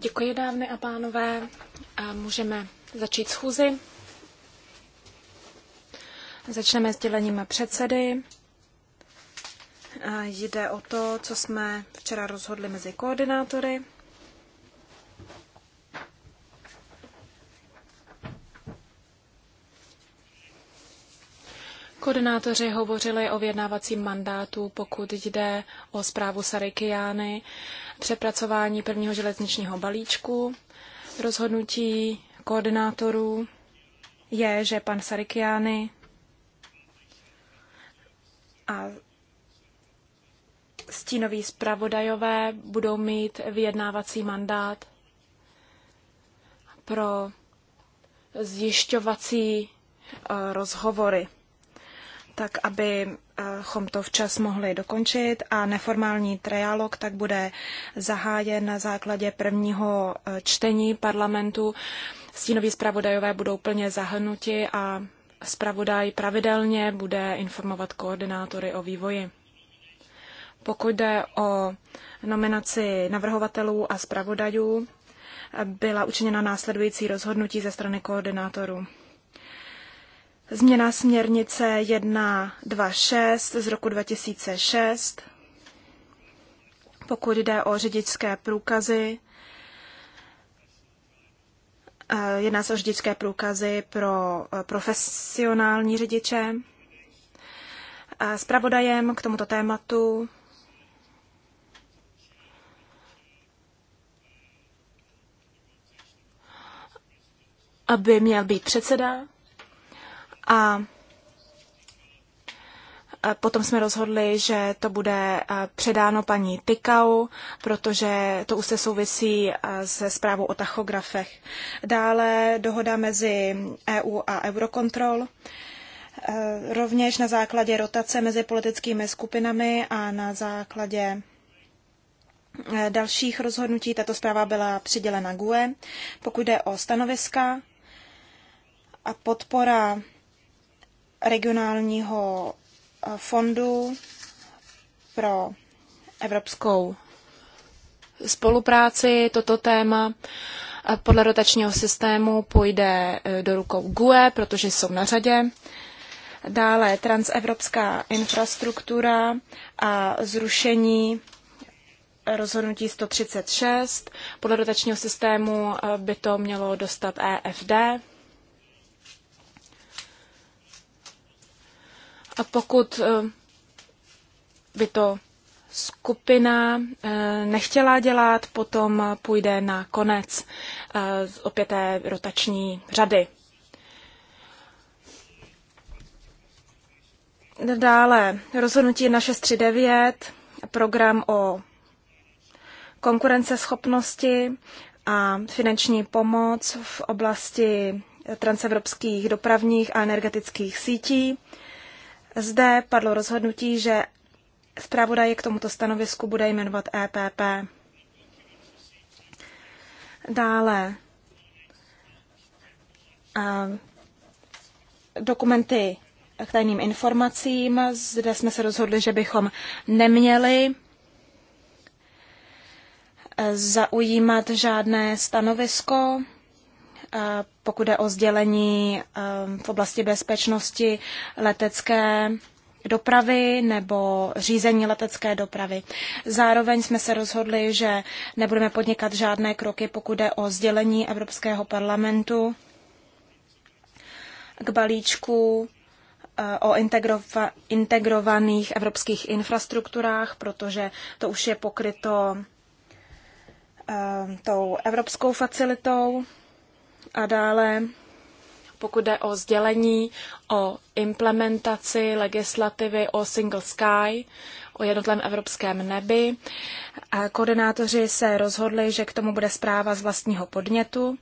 Děkuji, dámy a pánové. A můžeme začít schůzi. Začneme s dělením předsedy. A jde o to, co jsme včera rozhodli mezi koordinátory. Koordinátoři hovořili o vyjednávacím mandátu, pokud jde o zprávu Sarikiány, přepracování prvního železničního balíčku. Rozhodnutí koordinátorů je, že pan Sarikiány a stínoví zpravodajové budou mít vyjednávací mandát pro zjišťovací eh, rozhovory tak chom to včas mohli dokončit a neformální trialog tak bude zahájen na základě prvního e, čtení parlamentu. Stínoví zpravodajové budou plně zahrnuti a zpravodaj pravidelně bude informovat koordinátory o vývoji. Pokud jde o nominaci navrhovatelů a zpravodajů, byla učiněna následující rozhodnutí ze strany koordinátorů. Změna směrnice 126 z roku 2006, pokud jde o řidičské průkazy, eh, Jedná se o řidičské průkazy pro eh, profesionální řidiče. Eh, zpravodajem k tomuto tématu aby měl být předseda a Potom jsme rozhodli, že to bude předáno paní Tykau, protože to už se souvisí se zprávou o tachografech. Dále dohoda mezi EU a Eurocontrol. Rovněž na základě rotace mezi politickými skupinami a na základě dalších rozhodnutí tato zpráva byla přidělena GUE. Pokud jde o stanoviska a podpora regionálního eh, fondu pro evropskou spolupráci toto téma. Eh, podle rotačního systému půjde eh, do rukou GUE, protože jsou na řadě. Dále transevropská infrastruktura a zrušení rozhodnutí 136. Podle dotačního systému by to mělo dostat EFD. A pokud eh, by to skupina eh, nechtěla dělat, potom půjde na konec eh, opět té rotační řady. Dále rozhodnutí na 639, program o konkurenceschopnosti a finanční pomoc v oblasti transevropských dopravních a energetických sítí. Zde padlo rozhodnutí, že zpravodaj k tomuto stanovisku bude jmenovat EPP. Dále eh, dokumenty k tajným informacím. Zde jsme se rozhodli, že bychom neměli eh, zaujímat žádné stanovisko pokud jde o sdělení ehm, v oblasti bezpečnosti letecké dopravy nebo řízení letecké dopravy. Zároveň jsme se rozhodli, že nebudeme podnikat žádné kroky, pokud jde o sdělení Evropského parlamentu k balíčku eh, o integrova- integrovaných evropských infrastrukturách, protože to už je pokryto ehm, tou evropskou facilitou a dále, pokud jde o sdělení, o implementaci legislativy o Single Sky, o jednotlém evropském nebi. A koordinátoři se rozhodli, že k tomu bude zpráva z vlastního podnětu.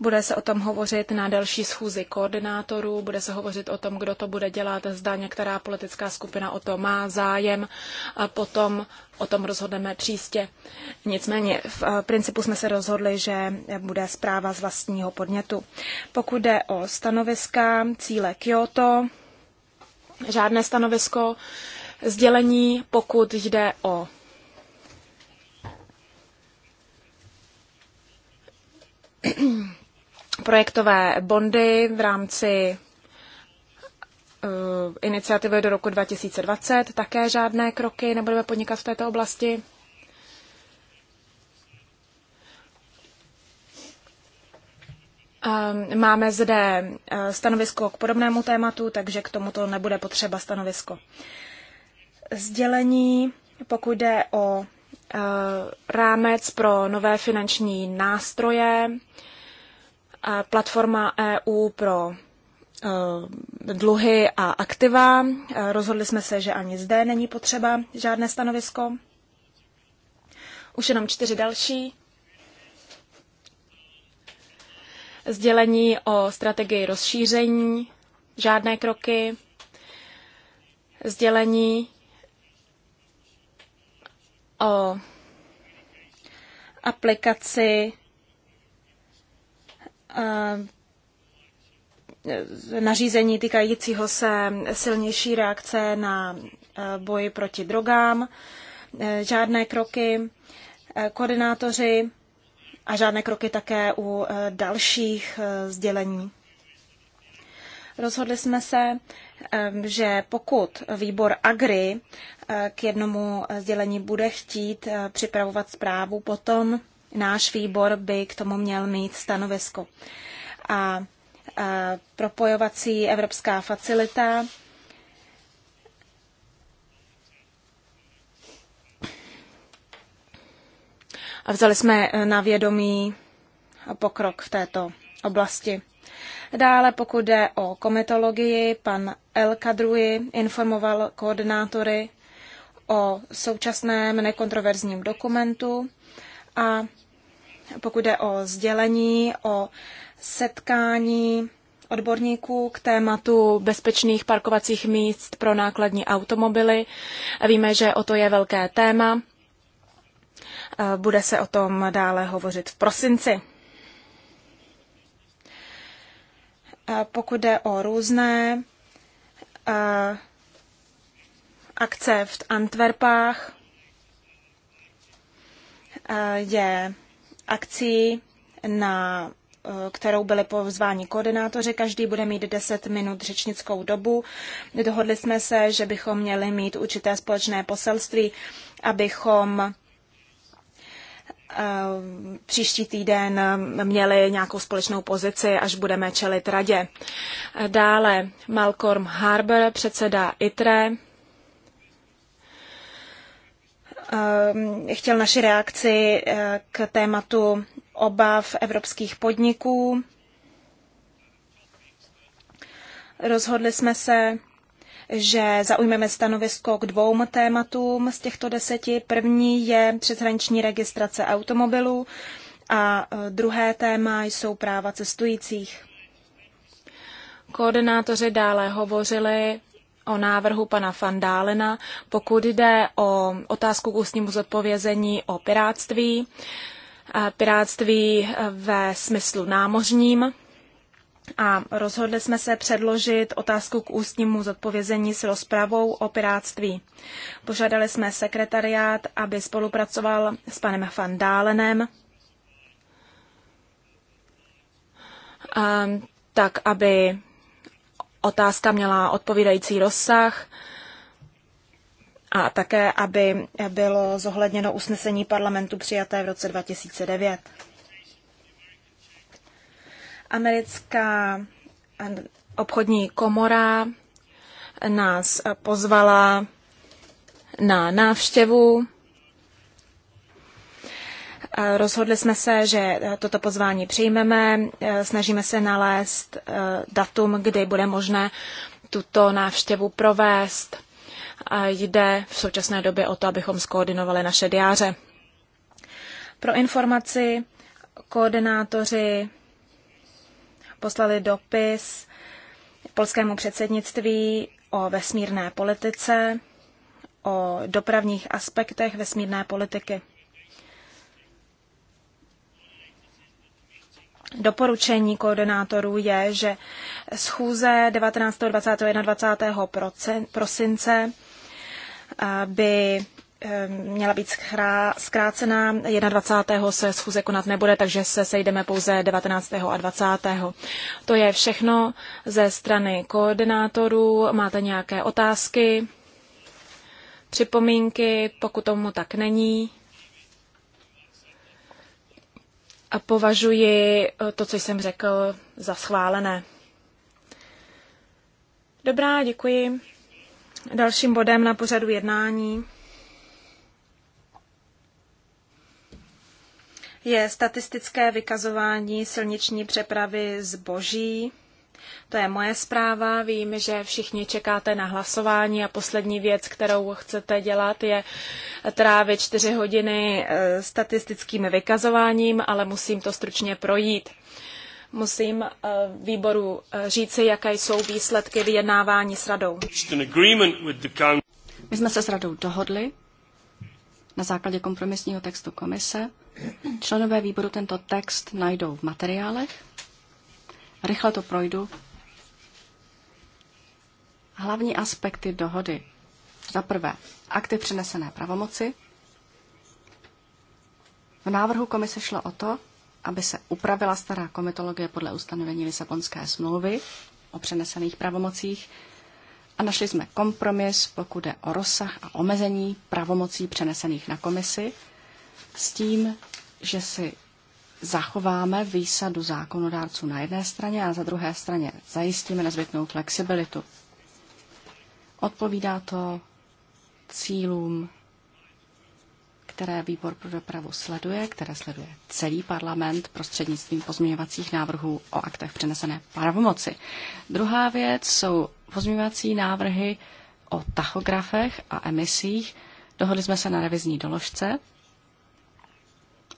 Bude se o tom hovořit na další schůzi koordinátorů, bude se hovořit o tom, kdo to bude dělat, zda některá politická skupina o to má zájem. A potom o tom rozhodneme příště. Nicméně v eh, principu jsme se rozhodli, že bude zpráva z vlastního podnětu. Pokud jde o stanoviska, cíle Kyoto, žádné stanovisko, sdělení, pokud jde o projektové bondy v rámci eh, iniciativy do roku 2020. Také žádné kroky nebudeme podnikat v této oblasti. Ehm, máme zde eh, stanovisko k podobnému tématu, takže k tomuto nebude potřeba stanovisko sdělení, pokud jde o eh, rámec pro nové finanční nástroje, eh, platforma EU pro eh, dluhy a aktiva. Rozhodli jsme se, že ani zde není potřeba žádné stanovisko. Už jenom čtyři další. Sdělení o strategii rozšíření, žádné kroky. Sdělení o aplikaci eh, nařízení týkajícího se silnější reakce na eh, boji proti drogám, eh, žádné kroky, koordinátoři a žádné kroky také u dalších sdělení. Rozhodli jsme se, že pokud výbor Agri eh, k jednomu sdělení bude chtít eh, připravovat zprávu, potom náš výbor by k tomu měl mít stanovisko. A eh, propojovací evropská facilita a vzali jsme na vědomí pokrok v této oblasti. Dále, pokud jde o kometologii, pan El Kadruji informoval koordinátory o současném nekontroverzním dokumentu a pokud jde o sdělení, o setkání odborníků k tématu bezpečných parkovacích míst pro nákladní automobily. Víme, že o to je velké téma. Bude se o tom dále hovořit v prosinci. pokud jde o různé akce v Antwerpách, je akcí, na e, kterou byli pozváni koordinátoři. Každý bude mít 10 minut řečnickou dobu. Dohodli jsme se, že bychom měli mít určité společné poselství, abychom Ehm, příští týden ehm, měli nějakou společnou pozici, až budeme čelit radě. Dále Malcolm Harbour, předseda ITRE, ehm, chtěl naši reakci eh, k tématu obav evropských podniků. Rozhodli jsme se že zaujmeme stanovisko k dvou tématům z těchto deseti. První je přeshraniční registrace automobilů a e, druhé téma jsou práva cestujících. Koordinátoři dále hovořili o návrhu pana Fandálena, pokud jde o otázku k ústnímu zodpovězení o piráctví, piráctví e, ve smyslu námořním a rozhodli jsme se předložit otázku k ústnímu zodpovězení s rozpravou o piráctví. Požádali jsme sekretariát, aby spolupracoval s panem Van Dálenem, tak aby otázka měla odpovídající rozsah a také, aby bylo zohledněno usnesení parlamentu přijaté v roce 2009. Americká eh, obchodní komora nás eh, pozvala na návštěvu. Eh, rozhodli jsme se, že toto pozvání přijmeme. Snažíme se nalézt datum, kdy bude možné tuto návštěvu provést. Jde v současné době o to, abychom skoordinovali naše diáře. Pro informaci, koordinátoři poslali dopis polskému předsednictví o vesmírné politice, o dopravních aspektech vesmírné politiky. Doporučení koordinátorů je, že schůze 19. 21. 20. prosince eh, by Ehm, měla být zkrácená. 21. se schůze konat nebude, takže se sejdeme pouze 19. a 20. To je všechno ze strany koordinátorů. Máte nějaké otázky, připomínky, pokud tomu tak není? A považuji eh, to, co jsem řekl, za schválené. Dobrá, děkuji. Dalším bodem na pořadu jednání je statistické vykazování silniční přepravy zboží. To je moje zpráva. Vím, že všichni čekáte na hlasování a poslední věc, kterou chcete dělat, je trávit čtyři hodiny eh, statistickým vykazováním, ale musím to stručně projít. Musím eh, výboru eh, říci, jaké jsou výsledky vyjednávání s radou. My jsme se s radou dohodli na základě kompromisního textu komise, Členové výboru tento text najdou v materiálech. Rychle to projdu. Hlavní aspekty dohody. Za prvé, akty přenesené pravomoci. V návrhu komise šlo o to, aby se upravila stará komitologie podle ustanovení Lisabonské smlouvy o přenesených pravomocích a našli jsme kompromis, pokud jde o rozsah a omezení pravomocí přenesených na komisi s tím, že si zachováme výsadu zákonodárců na jedné straně a za druhé straně zajistíme nezbytnou flexibilitu. Odpovídá to cílům, které výbor pro dopravu sleduje, které sleduje celý parlament prostřednictvím pozměňovacích návrhů o aktech přenesené pravomoci. Druhá věc jsou pozměňovací návrhy o tachografech a emisích. Dohodli jsme se na revizní doložce,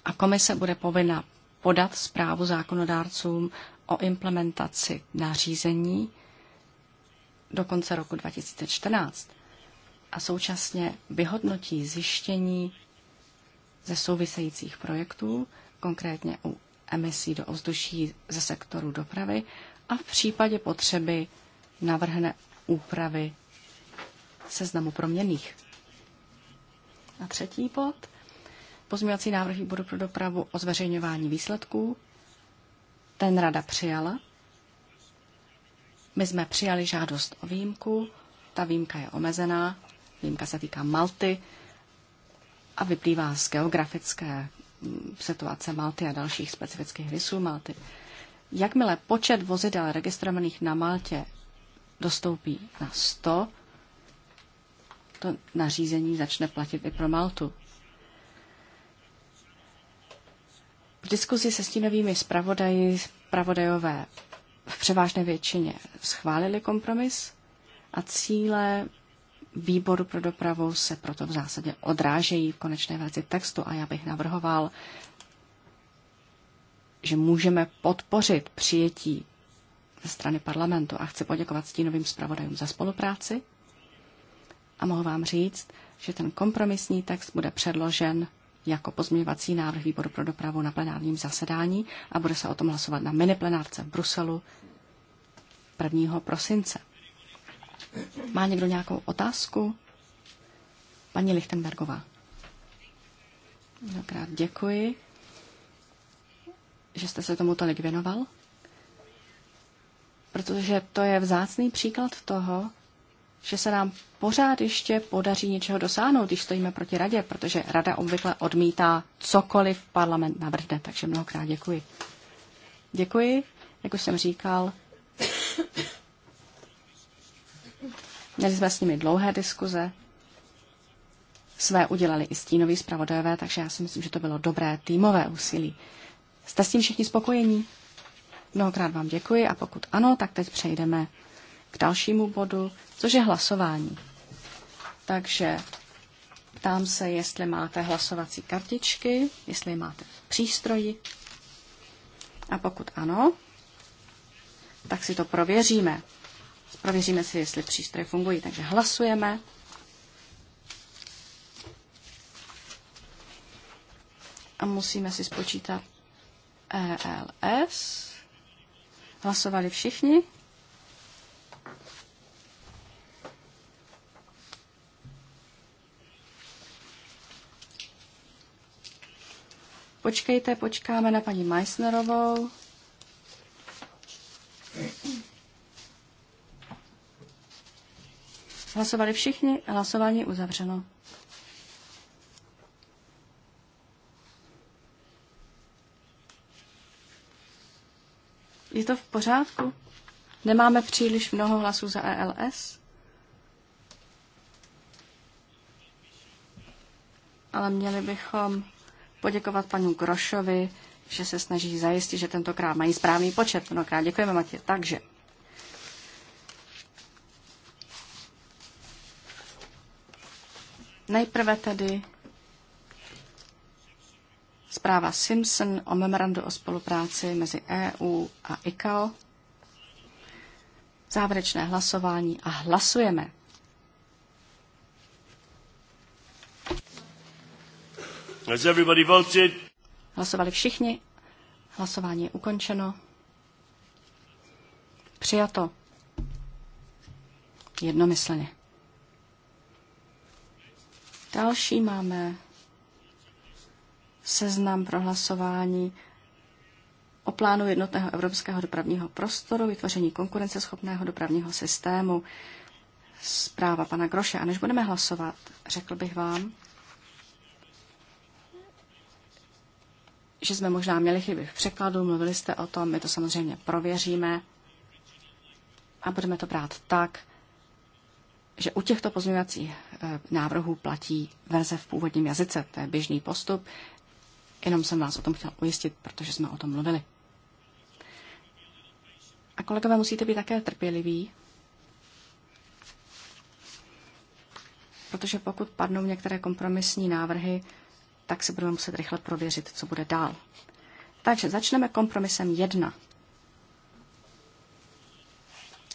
a komise bude povinna podat zprávu zákonodárcům o implementaci nařízení do konce roku 2014 a současně vyhodnotí zjištění ze souvisejících projektů, konkrétně u emisí do ovzduší ze sektoru dopravy a v případě potřeby navrhne úpravy seznamu proměných. A třetí bod – Pozměňovací návrh výboru pro dopravu o zveřejňování výsledků. Ten rada přijala. My jsme přijali žádost o výjimku. Ta výjimka je omezená. Výjimka se týká Malty a vyplývá z geografické mm, situace Malty a dalších specifických rysů Malty. Jakmile počet vozidel registrovaných na Maltě dostoupí na 100, to nařízení začne platit i pro Maltu. diskuzi se stínovými zpravodaji zpravodajové v převážné většině schválili kompromis a cíle výboru pro dopravu se proto v zásadě odrážejí v konečné verzi textu a já bych navrhoval, že můžeme podpořit přijetí ze strany parlamentu a chci poděkovat stínovým zpravodajům za spolupráci a mohu vám říct, že ten kompromisní text bude předložen jako pozměňovací návrh výboru pro dopravu na plenárním zasedání a bude se o tom hlasovat na miniplenárce v Bruselu 1. prosince. Má někdo nějakou otázku? Paní Lichtenbergová. Mnohokrát děkuji, že jste se tomu tolik věnoval, protože to je vzácný příklad toho, že se nám pořád ještě podaří něčeho dosáhnout, když stojíme proti radě, protože rada obvykle odmítá cokoliv parlament navrhne. Takže mnohokrát děkuji. Děkuji, jak už jsem říkal. Měli jsme s nimi dlouhé diskuze. Své udělali i stínoví zpravodajové, takže já si myslím, že to bylo dobré týmové úsilí. Jste s tím všichni spokojení? Mnohokrát vám děkuji a pokud ano, tak teď přejdeme dalšímu bodu, což je hlasování. Takže ptám se, jestli máte hlasovací kartičky, jestli máte v přístroji. A pokud ano, tak si to prověříme. Prověříme si, jestli přístroje fungují. Takže hlasujeme. A musíme si spočítat ELS. Hlasovali všichni? Počkejte, počkáme na paní Meissnerovou. Hlasovali všichni, hlasování uzavřeno. Je to v pořádku? Nemáme příliš mnoho hlasů za ELS? Ale měli bychom poděkovat panu Grošovi, že se snaží zajistit, že tentokrát mají správný počet. Mnohokrát děkujeme, Matě. Takže Nejprve tedy zpráva Simpson o memorandu o spolupráci mezi EU a ICAO. Závěrečné hlasování a hlasujeme. Has everybody voted? Hlasovali všichni. Hlasování je ukončeno. Přijato. Jednomyslně. Další máme seznam pro hlasování o plánu jednotného evropského dopravního prostoru, vytvoření konkurenceschopného dopravního systému. Zpráva pana Groše. A než budeme hlasovat, řekl bych vám, že jsme možná měli chyby v překladu, mluvili jste o tom, my to samozřejmě prověříme a budeme to brát tak, že u těchto pozměňovacích eh, návrhů platí verze v původním jazyce. To je běžný postup. Jenom jsem vás o tom chtěl ujistit, protože jsme o tom mluvili. A kolegové, musíte být také trpěliví, protože pokud padnou některé kompromisní návrhy, tak si budeme muset rychle prověřit, co bude dál. Takže začneme kompromisem 1.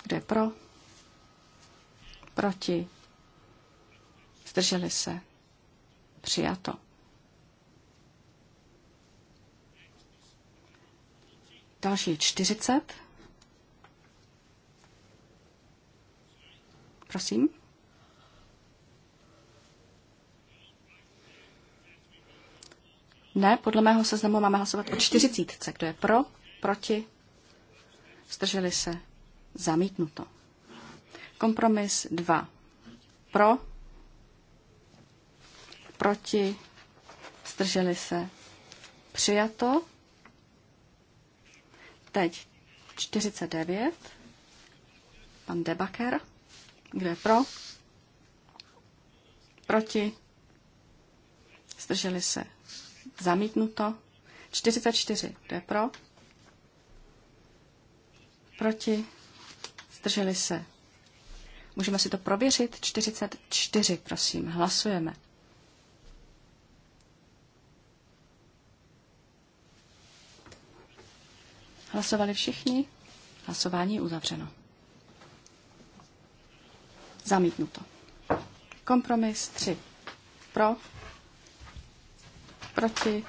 Kdo je pro? Proti? Zdrželi se? Přijato. Další 40. Prosím. Ne, podle mého seznamu máme hlasovat o čtyřicítce. Kdo je pro, proti, zdrželi se, zamítnuto. Kompromis 2. Pro, proti, zdrželi se, přijato. Teď 49. Pan Debaker. Kdo je pro? Proti? Zdrželi se. Zamítnuto. 44. Kdo je pro? Proti? Zdrželi se. Můžeme si to prověřit. 44, prosím. Hlasujeme. Hlasovali všichni? Hlasování je uzavřeno. Zamítnuto. Kompromis 3. Pro, Proti?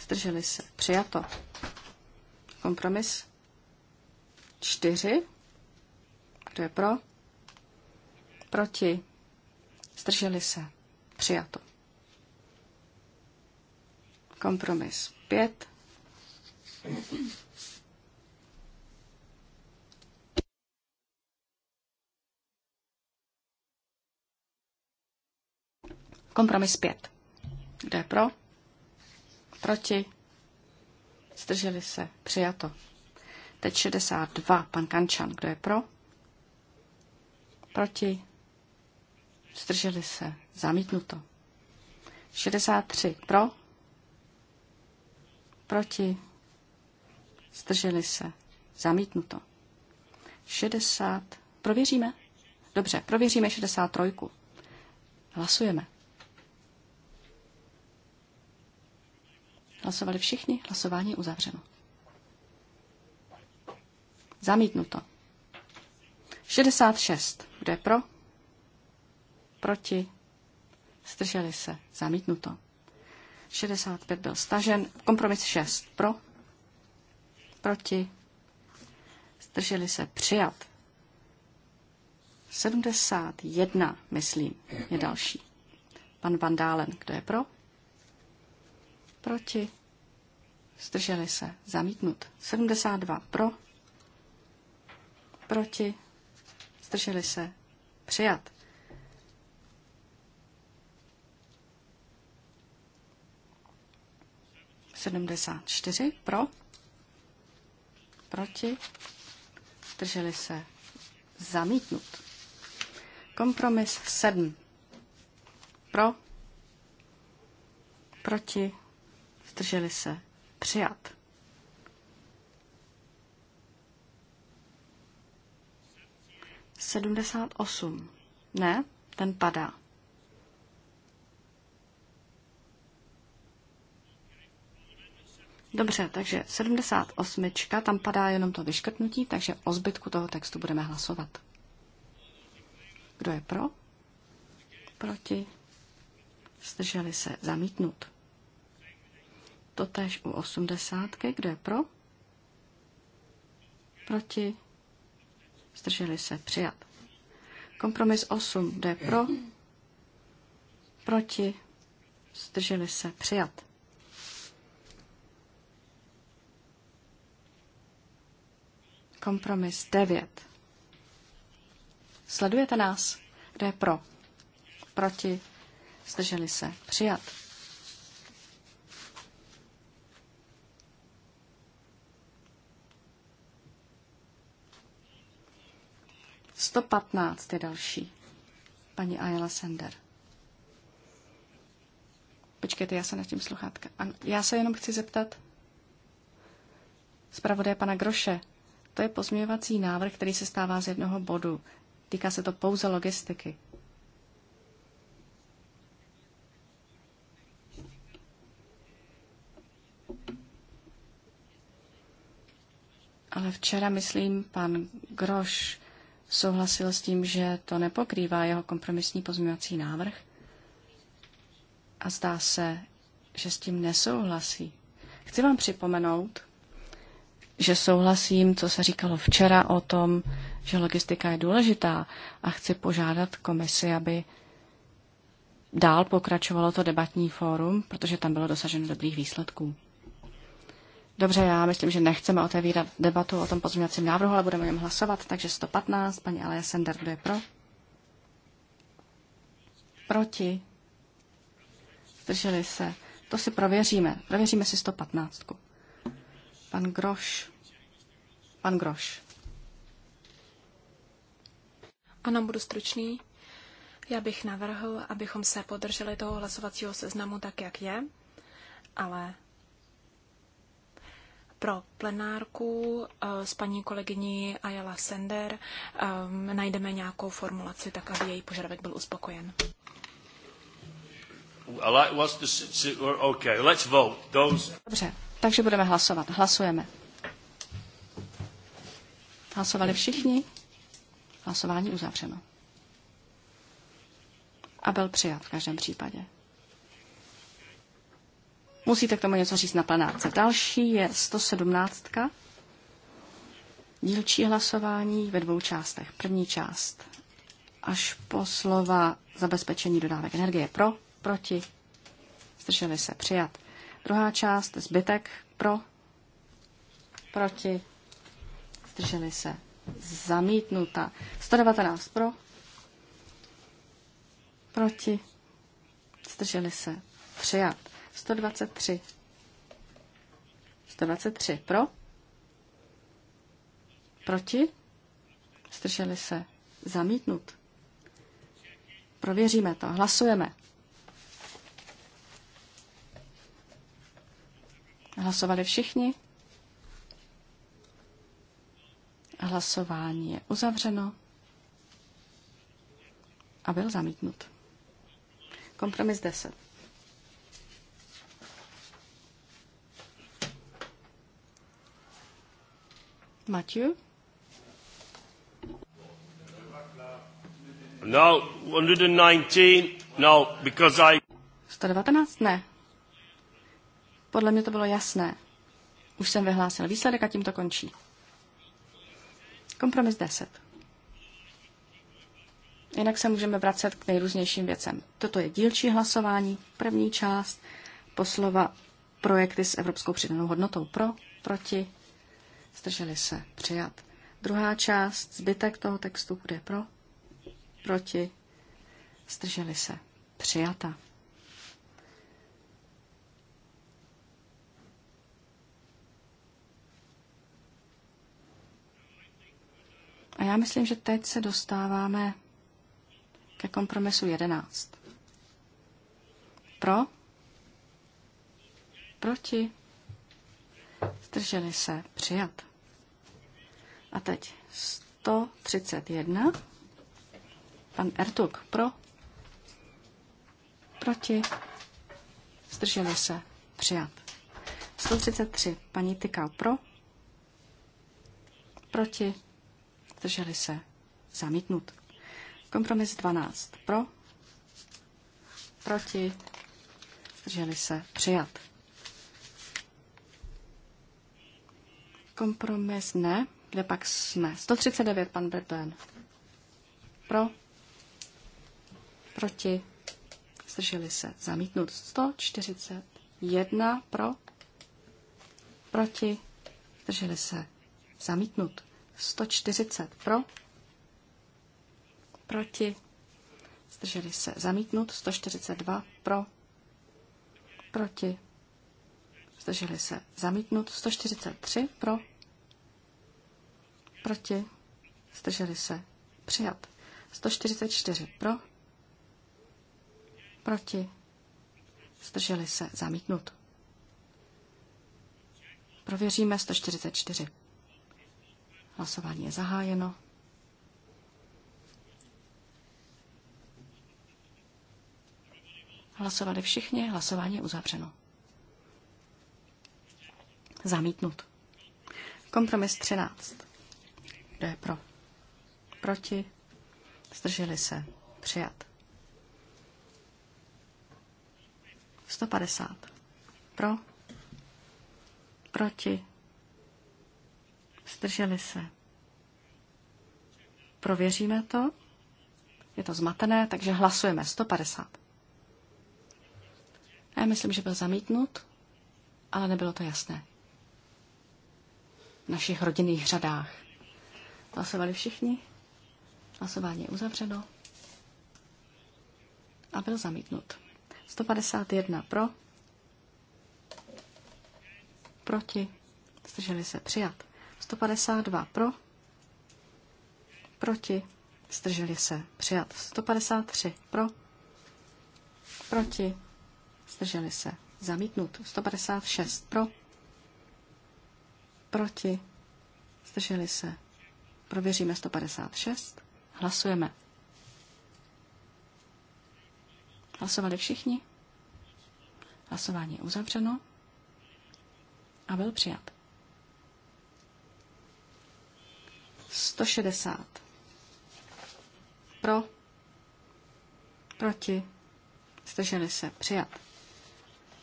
Zdrželi se. Přijato. Kompromis 4. Kdo je pro? Proti? Zdrželi se. Přijato. Kompromis 5. Kompromis 5. Kdo je pro? Proti? Zdrželi se. Přijato. Teď 62. Pan Kančan. Kdo je pro? Proti? Zdrželi se. Zamítnuto. 63. Pro? Proti? Zdrželi se. Zamítnuto. 60. Prověříme? Dobře, prověříme 63. Hlasujeme. Hlasovali všichni, hlasování je uzavřeno. Zamítnuto. 66. Kdo je pro? Proti? Strželi se. Zamítnuto. 65 byl stažen. Kompromis 6. Pro? Proti? Strželi se. Přijat. 71, myslím, je další. Pan Van Dálen, kdo je pro? Proti? Zdrželi se. Zamítnut. 72 pro. Proti. Zdrželi se. Přijat. Sedmdesát čtyři pro, proti, drželi se, zamítnut. Kompromis sedm pro, proti, drželi se, Přijat. Sedmdesát osm. Ne, ten padá. Dobře, takže 78. tam padá jenom to vyškrtnutí, takže o zbytku toho textu budeme hlasovat. Kdo je pro? Proti? Zdrželi se zamítnut. Totež u osmdesátky, Kdo je pro? Proti? Zdrželi se. Přijat. Kompromis 8. Kdo je pro? Proti? Zdrželi se. Přijat. Kompromis 9. Sledujete nás? Kdo je pro? Proti? Zdrželi se. Přijat. 115 je další. Paní Ayala Sender. Počkejte, já se nad tím sluchátka. Ano, já se jenom chci zeptat zpravodaje pana Groše. To je pozměňovací návrh, který se stává z jednoho bodu. Týká se to pouze logistiky. Ale včera, myslím, pan Groš souhlasil s tím, že to nepokrývá jeho kompromisní pozměňovací návrh a zdá se, že s tím nesouhlasí. Chci vám připomenout, že souhlasím, co se říkalo včera o tom, že logistika je důležitá a chci požádat komisi, aby dál pokračovalo to debatní fórum, protože tam bylo dosaženo dobrých výsledků. Dobře, já myslím, že nechceme otevírat debatu o tom pozměňovacím návrhu, ale budeme o něm hlasovat. Takže 115, paní Alia Sender, kdo je pro? Proti? Zdrželi se. To si prověříme. Prověříme si 115. Pan Groš. Pan Groš. Ano, budu stručný. Já bych navrhl, abychom se podrželi toho hlasovacího seznamu tak, jak je, ale pro plenárku eh, s paní kolegyní Ayala Sender eh, najdeme nějakou formulaci, tak aby její požadavek byl uspokojen. Dobře, takže budeme hlasovat. Hlasujeme. Hlasovali všichni? Hlasování uzavřeno. A byl přijat v každém případě. Musíte k tomu něco říct na plenárce. Další je 117. Dílčí hlasování ve dvou částech. První část až po slova zabezpečení dodávek energie pro, proti, zdrželi se přijat. Druhá část zbytek pro, proti, zdrželi se zamítnuta. 119 pro, proti, zdrželi se přijat. 123. 123 pro. Proti. Zdrželi se. Zamítnut. Prověříme to. Hlasujeme. Hlasovali všichni? Hlasování je uzavřeno a byl zamítnut. Kompromis 10. Mathieu? No, 119, no, because I... 119? Ne. Podle mě to bylo jasné. Už jsem vyhlásil výsledek a tím to končí. Kompromis 10. Jinak se můžeme vracet k nejrůznějším věcem. Toto je dílčí hlasování, první část, poslova projekty s evropskou přidanou hodnotou pro, proti, Zdrželi se. Přijat. Druhá část, zbytek toho textu bude pro, proti, zdrželi se. Přijata. A já myslím, že teď se dostáváme ke kompromisu 11. Pro? Proti? Zdrželi se. Přijat. A teď 131. Pan Ertuk pro. Proti. Zdrželi se. Přijat. 133. Paní Tykal pro. Proti. Zdrželi se. Zamítnut. Kompromis 12. Pro. Proti. Zdrželi se. Přijat. Kompromis ne. Kde pak jsme? 139, pan Breton. Pro. Proti. Zdrželi se. Zamítnut. 141 pro. Proti. Zdrželi se. Zamítnut. 140 pro. Proti. Zdrželi se. Zamítnut. 142 pro. Proti zdrželi se zamítnut, 143 pro, proti, zdrželi se přijat, 144 pro, proti, zdrželi se zamítnut. Prověříme 144. Hlasování je zahájeno. Hlasovali všichni, hlasování je uzavřeno. Zamítnut. Kompromis 13. Kdo je pro? Proti? Zdrželi se. Přijat. 150. Pro? Proti? Zdrželi se. Prověříme to. Je to zmatené, takže hlasujeme 150. Já myslím, že byl zamítnut, ale nebylo to jasné našich rodinných řadách. Hlasovali všichni? Hlasování je uzavřeno a byl zamítnut. 151 pro, proti, zdrželi se přijat. 152 pro, proti, zdrželi se přijat. 153 pro, proti, zdrželi se zamítnut. 156 pro, Proti. Zdrželi se. Prověříme 156. Hlasujeme. Hlasovali všichni? Hlasování je uzavřeno a byl přijat. 160. Pro. Proti. Zdrželi se. Přijat.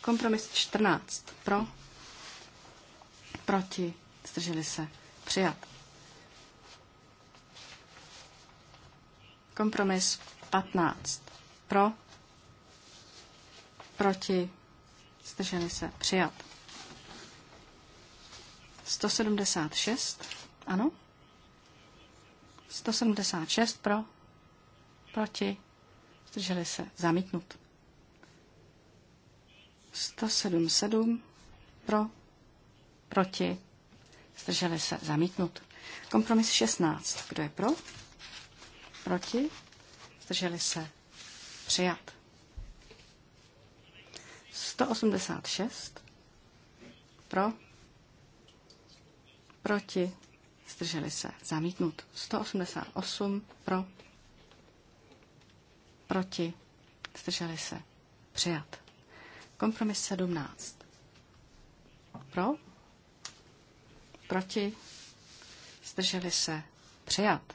Kompromis 14. Pro. Proti. Zdrželi se. Přijat. Kompromis 15. Pro. Proti. Zdrželi se. Přijat. 176. Ano. 176 pro. Proti. Zdrželi se. Zamítnut. 177 pro. Proti. Zdrželi se. Zamítnut. Kompromis 16. Kdo je pro? Proti? Zdrželi se. Přijat. 186. Pro? Proti? Zdrželi se. Zamítnut. 188. Pro? Proti? Zdrželi se. Přijat. Kompromis 17. Pro? Proti? Zdrželi se? Přijat.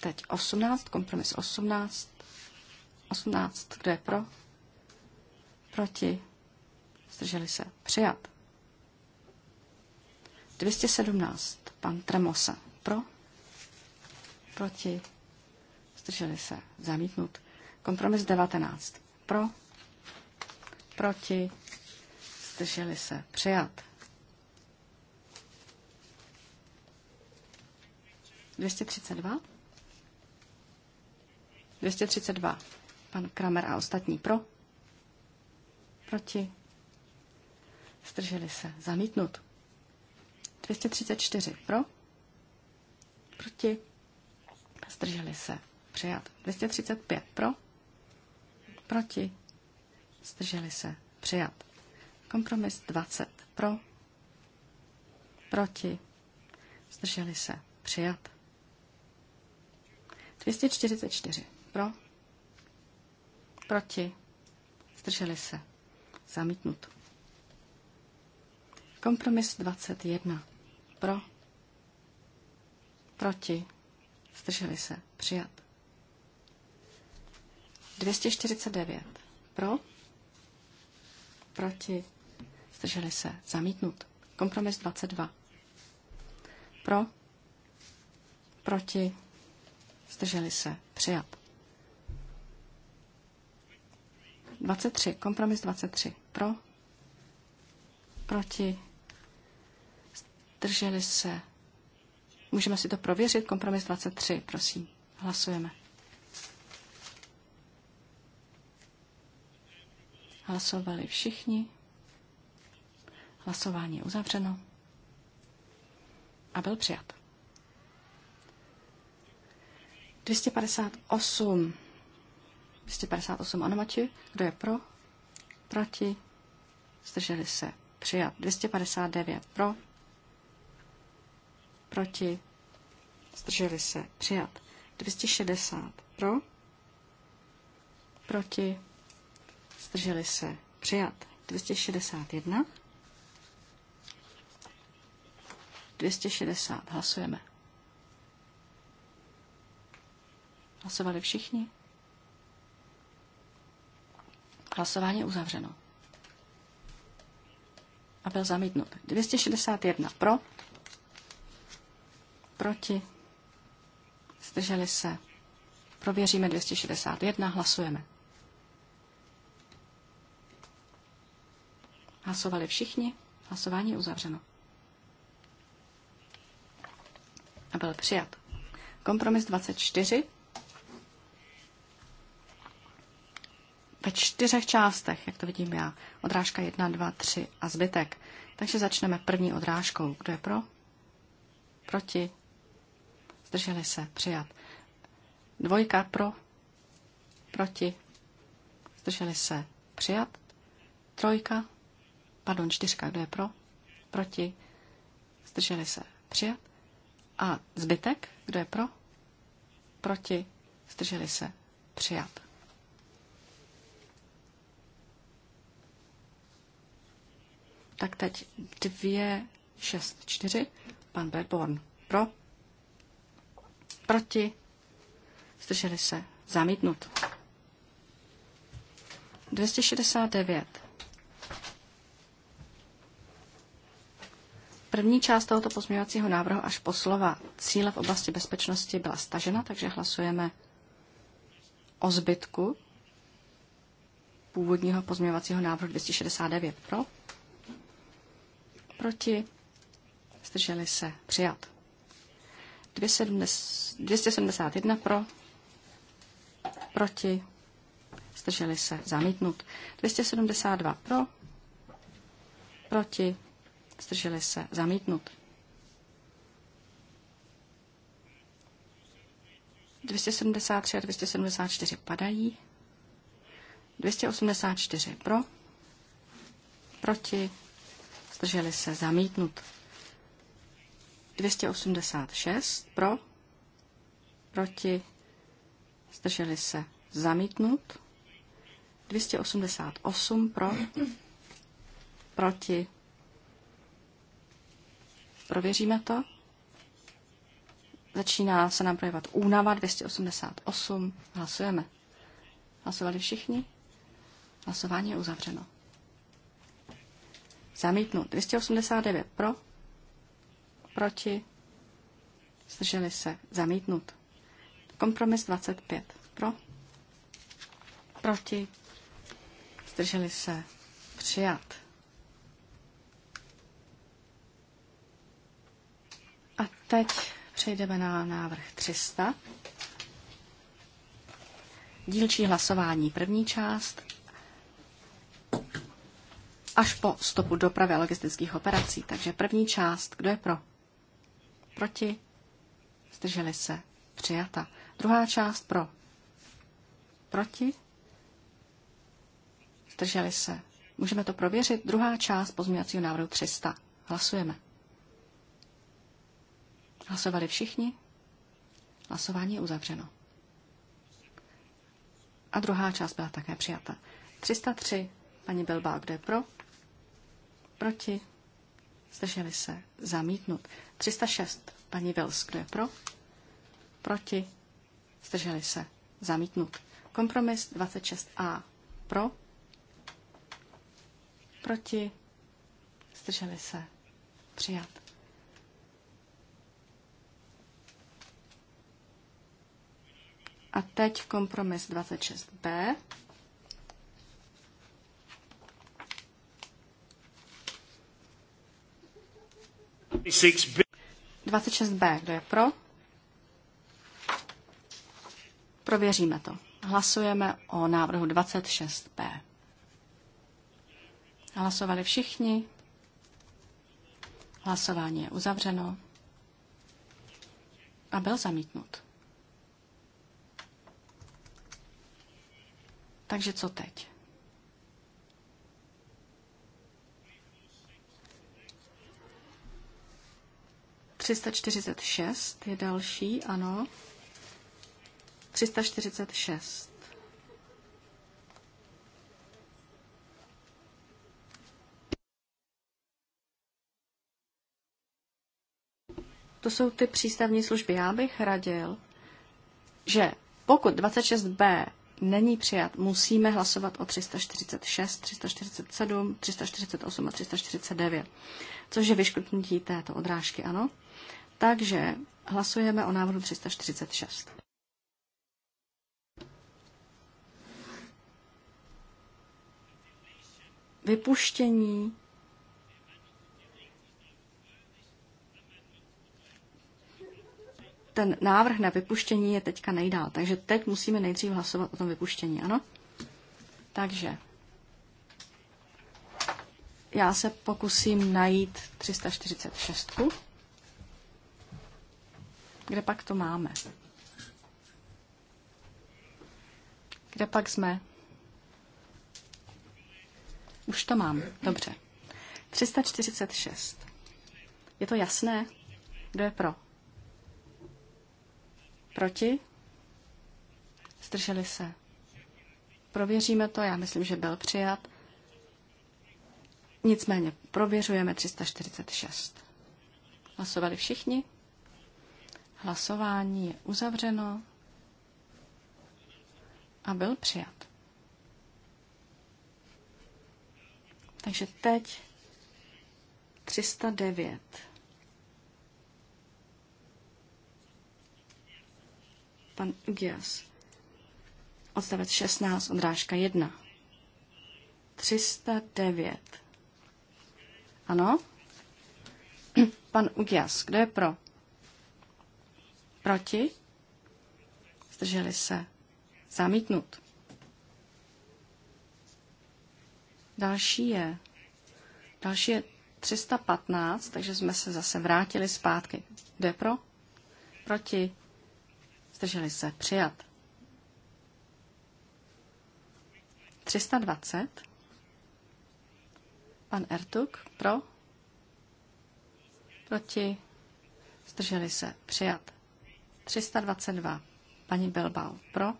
Teď 18, kompromis 18. 18, kdo je pro? Proti? Zdrželi se? Přijat. 217, pan Tremosa. Pro? Proti? Zdrželi se? Zamítnut. Kompromis 19. Pro? Proti? zdrželi se, přijat. 232? 232. Pan Kramer a ostatní pro. Proti. Zdrželi se. Zamítnut. 234 pro. Proti. Zdrželi se. Přijat. 235 pro. Proti. Zdrželi se. Přijat. Kompromis 20 pro, proti, zdrželi se, přijat. 244 pro, proti, zdrželi se, zamítnut. Kompromis 21 pro, proti, zdrželi se, přijat. 249 pro, proti, zdrželi se, zamítnut. Kompromis 22. Pro, proti, zdrželi se, přijat. 23, kompromis 23. Pro, proti, zdrželi se. Můžeme si to prověřit, kompromis 23, prosím. Hlasujeme. Hlasovali všichni. Hlasování je uzavřeno. A byl přijat. 258. 258 Anomači. Kdo je pro? Proti? Zdrželi se. Přijat. 259 pro. Proti? Zdrželi se. Přijat. 260 pro. Proti? Zdrželi se. Přijat. 261 260. Hlasujeme. Hlasovali všichni? Hlasování je uzavřeno. A byl zamítnut. 261 pro, proti, zdrželi se. Prověříme 261, hlasujeme. Hlasovali všichni, hlasování je uzavřeno. A byl přijat. Kompromis 24. Ve čtyřech částech, jak to vidím já. Odrážka 1, 2, 3 a zbytek. Takže začneme první odrážkou. Kdo je pro? Proti? Zdrželi se. Přijat. Dvojka pro? Proti? Zdrželi se. Přijat. Trojka? Pardon, čtyřka. Kdo je pro? Proti? Zdrželi se. Přijat. A zbytek, kdo je pro? Proti? Zdrželi se? Přijat. Tak teď dvě šest čtyři, Pan Berborn, Pro? Proti? Zdrželi se? Zamítnut. 269. První část tohoto pozměňovacího návrhu až po slova cíle v oblasti bezpečnosti byla stažena, takže hlasujeme o zbytku původního pozměňovacího návrhu 269 pro, proti, zdrželi se, přijat. 271 pro, proti, zdrželi se, zamítnut. 272 pro, proti, zdrželi se, zamítnut. 273 a 274 padají. 284 pro, proti, zdrželi se, zamítnut. 286 pro, proti, zdrželi se, zamítnut. 288 pro, proti, prověříme to. Začíná se nám projevat únava 288. Hlasujeme. Hlasovali všichni? Hlasování je uzavřeno. Zamítnu 289 pro, proti, zdrželi se, zamítnut. Kompromis 25 pro, proti, zdrželi se, přijat. A teď přejdeme na návrh 300. Dílčí hlasování první část až po stopu dopravy a logistických operací. Takže první část, kdo je pro? Proti? Zdrželi se? Přijata. Druhá část pro? Proti? Zdrželi se? Můžeme to prověřit. Druhá část pozměňovacího návrhu 300. Hlasujeme. Hlasovali všichni? Hlasování je uzavřeno. A druhá část byla také přijata. 303. Paní Bilbao, kde pro? Proti? Zdrželi se. Zamítnut. 306. Paní Vils, kdo je pro? Proti? Zdrželi se. Zamítnut. Kompromis 26a. Pro? Proti? Zdrželi se. Přijat. A teď kompromis 26b. b 26b, kdo je pro? Prověříme to. Hlasujeme o návrhu 26b. Hlasovali všichni. Hlasování je uzavřeno a byl zamítnut. Takže co teď? Třista čtyřicet šest je další, ano. Třista čtyřicet šest. To jsou ty přístavní služby. Já bych radil, že pokud 26b není přijat. Musíme hlasovat o 346, 347, 348 a 349, což je vyškrtnutí této odrážky, ano. Takže hlasujeme o návrhu 346. Vypuštění ten návrh na vypuštění je teďka nejdál, takže teď musíme nejdřív hlasovat o tom vypuštění, ano? Takže já se pokusím najít 346. Kde pak to máme? Kde pak jsme? Už to mám, dobře. 346. Je to jasné? Kdo je pro? Proti? Zdrželi se. Prověříme to, já myslím, že byl přijat. Nicméně prověřujeme 346. Hlasovali všichni. Hlasování je uzavřeno a byl přijat. Takže teď 309. Pan Ugias. Odstavec 16, odrážka 1. 309. Ano? Pan Ugias, kdo je pro? Proti? Zdrželi se. Zamítnut. Další je. Další je 315, takže jsme se zase vrátili zpátky. Kdo je pro? Proti. Zdrželi se. Přijat. 320. Pan Ertuk. Pro. Proti. Zdrželi se. Přijat. 322. Paní Bilbao. Pro.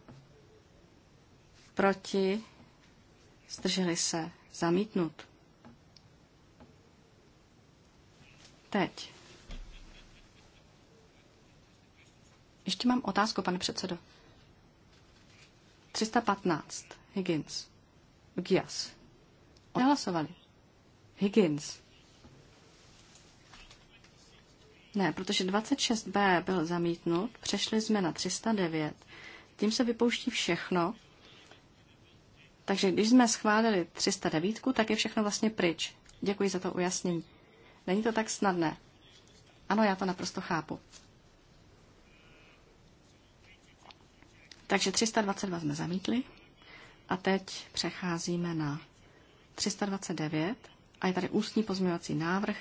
Proti. Zdrželi se. Zamítnut. Teď. Ještě mám otázku, pane předsedo. 315. Higgins. Gias. Nehlasovali. Higgins. Ne, protože 26b byl zamítnut, přešli jsme na 309. Tím se vypouští všechno. Takže když jsme schválili 309, tak je všechno vlastně pryč. Děkuji za to ujasnění. Není to tak snadné. Ano, já to naprosto chápu. Takže 322 jsme zamítli a teď přecházíme na 329 a je tady ústní pozměňovací návrh.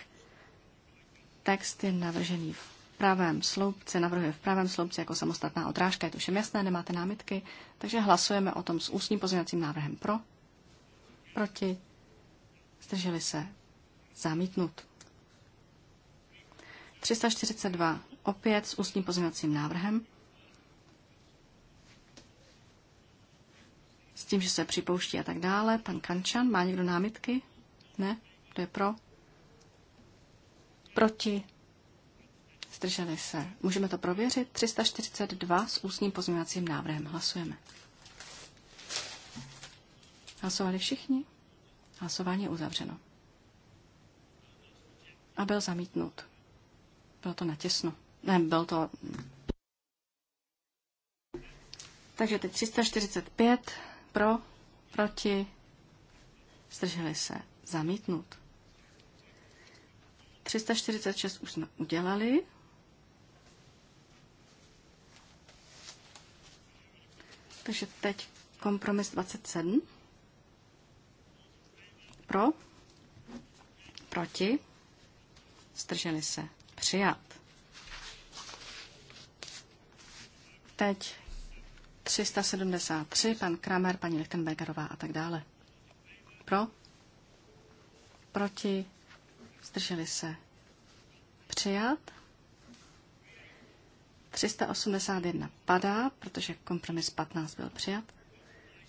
Text je navržený v pravém sloupci, navrhuje v pravém sloupci jako samostatná odrážka. Je to všem jasné, nemáte námitky, takže hlasujeme o tom s ústním pozměňovacím návrhem pro, proti, zdrželi se, zamítnut. 342 opět s ústním pozměňovacím návrhem. tím, že se připouští a tak dále. Pan Kančan, má někdo námitky? Ne? Kdo je pro? Proti? Zdrželi se. Můžeme to prověřit. 342 s ústním pozměňovacím návrhem. Hlasujeme. Hlasovali všichni? Hlasování je uzavřeno. A byl zamítnut. Bylo to natěsno. Ne, byl to... Takže teď 345 pro, proti, zdrželi se, zamítnut. 346 už jsme udělali. Takže teď kompromis 27. Pro, proti, zdrželi se, přijat. Teď 373, pan Kramer, paní Lichtenbergerová a tak dále. Pro? Proti? Zdrželi se? Přijat? 381 padá, protože kompromis 15 byl přijat.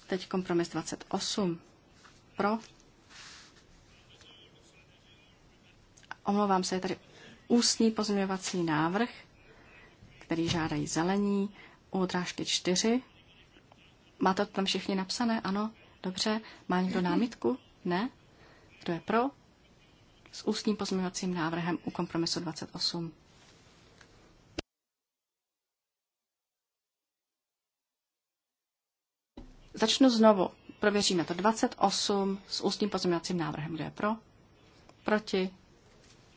Teď kompromis 28. Pro? Omlouvám se, je tady ústní pozměňovací návrh, který žádají zelení u odrážky 4. Máte to tam všichni napsané? Ano? Dobře. Má někdo mhm. námitku? Ne? Kdo je pro? S ústním pozměňovacím návrhem u kompromisu 28. Začnu znovu. Prověříme to. 28 s ústním pozměňovacím návrhem. Kdo je pro? Proti?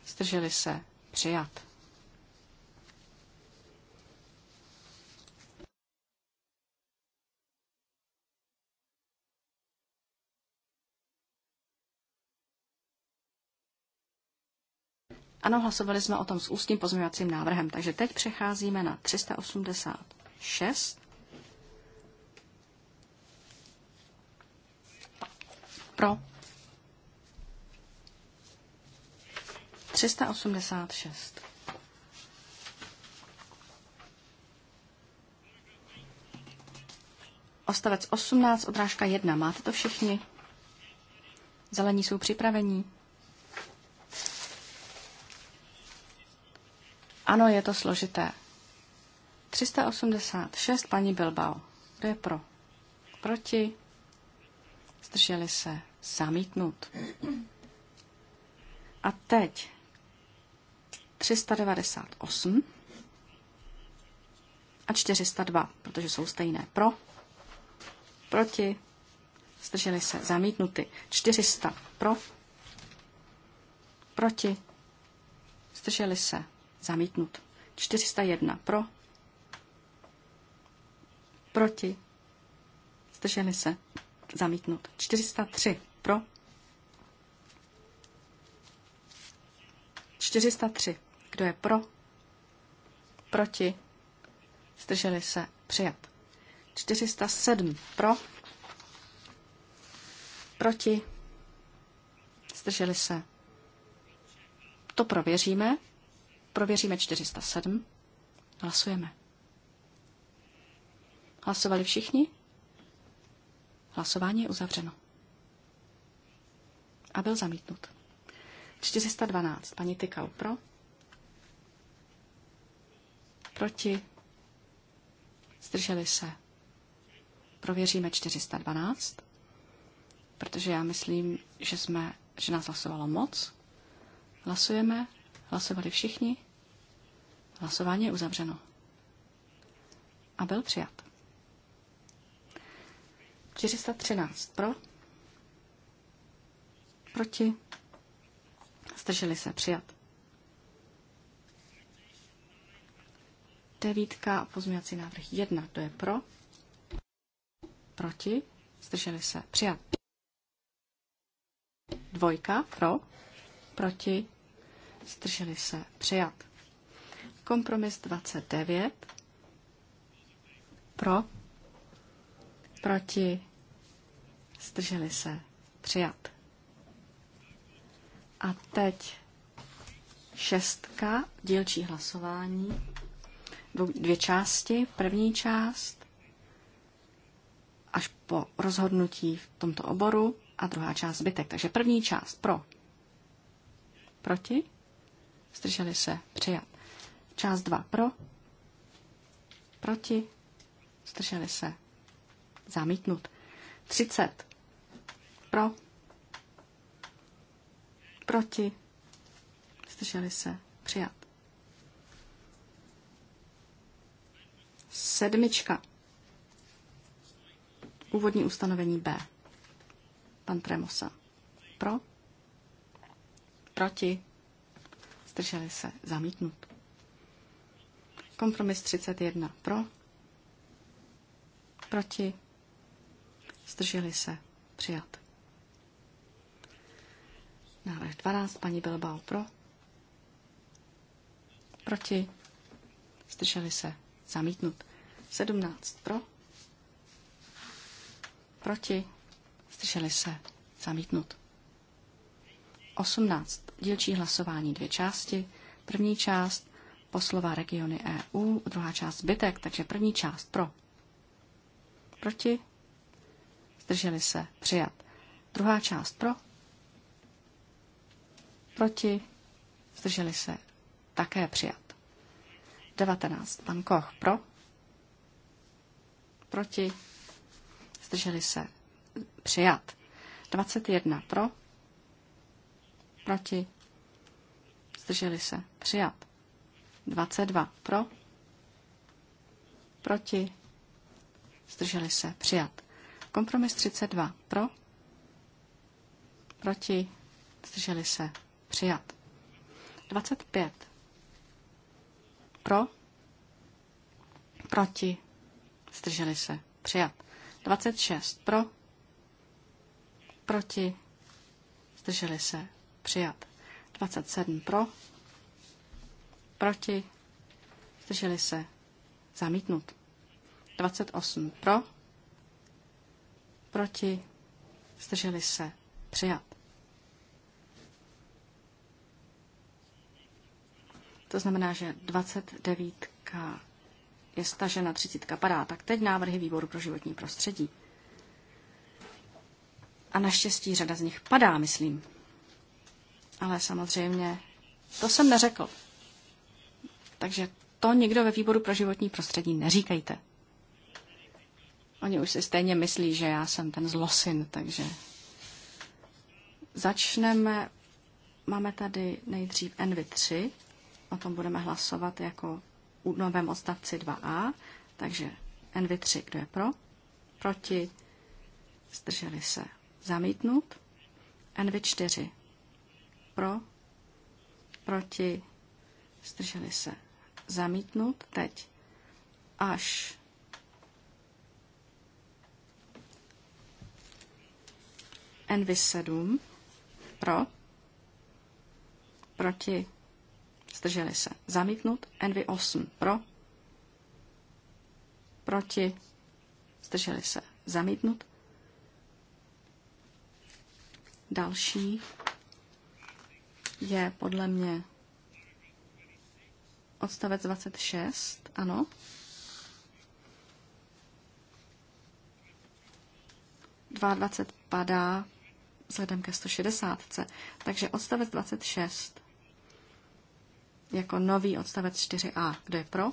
Zdrželi se? Přijat. Ano, hlasovali jsme o tom s ústním pozměňovacím návrhem, takže teď přecházíme na 386. Pro. 386. Ostavec 18, odrážka 1. Máte to všichni? Zelení jsou připravení. Ano, je to složité. 386, paní Bilbao. Kdo je pro? Proti? Zdrželi se. Zamítnut. A teď 398 a 402, protože jsou stejné. Pro, proti, zdrželi se, zamítnuty. 400 pro, proti, zdrželi se, Zamítnut. 401 pro. Proti. Zdrželi se. Zamítnut. 403 pro. 403. Kdo je pro? Proti? Zdrželi se? Přijat. 407. Pro? Proti? Zdrželi se? To prověříme. Prověříme 407. Hlasujeme. Hlasovali všichni? Hlasování je uzavřeno. A byl zamítnut. 412. Paní Tykal pro. Proti. Zdrželi se. Prověříme 412, protože já myslím, že, jsme, že nás hlasovalo moc. Hlasujeme. Hlasovali všichni. Hlasování je uzavřeno. A byl přijat. 413 pro. Proti. Zdrželi se přijat. Devítka pozměňovací návrh 1. To je pro. Proti. Zdrželi se přijat. Dvojka pro. Proti. Zdrželi se přijat. Kompromis 29. Pro. Proti. Zdrželi se. Přijat. A teď šestka, dílčí hlasování, dvě části. První část až po rozhodnutí v tomto oboru a druhá část zbytek. Takže první část pro, proti, zdrželi se, přijat. Část 2 pro, proti, zdrželi se, zamítnut. 30 pro, proti, zdrželi se, přijat. Sedmička. Úvodní ustanovení B. Pan Tremosa. Pro, proti, zdrželi se, zamítnut. Kompromis 31 pro, proti, zdrželi se, přijat. Návrh 12, paní Bilbao pro, proti, zdrželi se, zamítnut. 17 pro, proti, zdrželi se, zamítnut. 18. Dílčí hlasování dvě části. První část poslova regiony EU, druhá část zbytek, takže první část pro. Proti? Zdrželi se. Přijat. Druhá část pro. Proti? Zdrželi se. Také přijat. 19. Pan Koch pro. Proti? Zdrželi se. Přijat. 21 pro. Proti? Zdrželi se. Přijat. 22 pro, proti, zdrželi se, přijat. Kompromis 32 pro, proti, zdrželi se, přijat. 25 pro, proti, zdrželi se, přijat. 26 pro, proti, zdrželi se, přijat. 27 pro, Proti? Zdrželi se. Zamítnut. 28 pro. Proti? Zdrželi se. Přijat. To znamená, že 29 je stažena, 30 padá. Tak teď návrhy výboru pro životní prostředí. A naštěstí řada z nich padá, myslím. Ale samozřejmě, to jsem neřekl. Takže to nikdo ve výboru pro životní prostředí neříkejte. Oni už si stejně myslí, že já jsem ten zlosin, takže začneme. Máme tady nejdřív NV3, o tom budeme hlasovat jako u novém odstavci 2a, takže NV3, kdo je pro, proti, zdrželi se zamítnout. NV4, pro, proti, zdrželi se zamítnout teď až Envy 7 pro, proti, zdrželi se, Zamítnout Envy 8 pro, proti, zdrželi se, Zamítnout Další je podle mě Odstavec 26, ano. Dva 22 padá vzhledem ke 160. Takže odstavec 26 jako nový odstavec 4a. Kdo je pro?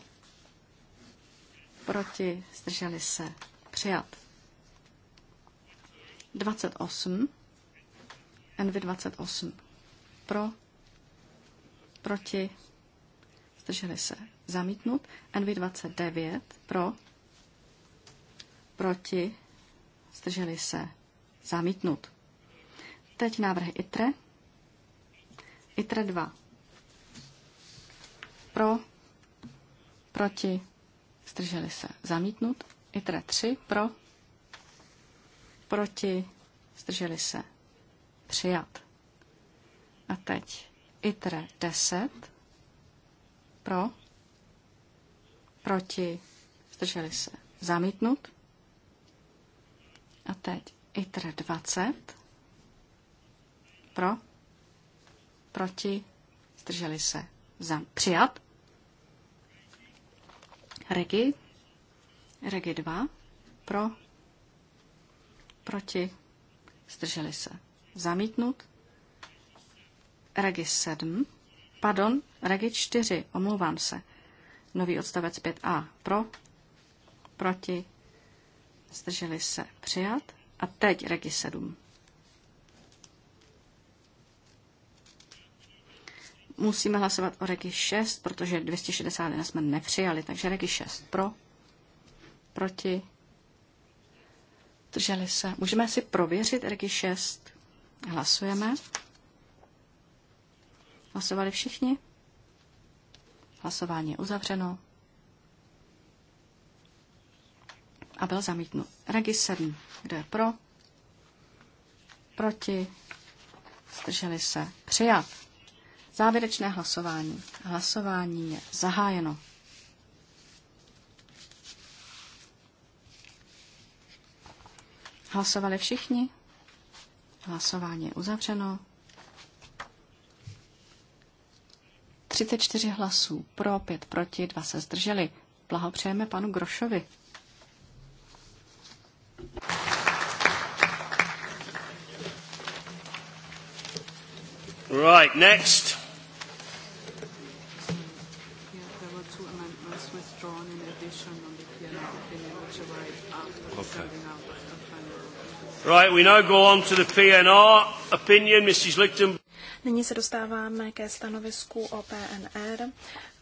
Proti zdrželi se. Přijat. 28. Envy 28 Pro. Proti zdrželi se zamítnut, NV29 pro, proti, zdrželi se zamítnut. Teď návrhy ITRE. ITRE 2 pro, proti, zdrželi se zamítnut. ITRE 3 pro, proti, zdrželi se přijat. A teď ITRE 10 pro? Proti? Zdrželi se. Zamítnut? A teď ITR 20. Pro? Proti? Zdrželi se. Zam, přijat? Regi? Regi 2. Pro? Proti? Zdrželi se. Zamítnut? Regi 7 Pardon, regi 4, omlouvám se. Nový odstavec 5a. Pro, proti, zdrželi se, přijat. A teď regi 7. Musíme hlasovat o regi 6, protože 261 jsme nepřijali, takže regi 6 pro, proti, zdrželi se. Můžeme si prověřit regi 6. Hlasujeme. Hlasovali všichni? Hlasování je uzavřeno. A byl zamítnut. Regis 7. Kdo je pro? Proti? Zdrželi se. Přijat. Závěrečné hlasování. Hlasování je zahájeno. Hlasovali všichni? Hlasování je uzavřeno. 34 hlasů pro, 5 proti, 2 se zdrželi. Blahopřejeme panu Grošovi. Right, next. Okay. Right, we now go on to the PNR opinion, Mrs. Lichtenberg. Nyní se dostáváme ke stanovisku o PNR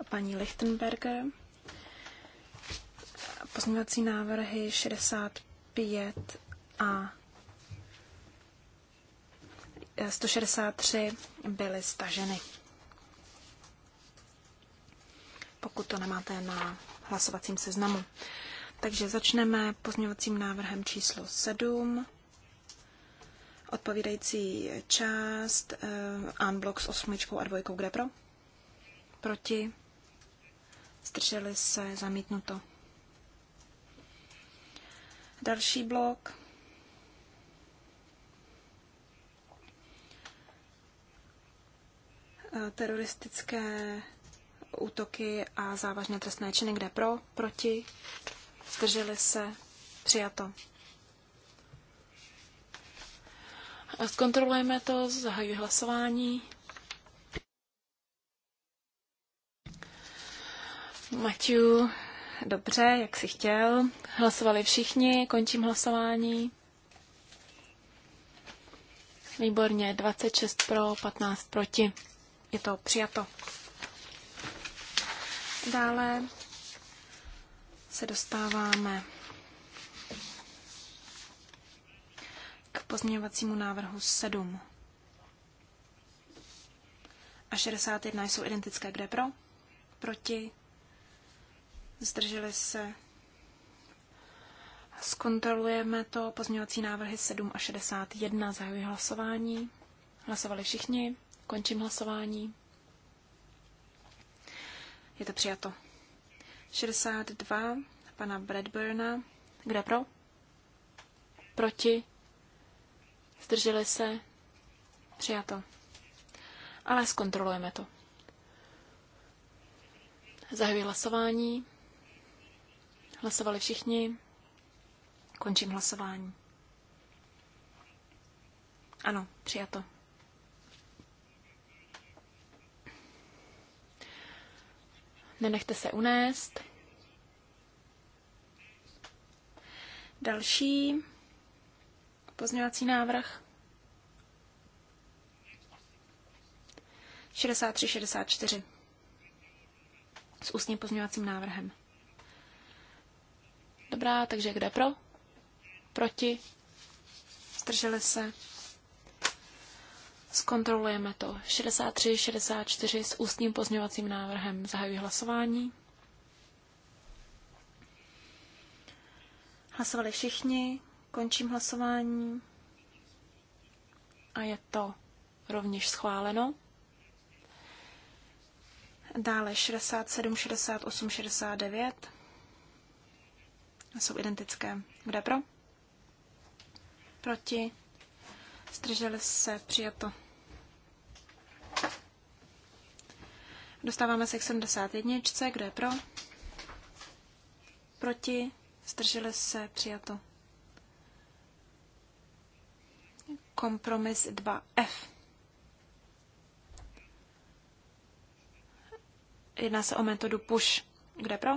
paní Lichtenberger. Pozměňovací návrhy 65 a 163 byly staženy. Pokud to nemáte na hlasovacím seznamu. Takže začneme pozměňovacím návrhem číslo 7 Odpovídající část unblock eh, s osmičkou a dvojkou, kde pro? Proti. Zdrželi se, zamítnuto. Další blok. Eh, teroristické útoky a závažné trestné činy, kde pro, proti, zdrželi se, přijato. Zkontrolujeme to, zahajuji hlasování. Matiu, dobře, jak jsi chtěl. Hlasovali všichni, končím hlasování. Výborně, 26 pro, 15 proti. Je to přijato. Dále se dostáváme k pozměňovacímu návrhu 7 a 61 jsou identické. Kde pro? Proti? Zdrželi se? Zkontrolujeme to. Pozměňovací návrhy 7 a 61. zahajují hlasování. Hlasovali všichni. Končím hlasování. Je to přijato. 62 pana Bradburna. Kde pro? Proti? Zdrželi se? Přijato. Ale zkontrolujeme to. Zahajuji hlasování. Hlasovali všichni. Končím hlasování. Ano, přijato. Nenechte se unést. Další Pozměňovací návrh 63-64 s ústním pozměňovacím návrhem. Dobrá, takže kde pro? Proti? Zdrželi se? Zkontrolujeme to. 63, 64 s ústním pozměňovacím návrhem. Zahajuji hlasování. Hlasovali všichni. Končím hlasování. A je to rovněž schváleno. Dále 67, 68, 69 jsou identické. Kde pro? Proti. Zdrželi se. Přijato. Dostáváme se k 71. Kdo je pro? Proti. Zdrželi se. Přijato. kompromis 2F. Jedná se o metodu push. Kde pro?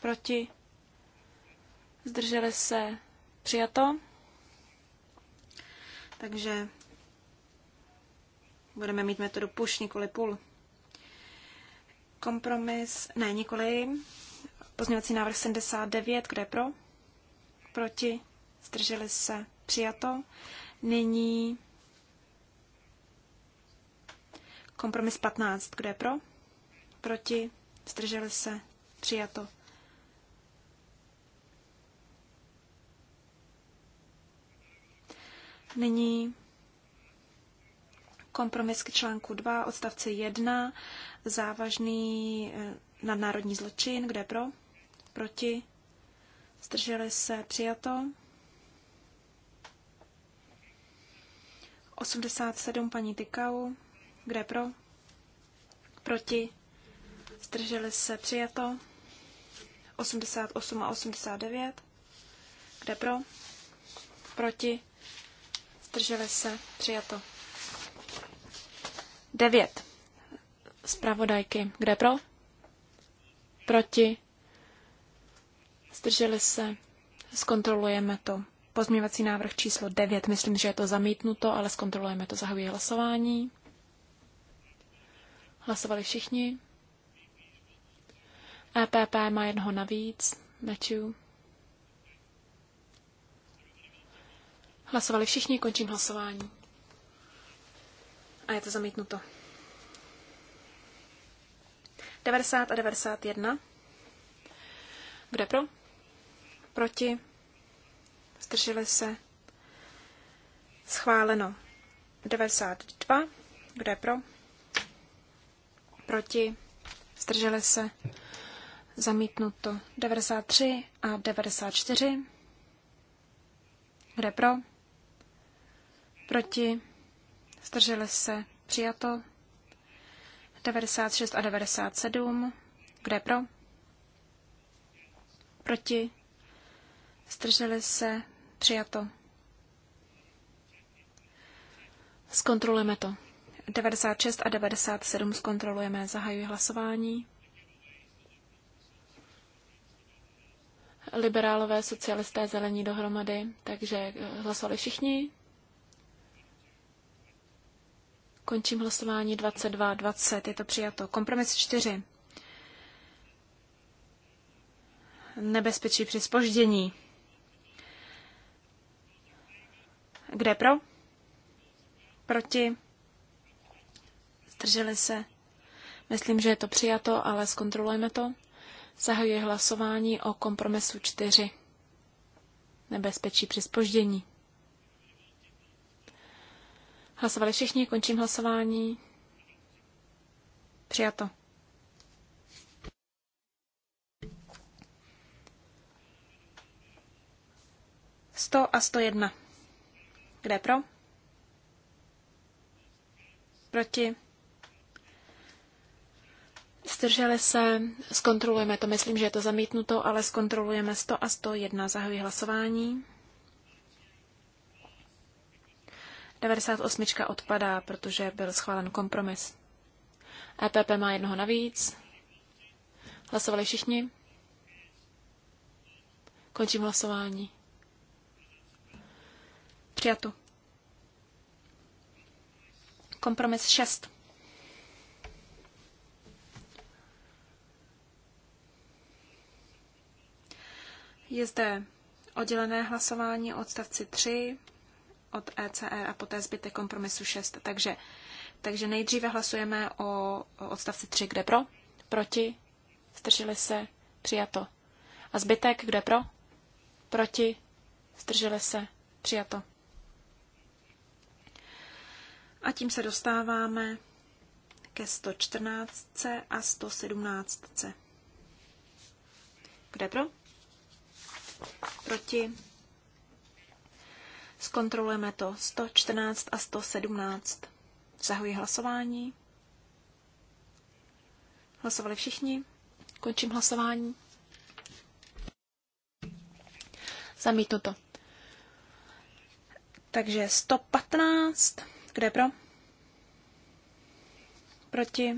Proti? Zdrželi se přijato. Takže budeme mít metodu push, nikoli pull. Kompromis, ne, nikoli. Pozměňovací návrh 79, kde pro? Proti? Zdrželi se Přijato. Nyní kompromis 15. Kdo je pro? Proti? Zdrželi se? Přijato. Nyní kompromis k článku 2, odstavce 1, závažný eh, nadnárodní zločin, kde pro, proti, zdrželi se, přijato. 87 paní Tykau. Kde pro? Proti? Zdrželi se přijato. 88 a 89. Kde pro? Proti? Zdrželi se přijato. 9. Zpravodajky. Kde pro? Proti? Zdrželi se. Zkontrolujeme to. Pozměňovací návrh číslo 9, myslím, že je to zamítnuto, ale zkontrolujeme to. Zahajuji hlasování. Hlasovali všichni. EPP má jednoho navíc. Matthew. Hlasovali všichni, končím hlasování. A je to zamítnuto. 90 a 91. Kdo pro? Proti? zdrželi se, schváleno 92, kdo je pro, proti, zdrželi se, zamítnuto 93 a 94, kdo je pro, proti, zdrželi se, přijato 96 a 97, kdo je pro, proti, zdrželi se, Přijato. Zkontrolujeme to. 96 a 97 zkontrolujeme. Zahajuji hlasování. Liberálové, socialisté, zelení dohromady, takže eh, hlasovali všichni. Končím hlasování 22, 20, je to přijato. Kompromis 4. Nebezpečí při spoždění. Kde pro? Proti? Zdrželi se? Myslím, že je to přijato, ale zkontrolujeme to. Zahajuje hlasování o kompromisu 4. Nebezpečí při spoždění. Hlasovali všichni, končím hlasování. Přijato. Sto a sto jedna. Kdo je pro? Proti? Zdrželi se, zkontrolujeme to, myslím, že je to zamítnuto, ale zkontrolujeme 100 a 101, zahajuji hlasování. 98 odpadá, protože byl schválen kompromis. EPP má jednoho navíc. Hlasovali všichni? Končím hlasování. Přijato. Kompromis 6. Je zde oddělené hlasování o odstavci 3 od ECR e a poté zbytek kompromisu 6. Takže, takže nejdříve hlasujeme o odstavci 3, kde pro, proti, zdrželi se, přijato. A zbytek, kde pro, proti, zdrželi se, přijato. A tím se dostáváme ke 114 a 117. Kde pro? Proti. Zkontrolujeme to 114 a 117. Zahuji hlasování. Hlasovali všichni. Končím hlasování. Zamítnuto. Takže 115 kdo je pro? Proti?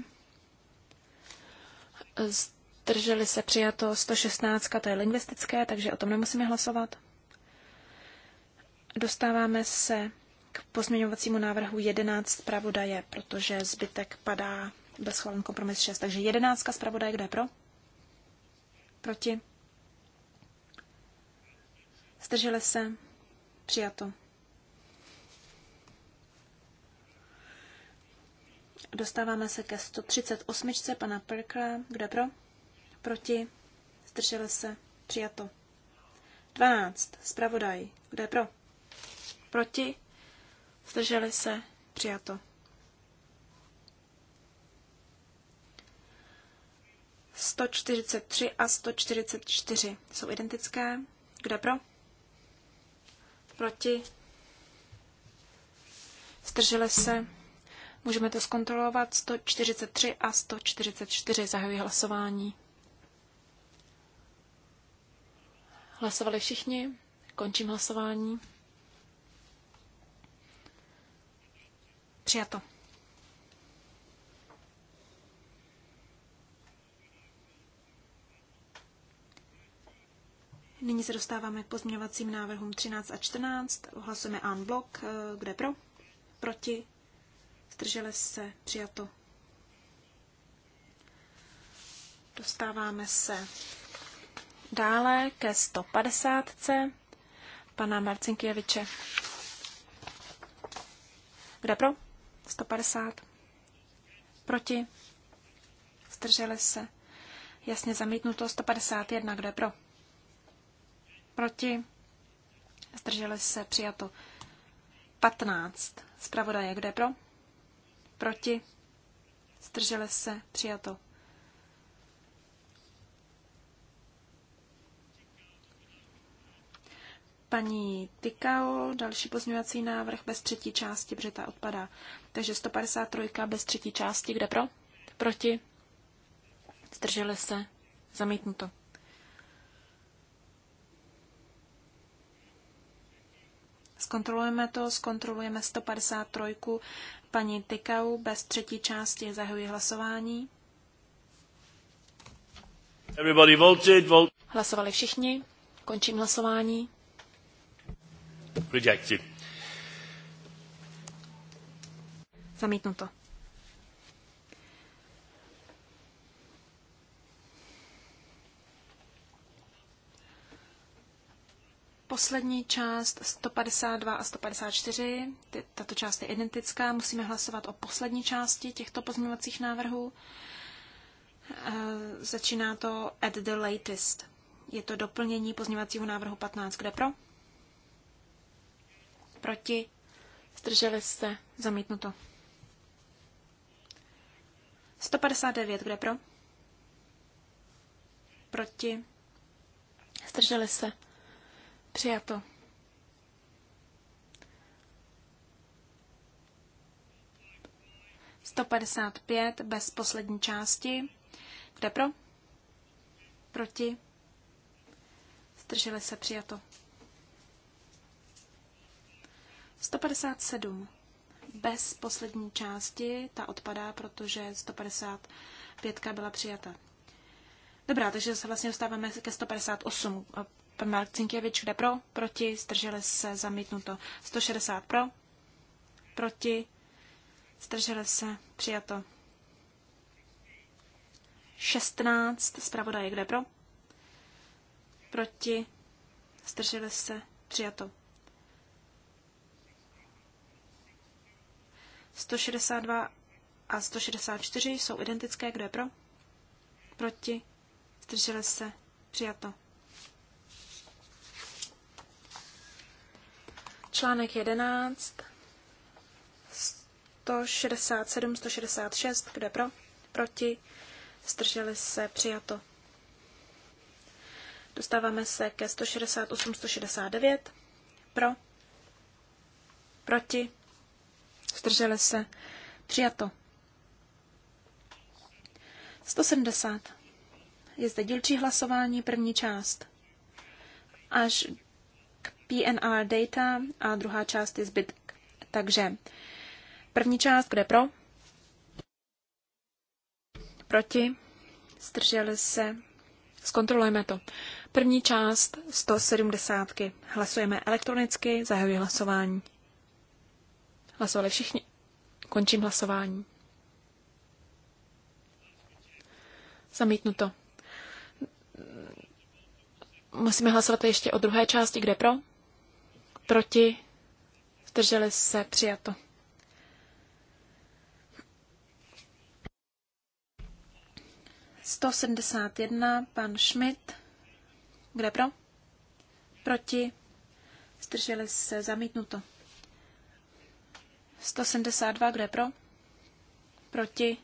Zdrželi se přijato 116, to je lingvistické, takže o tom nemusíme hlasovat. Dostáváme se k pozměňovacímu návrhu 11 zpravodaje, protože zbytek padá bez schválen kompromis 6. Takže 11 zpravodaje, kde je pro? Proti? Zdrželi se? Přijato. Dostáváme se ke 138. pana Perkra. Kdo pro? Proti? Zdrželi se? Přijato. 12. Spravodaj. Kdo pro? Proti? Zdrželi se? Přijato. 143 a 144 jsou identické. Kdo pro? Proti? Zdrželi se? Můžeme to zkontrolovat 143 a 144. Zahajuji hlasování. Hlasovali všichni? Končím hlasování. Přijato. Nyní se dostáváme k pozměňovacím návrhům 13 a 14. Hlasujeme en blok. Kde pro? Proti? zdrželi se, přijato. Dostáváme se dále ke 150. pana Marcinkěviče. Kde pro? 150. Proti? Zdrželi se. Jasně zamítnuto 151. Kde pro? Proti? Zdrželi se. Přijato 15. Zpravodaje. Kde pro? Proti? Zdrželi se? Přijato. Paní Tykao, další pozměňovací návrh bez třetí části, protože ta odpadá. Takže 153 bez třetí části, kde pro? Proti? Zdrželi se? Zamítnuto. Zkontrolujeme to, zkontrolujeme 153 Paní Tykau bez třetí části zahajuji hlasování. Everybody voted, vote. Hlasovali všichni. Končím hlasování. Rejected. Zamítnuto. Poslední část 152 a 154, tato část je identická, musíme hlasovat o poslední části těchto pozměňovacích návrhů. Eh, začíná to at the latest. Je to doplnění pozměňovacího návrhu 15. Kde pro? Proti? Zdrželi se? Zamítnuto. 159. Kde pro? Proti? Zdrželi se? Přijato. Sto padesát pět bez poslední části. Kde pro? Proti? Zdrželi se přijato. 157. Bez poslední části, ta odpadá, protože 155 byla přijata. Dobrá, takže se vlastně dostáváme ke 158. Pan Mark Cinkěvič, kde pro, proti, zdrželi se, zamítnuto. 160 pro, proti, zdrželi se, přijato. 16, zpravodaj, kde pro, proti, zdrželi se, přijato. 162 a 164 jsou identické, kdo je pro? Proti? Zdrželi se? Přijato. Článek 11, 167, 166, kde pro, proti, zdrželi se, přijato. Dostáváme se ke 168, 169, pro, proti, zdrželi se, přijato. 170. Je zde dílčí hlasování, první část. Až PNR data a druhá část je zbytek. Takže první část bude pro, proti, strželi se, zkontrolujeme to. První část 170. Hlasujeme elektronicky, zahajuji hlasování. Hlasovali všichni. Končím hlasování. Zamítnuto. Musíme hlasovat ještě o druhé části, kde pro? Proti? Zdrželi se? Přijato. Sto sedmdesát jedna, pan Schmidt. Kde pro? Proti? Zdrželi se? Zamítnuto. 172, kdo pro? Proti?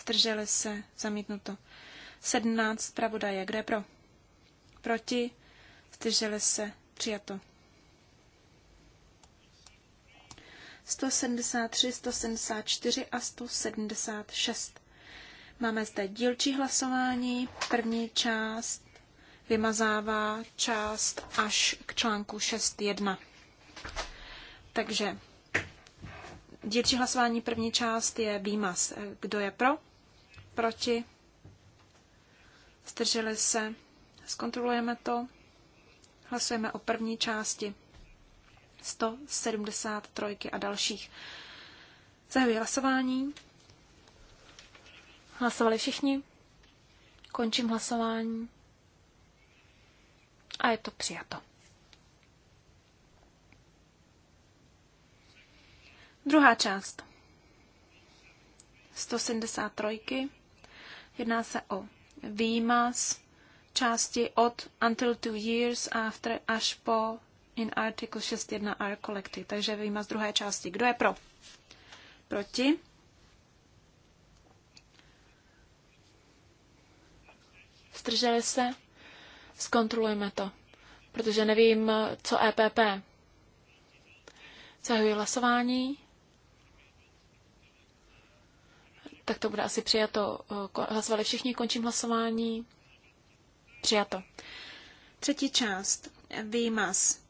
Zdrželi se, zamítnuto. 17, pravodaje, kde pro? Proti? Zdrželi se, přijato. 173, 174 a 176. Máme zde dílčí hlasování. První část vymazává část až k článku 6.1. Takže dílčí hlasování první část je výmaz. Kdo je pro? Proti? Zdrželi se? Zkontrolujeme to. Hlasujeme o první části 173 a dalších. Zahajuji hlasování. Hlasovali všichni. Končím hlasování. A je to přijato. Druhá část. 173. Jedná se o výmaz části od until two years after až po in Article 6.1R Collecty. Takže vyjma z druhé části. Kdo je pro? Proti? Zdrželi se? Zkontrolujeme to, protože nevím, co EPP. Zahajuji hlasování. Tak to bude asi přijato. Hlasovali všichni, končím hlasování. Přijato. Třetí část. Výmaz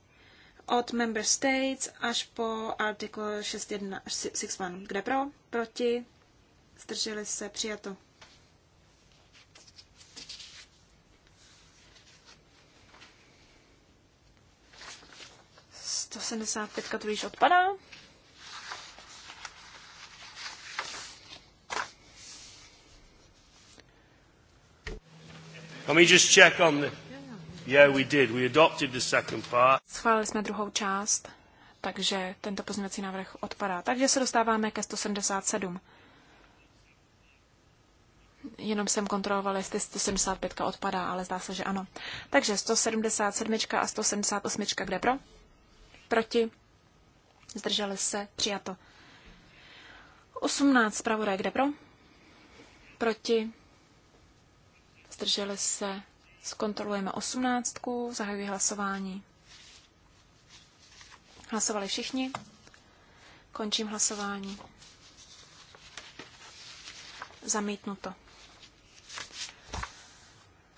od Member States až po artikl 6.1, kde pro, proti, zdrželi se, přijato. To 75 to již odpadá. Let me just check on the Yeah, we did. We adopted the second part. Schválili jsme druhou část, takže tento pozměňovací návrh odpadá. Takže se dostáváme ke 177. Jenom jsem kontroloval, jestli 175 odpadá, ale zdá se, že ano. Takže 177 a 178, kde pro? Proti? Zdrželi se? Přijato. 18 zpravodaj, kde pro? Proti? Zdrželi se? Zkontrolujeme osmnáctku, zahajuji hlasování. Hlasovali všichni? Končím hlasování. Zamítnuto.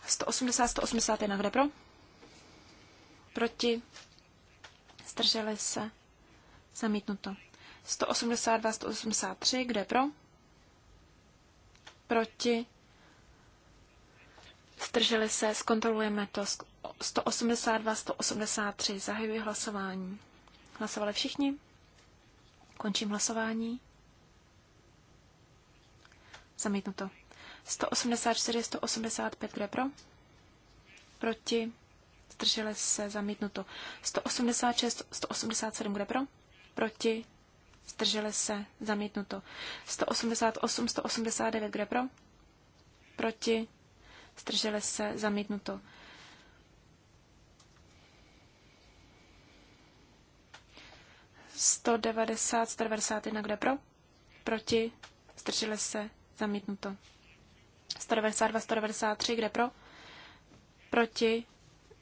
180, 181, kde pro? Proti? Zdrželi se? Zamítnuto. 182, 183, kde pro? Proti? Zdrželi se, zkontrolujeme to. 182, 183. Zahajuji hlasování. Hlasovali všichni? Končím hlasování. zamítnu to 184, 185, kdo je pro? Proti? Zdrželi se, zamítnuto. 186, 187, kde pro? Proti? Zdrželi se, zamítnuto. 188, 189, kde pro? Proti? zdržely se, zamítnuto. Sto devadesát, sto devadesát jedna, kde pro? Proti, zdrželi se, zamítnuto. devadesát, devadesát tři, kde pro? Proti,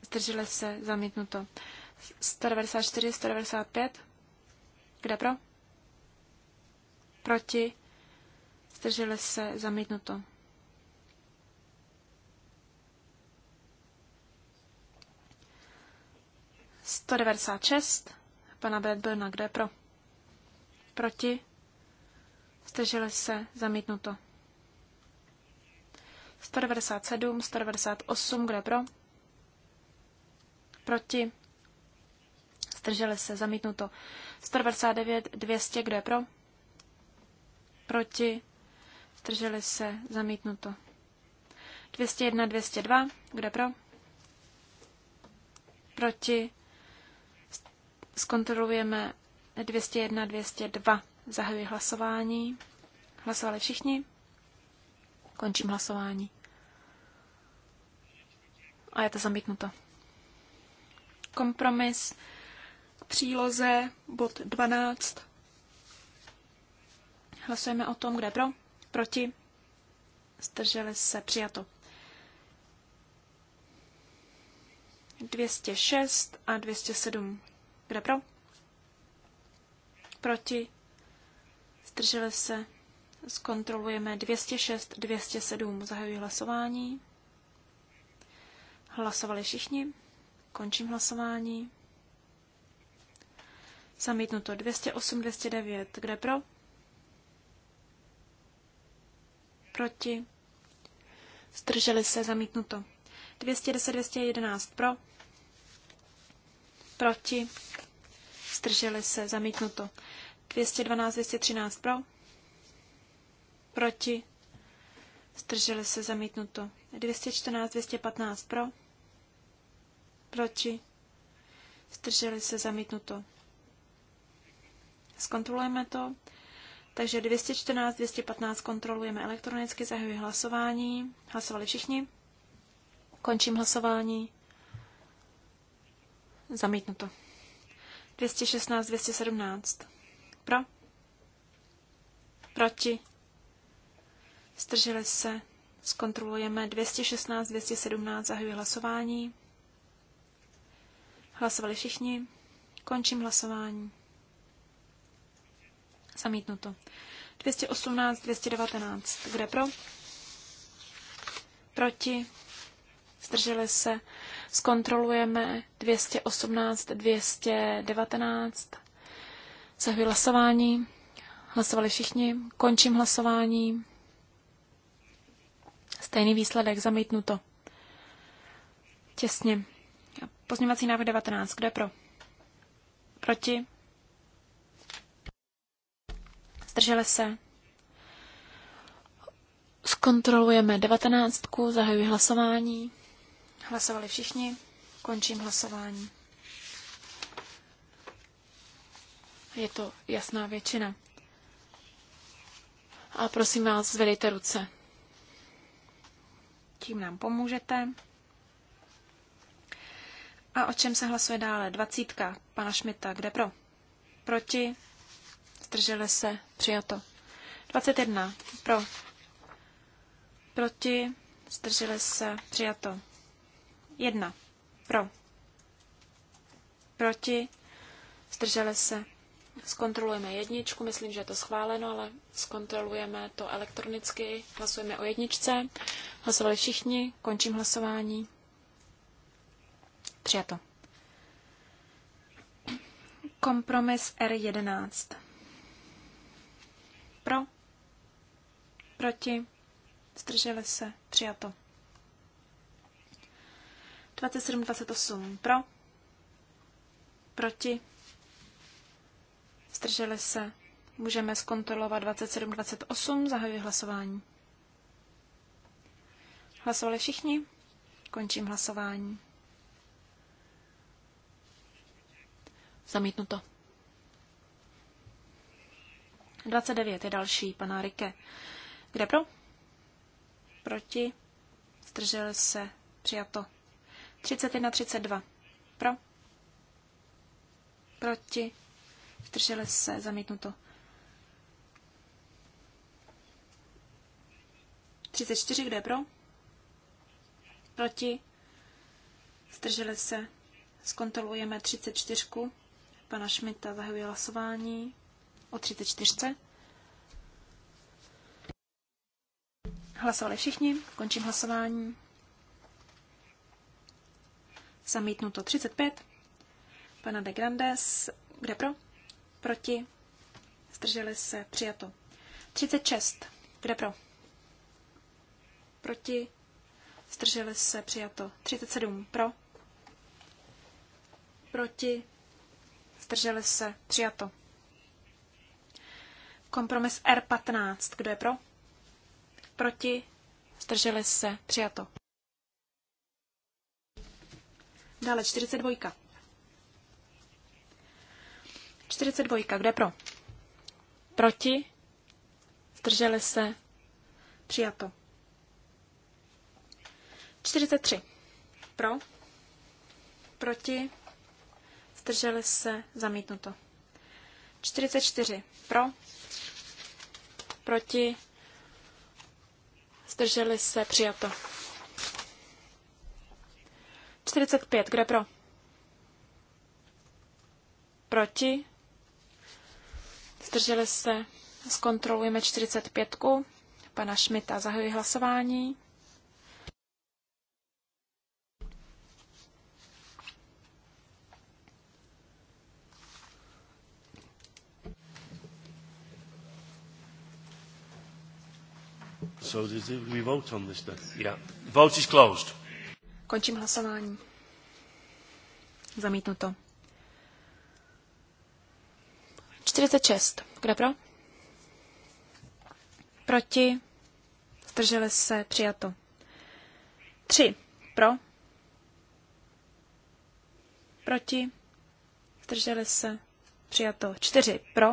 zdrželi se, zamítnuto. devadesát čtyři, devadesát pět, kde pro? Proti, zdrželi se, zamítnuto. 196 pana Bradburna, kdo je pro? Proti? Zdrželi se, zamítnuto. 197, 198, kdo je pro? Proti? Zdrželi se, zamítnuto. 199, 200, kdo je pro? Proti? Zdrželi se, zamítnuto. 201, 202, kdo je pro? Proti? Zkontrolujeme 201, 202. Zahajuji hlasování. Hlasovali všichni? Končím hlasování. A je to zamítnuto. Kompromis příloze bod 12. Hlasujeme o tom, kde pro, proti, zdrželi se, přijato. 206 a 207 kdo pro? Proti? Zdrželi se? Zkontrolujeme 206, 207. Zahajuji hlasování. Hlasovali všichni. Končím hlasování. Zamítnuto 208, 209. Kde pro? Proti. Zdrželi se. Zamítnuto. 210, 211. Pro. Proti zdrželi se, zamítnuto. 212, 213 pro, proti, zdrželi se, zamítnuto. 214, 215 pro, proti, zdrželi se, zamítnuto. Zkontrolujeme to. Takže 214, 215 kontrolujeme elektronicky, zahajuji hlasování. Hlasovali všichni. Končím hlasování. Zamítnuto. 216, 217. Pro? Proti? Strželi se. Zkontrolujeme 216, 217, zahajuji hlasování. Hlasovali všichni. Končím hlasování. Zamítnuto. 218, 219. Kde pro? Proti? Zdrželi se. Zkontrolujeme 218, 219. Zahajuji hlasování. Hlasovali všichni. Končím hlasování. Stejný výsledek, zamítnuto. Těsně. Pozměňovací návrh 19. Kdo je pro? Proti? Zdrželi se? Zkontrolujeme 19. Zahajuji hlasování. Hlasovali všichni. Končím hlasování. Je to jasná většina. A prosím vás, zvedejte ruce. Tím nám pomůžete. A o čem se hlasuje dále? Dvacítka pana Šmita. Kde pro? Proti? Zdrželi se? Přijato. 21. Pro. Proti? Zdrželi se? Přijato. 1. Pro. Proti. Zdrželi se. Zkontrolujeme jedničku, myslím, že je to schváleno, ale zkontrolujeme to elektronicky. Hlasujeme o jedničce. Hlasovali všichni, končím hlasování. Přijato. Kompromis R11. Pro. Proti. Zdrželi se. Přijato. 27, 28 pro, proti, zdrželi se. Můžeme zkontrolovat 27, 28, zahajuji hlasování. Hlasovali všichni? Končím hlasování. Zamítnuto. 29 je další, pana Rike. Kde pro? Proti. Zdržel se. Přijato. 31, 32. Pro. Proti. Zdrželi se. Zamítnuto. 34. kde je pro? Proti. Zdrželi se. Zkontrolujeme 34. Pana Šmita zahajuje hlasování o 34. Hlasovali všichni. Končím hlasování. Zamítnuto 35. Pana de Grandes, kde pro? Proti. Zdrželi se, přijato. 36. Kde pro? Proti. Zdrželi se, přijato. 37. Pro. Proti. Zdrželi se, přijato. Kompromis R15. Kdo je pro? Proti. Zdrželi se, přijato. Dále 42. 42. Kde pro? Proti? Zdrželi se? Přijato. 43. Pro? Proti? Zdrželi se? Zamítnuto. 44. Pro? Proti? Zdrželi se? Přijato. 45. Kdo je pro? Proti? Zdrželi se. Zkontrolujeme 45. Pana Šmita. Zahajuji hlasování. So did we vote on this then? Yeah. Vote is closed. Končím hlasování. Zamítnuto. 46. Kdo pro? Proti. Zdrželi se. Přijato. 3. Pro. Proti. Zdrželi se. Přijato. 4. Pro.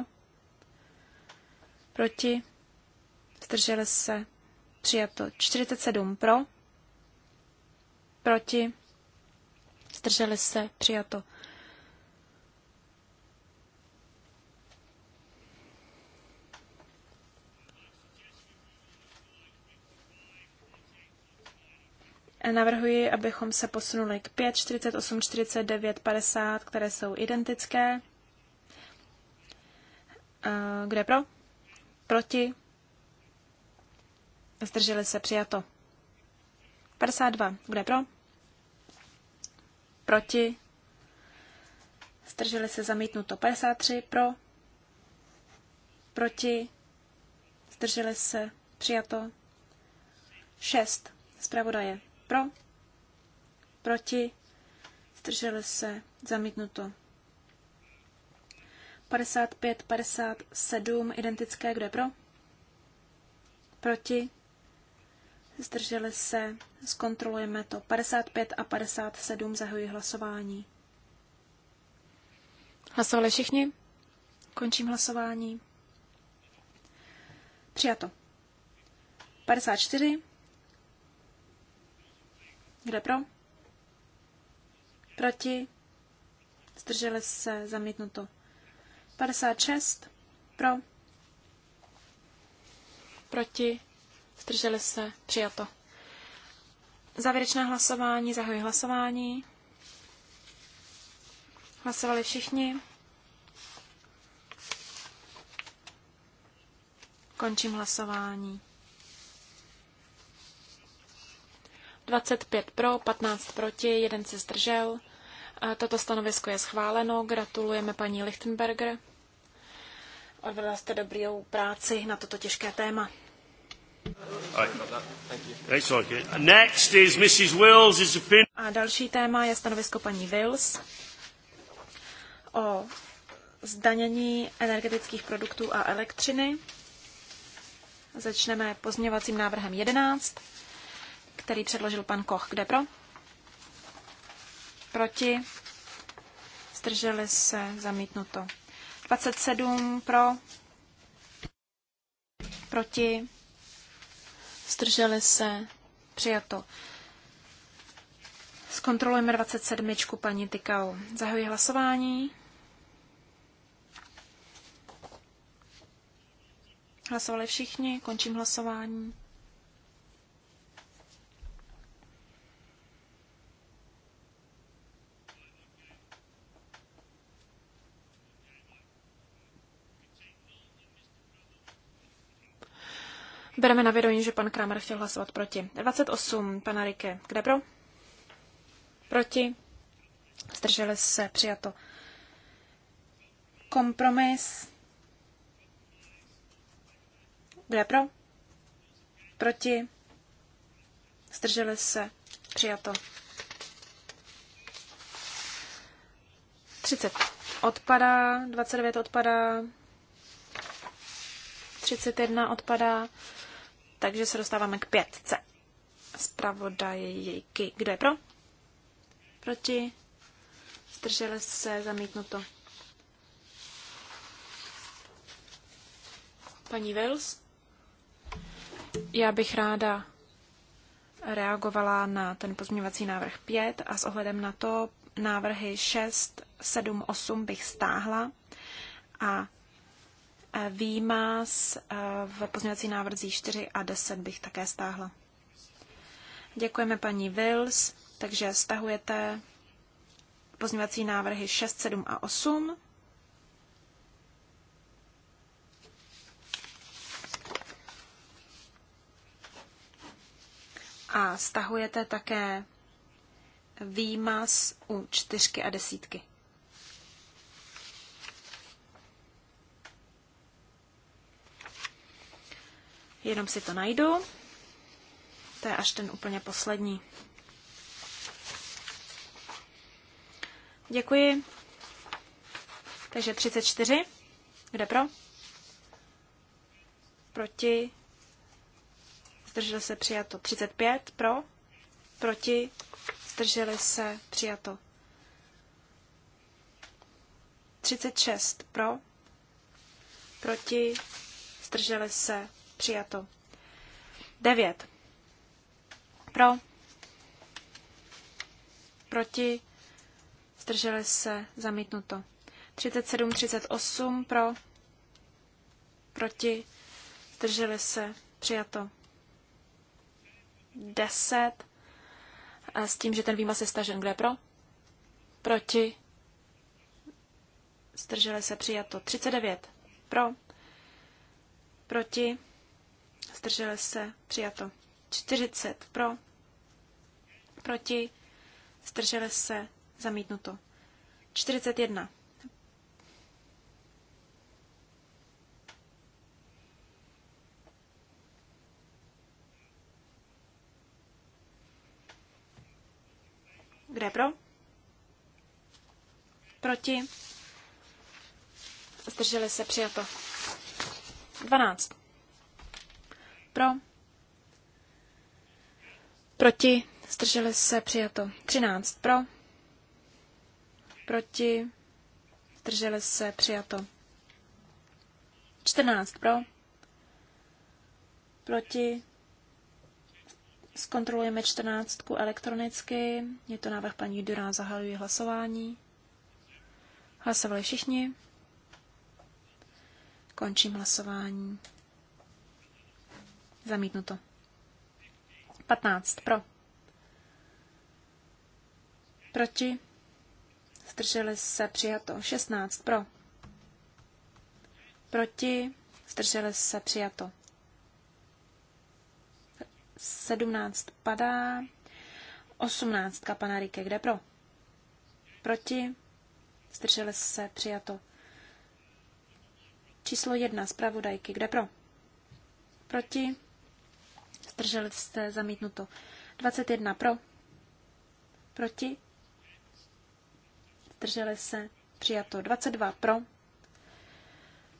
Proti. Zdrželi se. Přijato. 47. Pro proti, zdrželi se, přijato. Navrhuji, abychom se posunuli k 5, 48, 49, 50, které jsou identické. Eh, Kde pro? Proti? Zdrželi se přijato. 52. Kde pro? proti, zdrželi se zamítnuto 53 pro, proti, zdrželi se přijato 6 zpravodaje pro, proti, zdrželi se zamítnuto 55, 57, identické, kdo je pro? Proti, zdrželi se, zkontrolujeme to. 55 a 57 zahojí hlasování. Hlasovali všichni? Končím hlasování. Přijato. 54. Kde pro? Proti? Zdrželi se, zamítnuto. 56. Pro? Proti? Zdrželi se? Přijato. Závěrečné hlasování. Zahajuji hlasování. Hlasovali všichni. Končím hlasování. 25 pro, 15 proti, jeden se zdržel. Toto stanovisko je schváleno. Gratulujeme paní Lichtenberger. Odvedla jste dobrou práci na toto těžké téma. A další téma je stanovisko paní Wills o zdanění energetických produktů a elektřiny. Začneme pozměňovacím návrhem 11, který předložil pan Koch. Kde pro? Proti? Zdrželi se? Zamítnuto. 27 pro? Proti? zdrželi se, přijato. Zkontrolujeme 27. paní Tykau. Zahajuji hlasování. Hlasovali všichni, končím hlasování. Bereme na vědomí, že pan Kramer chtěl hlasovat proti. 28, pana Rike, kde pro? Proti. Zdrželi se, přijato. Kompromis. Kde pro? Proti. Zdrželi se, přijato. 30 odpadá, 29 odpadá, 31 odpadá, takže se dostáváme k pětce. Spravodajky. Kdo je pro? Proti? Zdrželi se, zamítnuto. Paní Wills? Já bych ráda reagovala na ten pozměňovací návrh 5 a s ohledem na to návrhy 6, 7, 8 bych stáhla a Výmaz eh, v pozměňovací návrzích 4 a 10 bych také stáhla. Děkujeme paní Wills, takže stahujete pozměňovací návrhy 6, 7 a 8. A stahujete také výmaz u čtyřky a desítky. Jenom si to najdu. To je až ten úplně poslední. Děkuji. Takže 34. Kde pro? Proti. Zdrželi se přijato. 35. Pro. Proti. Zdrželi se přijato. 36. Pro. Proti. Zdrželi se Přijato. 9. Pro. Proti. Zdrželi se. Zamítnuto. 37, 38. Pro. Proti. Zdrželi se. Přijato. 10. A s tím, že ten výmaz je stažen. kde je pro? Proti. Zdrželi se. Přijato. 39. Pro. Proti zdrželi se, přijato. 40 pro, proti, zdrželi se, zamítnuto. 41. Kde pro? Proti? Zdrželi se, přijato. 12 pro, proti, zdrželi se, přijato 13 pro, proti, zdrželi se, přijato 14 pro, proti, zkontrolujeme 14 elektronicky, je to návrh paní Dura, zahajuji hlasování. Hlasovali všichni. Končím hlasování. Zamítnuto. 15. Pro. Proti. Zdrželi se. Přijato. 16. Pro. Proti. Zdrželi se. Přijato. 17 padá. 18 pana kde pro? Proti. Zdrželi se, přijato. Číslo 1 zpravodajky, kde pro? Proti. Zdrželi jste zamítnuto. 21 pro. Proti. Zdrželi se přijato. 22 pro.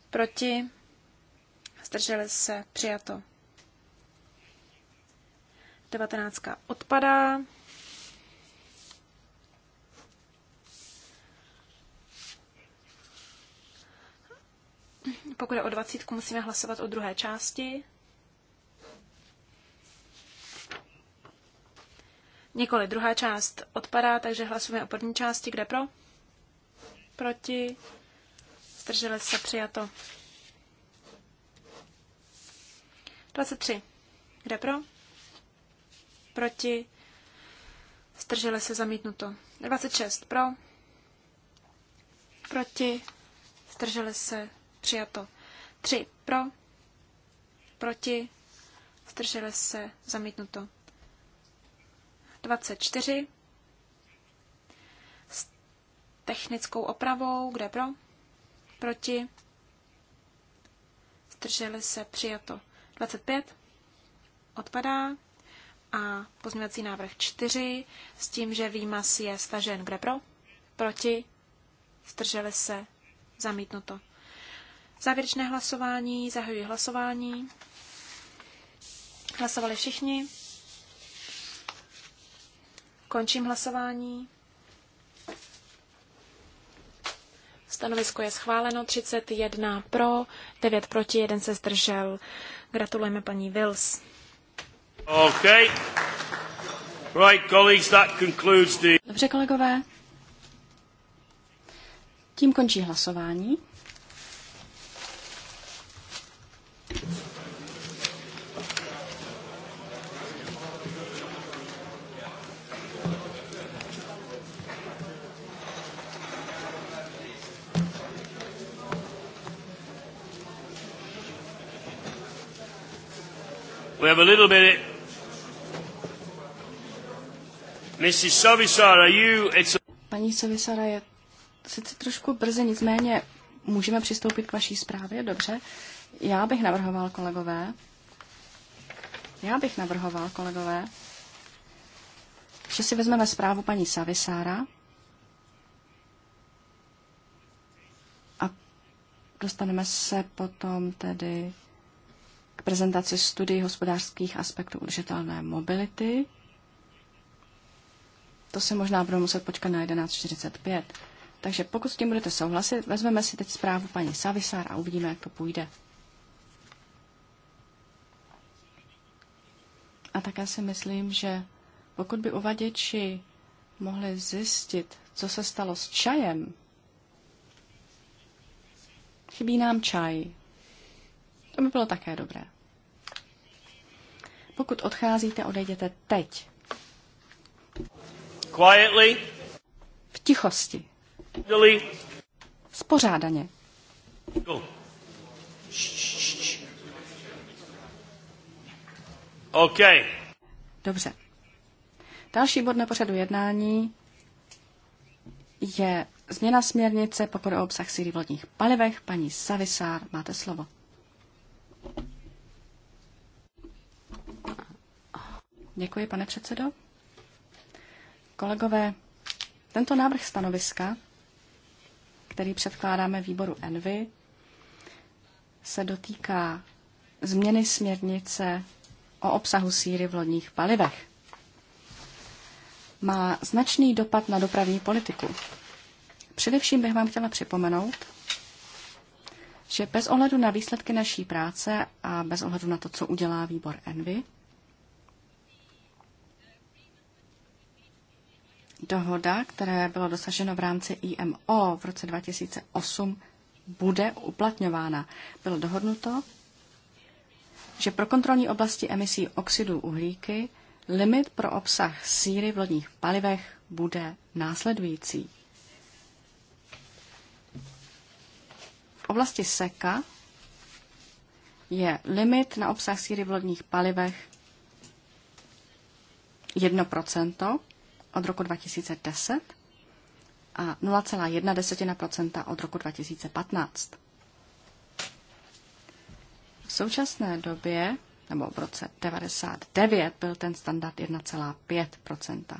Proti. Zdrželi se přijato. 19 odpadá. Pokud je o 20, musíme hlasovat o druhé části. Nikoli, druhá část odpadá, takže hlasujeme o první části. Kde pro? Proti? Zdrželec se přijato. 23. Kde pro? Proti? Zdrželi se zamítnuto. 26. Pro? Proti? Zdrželi se přijato. 3. Pro? Proti? Zdrželi se zamítnuto. 24 s technickou opravou, kde pro, proti, zdrželi se, přijato 25, odpadá a pozměňovací návrh 4 s tím, že výmaz je stažen, kde pro, proti, zdrželi se, zamítnuto. Závěrečné hlasování, zahajuji hlasování. Hlasovali všichni. Končím hlasování. Stanovisko je schváleno, 31 pro, 9 proti, 1 se zdržel. Gratulujeme paní Wills. Okay. Right, colleagues, that concludes the... Dobře, kolegové. Tím končí hlasování. We have a little bit. Mrs. Savisar, are you... It's a... Paní Savisara, je sice trošku brzy, nicméně můžeme přistoupit k vaší zprávě, dobře. Já bych navrhoval, kolegové, já bych navrhoval, kolegové, že si vezmeme zprávu paní Savisára a dostaneme se potom tedy prezentaci studií hospodářských aspektů udržitelné mobility. To se možná budou muset počkat na 11.45. Takže pokud s tím budete souhlasit, vezmeme si teď zprávu paní Savisár a uvidíme, jak to půjde. A také si myslím, že pokud by uvaděči mohli zjistit, co se stalo s čajem, chybí nám čaj. To by bylo také dobré. Pokud odcházíte, odejděte teď. Quietly. V tichosti. Dili. Spořádaně. Go. OK. Dobře. Další bod na pořadu jednání je změna směrnice, pokud o obsah síry v lodních palivech. Paní Savisár, máte slovo. Děkuji, pane předsedo. Kolegové, tento návrh stanoviska, který předkládáme výboru ENVY, se dotýká změny směrnice o obsahu síry v lodních palivech. Má značný dopad na dopravní politiku. Především bych vám chtěla připomenout, že bez ohledu na výsledky naší práce a bez ohledu na to, co udělá výbor Envy, Dohoda, které bylo dosaženo v rámci IMO v roce 2008, bude uplatňována. Bylo dohodnuto, že pro kontrolní oblasti emisí oxidu uhlíky limit pro obsah síry v lodních palivech bude následující. V oblasti seka je limit na obsah síry v lodních palivech 1%, od roku 2010 a 0,1 od roku 2015. V současné době, nebo v roce 1999, byl ten standard 1,5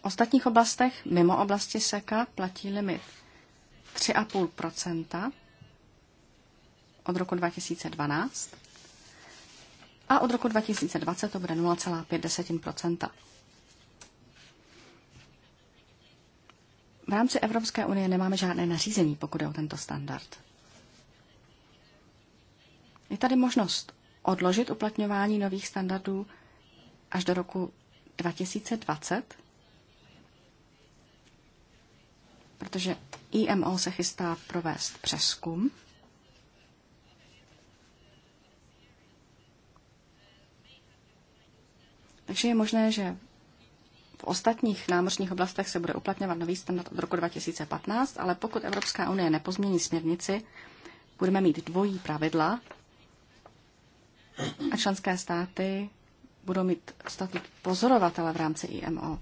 V ostatních oblastech, mimo oblasti SEKA, platí limit 3,5 od roku 2012 a od roku 2020 to bude 0,5 V rámci Evropské unie nemáme žádné nařízení, pokud je o tento standard. Je tady možnost odložit uplatňování nových standardů až do roku 2020, protože IMO se chystá provést přeskum. Takže je možné, že v ostatních námořních oblastech se bude uplatňovat nový standard od roku 2015, ale pokud Evropská unie nepozmění směrnici, budeme mít dvojí pravidla a členské státy budou mít statut pozorovatele v rámci IMO.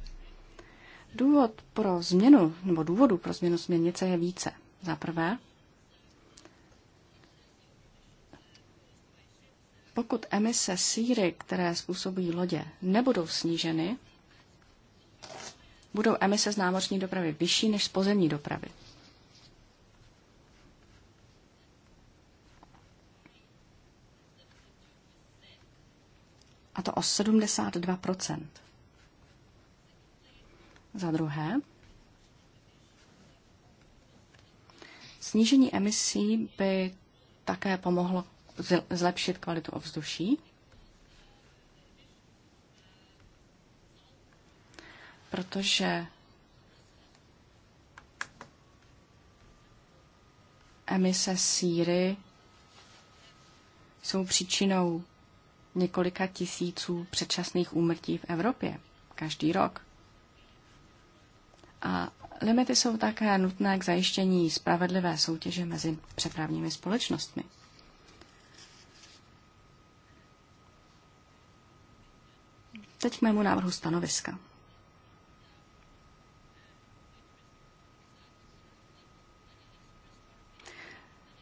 Důvod pro změnu, nebo důvodu pro změnu směrnice je více. Za prvé, pokud emise síry, které způsobují lodě, nebudou sníženy, budou emise z námořní dopravy vyšší než z pozemní dopravy. A to o 72 za druhé, snížení emisí by také pomohlo zlepšit kvalitu ovzduší. Protože emise síry jsou příčinou několika tisíců předčasných úmrtí v Evropě každý rok. A limity jsou také nutné k zajištění spravedlivé soutěže mezi přepravními společnostmi. Teď k mému návrhu stanoviska.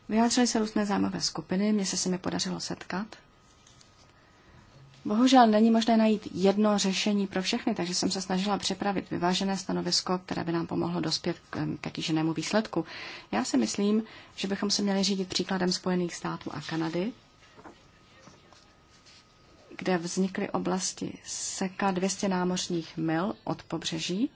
Vyjádřily se různé zájmové skupiny, mně se s nimi podařilo setkat. Bohužel není možné najít jedno řešení pro všechny, takže jsem se snažila připravit vyvážené stanovisko, které by nám pomohlo dospět k kýženému výsledku. Já si myslím, že bychom se měli řídit příkladem Spojených států a Kanady, kde vznikly oblasti seka 200 námořních mil od pobřeží.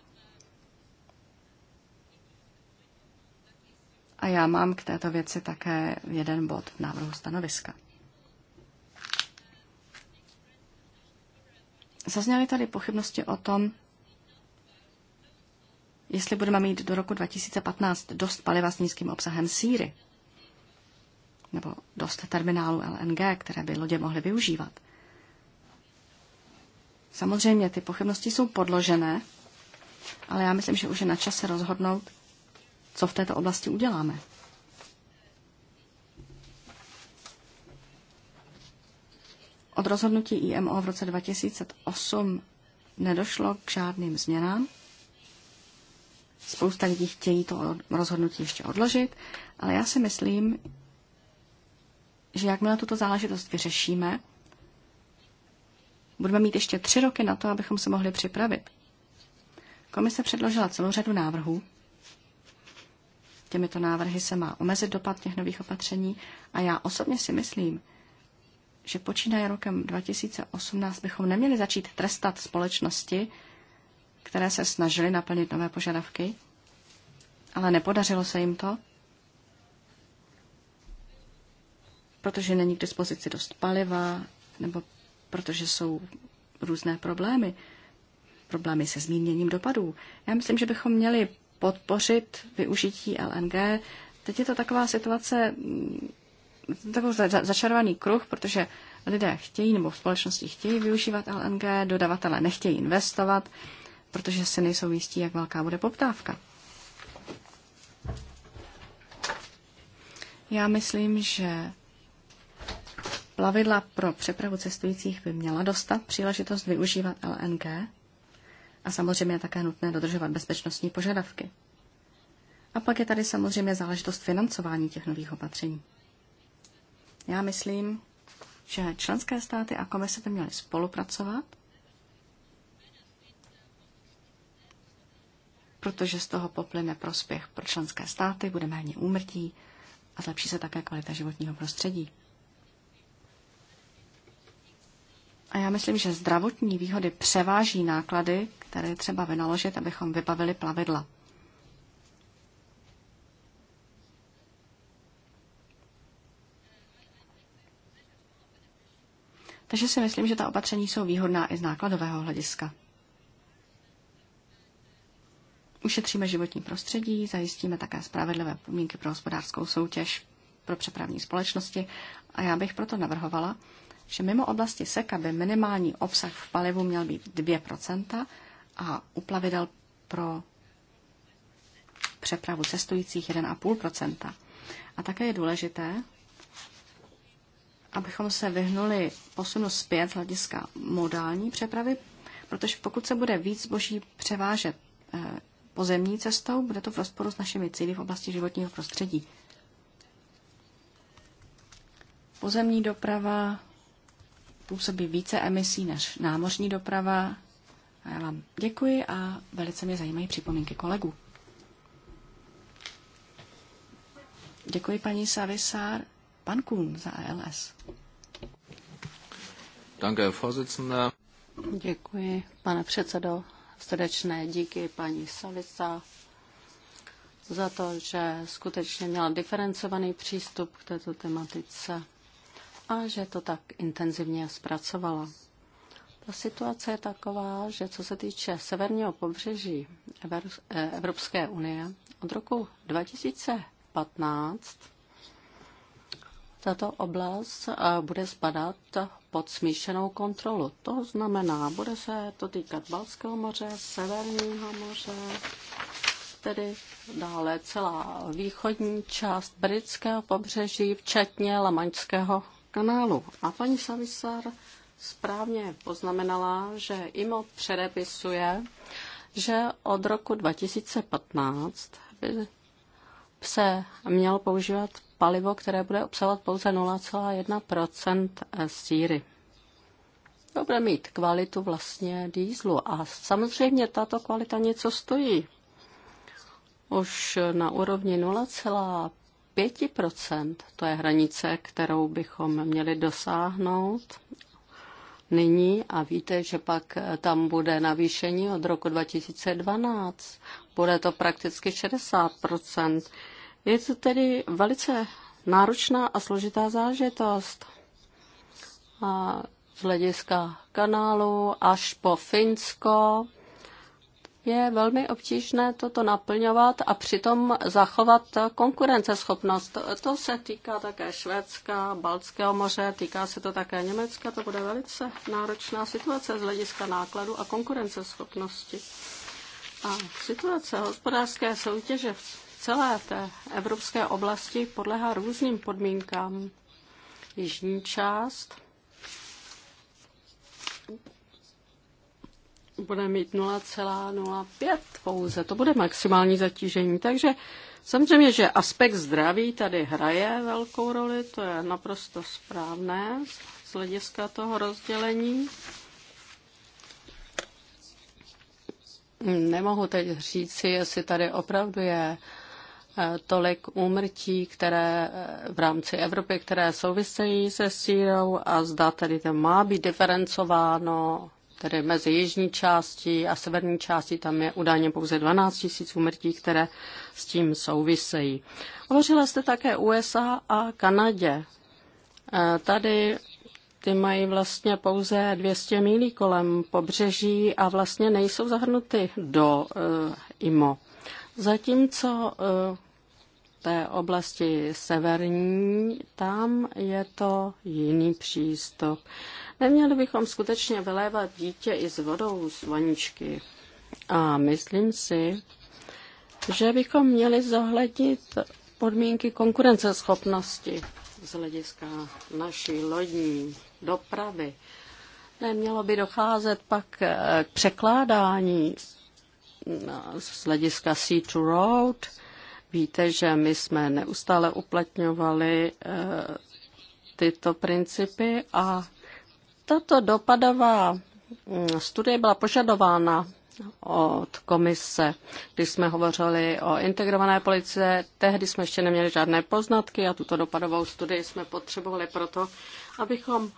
A já mám k této věci také jeden bod v návrhu stanoviska. Zazněly tady pochybnosti o tom, jestli budeme mít do roku 2015 dost paliva s nízkým obsahem síry, nebo dost terminálu LNG, které by lodě mohly využívat. Samozřejmě ty pochybnosti jsou podložené, ale já myslím, že už je na čase rozhodnout, co v této oblasti uděláme. Od rozhodnutí IMO v roce 2008 nedošlo k žádným změnám. Spousta lidí chtějí to rozhodnutí ještě odložit, ale já si myslím, že jakmile tuto záležitost vyřešíme, budeme mít ještě tři roky na to, abychom se mohli připravit. Komise předložila celou řadu návrhů. Těmito návrhy se má omezit dopad těch nových opatření a já osobně si myslím, že počínaje rokem 2018 bychom neměli začít trestat společnosti, které se snažily naplnit nové požadavky, ale nepodařilo se jim to, protože není k dispozici dost paliva, nebo protože jsou různé problémy, problémy se zmíněním dopadů. Já myslím, že bychom měli podpořit využití LNG. Teď je to taková situace takový za, začarovaný kruh, protože lidé chtějí nebo v společnosti chtějí využívat LNG, dodavatele nechtějí investovat, protože si nejsou jistí, jak velká bude poptávka. Já myslím, že plavidla pro přepravu cestujících by měla dostat příležitost využívat LNG a samozřejmě je také nutné dodržovat bezpečnostní požadavky. A pak je tady samozřejmě záležitost financování těch nových opatření. Já myslím, že členské státy a komise by měly spolupracovat, protože z toho poplyne prospěch pro členské státy, bude méně úmrtí a zlepší se také kvalita životního prostředí. A já myslím, že zdravotní výhody převáží náklady, které třeba vynaložit, abychom vybavili plavidla. Takže si myslím, že ta opatření jsou výhodná i z nákladového hlediska. Ušetříme životní prostředí, zajistíme také spravedlivé podmínky pro hospodářskou soutěž pro přepravní společnosti a já bych proto navrhovala, že mimo oblasti seka by minimální obsah v palivu měl být 2% a u plavidel pro přepravu cestujících 1,5%. A také je důležité, abychom se vyhnuli posunu zpět z hlediska modální přepravy, protože pokud se bude víc zboží převážet eh, pozemní cestou, bude to v rozporu s našimi cíly v oblasti životního prostředí. Pozemní doprava působí více emisí než námořní doprava. A já vám děkuji a velice mě zajímají připomínky kolegů. Děkuji paní Savisár. Pan Kuhn za ALS. Danke, Vorsitzender. Děkuji, pane předsedo. Srdečné díky paní Solica za to, že skutečně měla diferencovaný přístup k této tematice a že to tak intenzivně zpracovala. Ta situace je taková, že co se týče severního pobřeží eh, Evropské unie, od roku 2015 tato oblast eh, bude spadat pod smíšenou kontrolu. To znamená, bude se to týkat Balského moře, Severního moře, tedy dále celá východní část britského pobřeží, včetně Lamaňského kanálu. A paní Savisar správně poznamenala, že IMO předepisuje, že od roku 2015 by se měl používat palivo, které bude obsahovat pouze 0,1 síry. To bude mít kvalitu vlastně dýzlu a samozřejmě tato kvalita něco stojí. Už na úrovni 0,5 to je hranice, kterou bychom měli dosáhnout nyní a víte, že pak tam bude navýšení od roku 2012. Bude to prakticky 60 je to tedy velice náročná a složitá zážitost. A z hlediska kanálu až po Finsko je velmi obtížné toto naplňovat a přitom zachovat konkurenceschopnost. To se týká také Švédska, Baltského moře, týká se to také Německa. To bude velice náročná situace z hlediska nákladu a konkurenceschopnosti. A situace hospodářské soutěže celé té evropské oblasti podlehá různým podmínkám. Jižní část bude mít 0,05 pouze. To bude maximální zatížení. Takže samozřejmě, že aspekt zdraví tady hraje velkou roli, to je naprosto správné z hlediska toho rozdělení. Nemohu teď říci, jestli tady opravdu je Eh, tolik úmrtí, které eh, v rámci Evropy, které souvisejí se sírou a zda tedy to má být diferencováno tedy mezi jižní částí a severní částí, tam je údajně pouze 12 tisíc úmrtí, které s tím souvisejí. Hovořila jste také USA a Kanadě. Eh, tady ty mají vlastně pouze 200 milí kolem pobřeží a vlastně nejsou zahrnuty do uh, IMO. Zatímco uh, té oblasti severní, tam je to jiný přístup. Neměli bychom skutečně vylévat dítě i s vodou z vaničky. A myslím si, že bychom měli zohlednit podmínky konkurenceschopnosti z hlediska naší lodní dopravy. Nemělo by docházet pak k překládání z hlediska sea to road, Víte, že my jsme neustále uplatňovali eh, tyto principy a tato dopadová mm, studie byla požadována od komise, když jsme hovořili o integrované policie. Tehdy jsme ještě neměli žádné poznatky a tuto dopadovou studii jsme potřebovali proto, abychom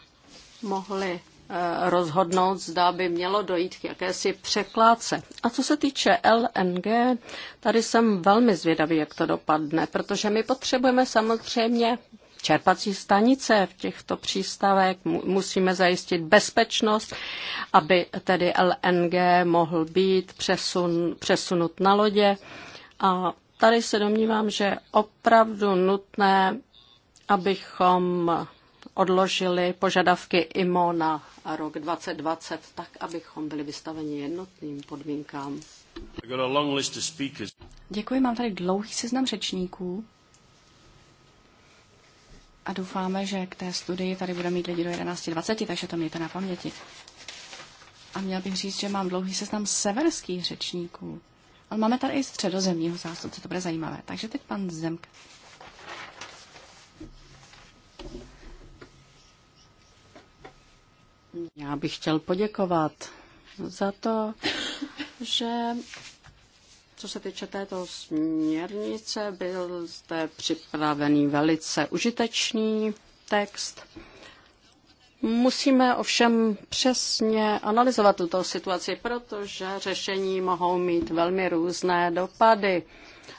mohli Eh, rozhodnout, zda by mělo dojít k jakési překládce. A co se týče LNG, tady jsem velmi zvědavý, jak to dopadne, protože my potřebujeme samozřejmě čerpací stanice v těchto přístavech, musíme zajistit bezpečnost, aby tedy LNG mohl být přesun, přesunut na lodě. A tady se domnívám, že je opravdu nutné, abychom odložili požadavky IMO na rok 2020, tak abychom byli vystaveni jednotným podmínkám. Děkuji, mám tady dlouhý seznam řečníků. A doufáme, že k té studii tady bude mít lidi do 11.20, takže to mějte na paměti. A měl bych říct, že mám dlouhý seznam severských řečníků. Ale máme tady i středozemního zástupce, to bude zajímavé. Takže teď pan Zemk. Já bych chtěl poděkovat za to, že co se týče této směrnice, byl zde připravený velice užitečný text. Musíme ovšem přesně analyzovat tuto situaci, protože řešení mohou mít velmi různé dopady,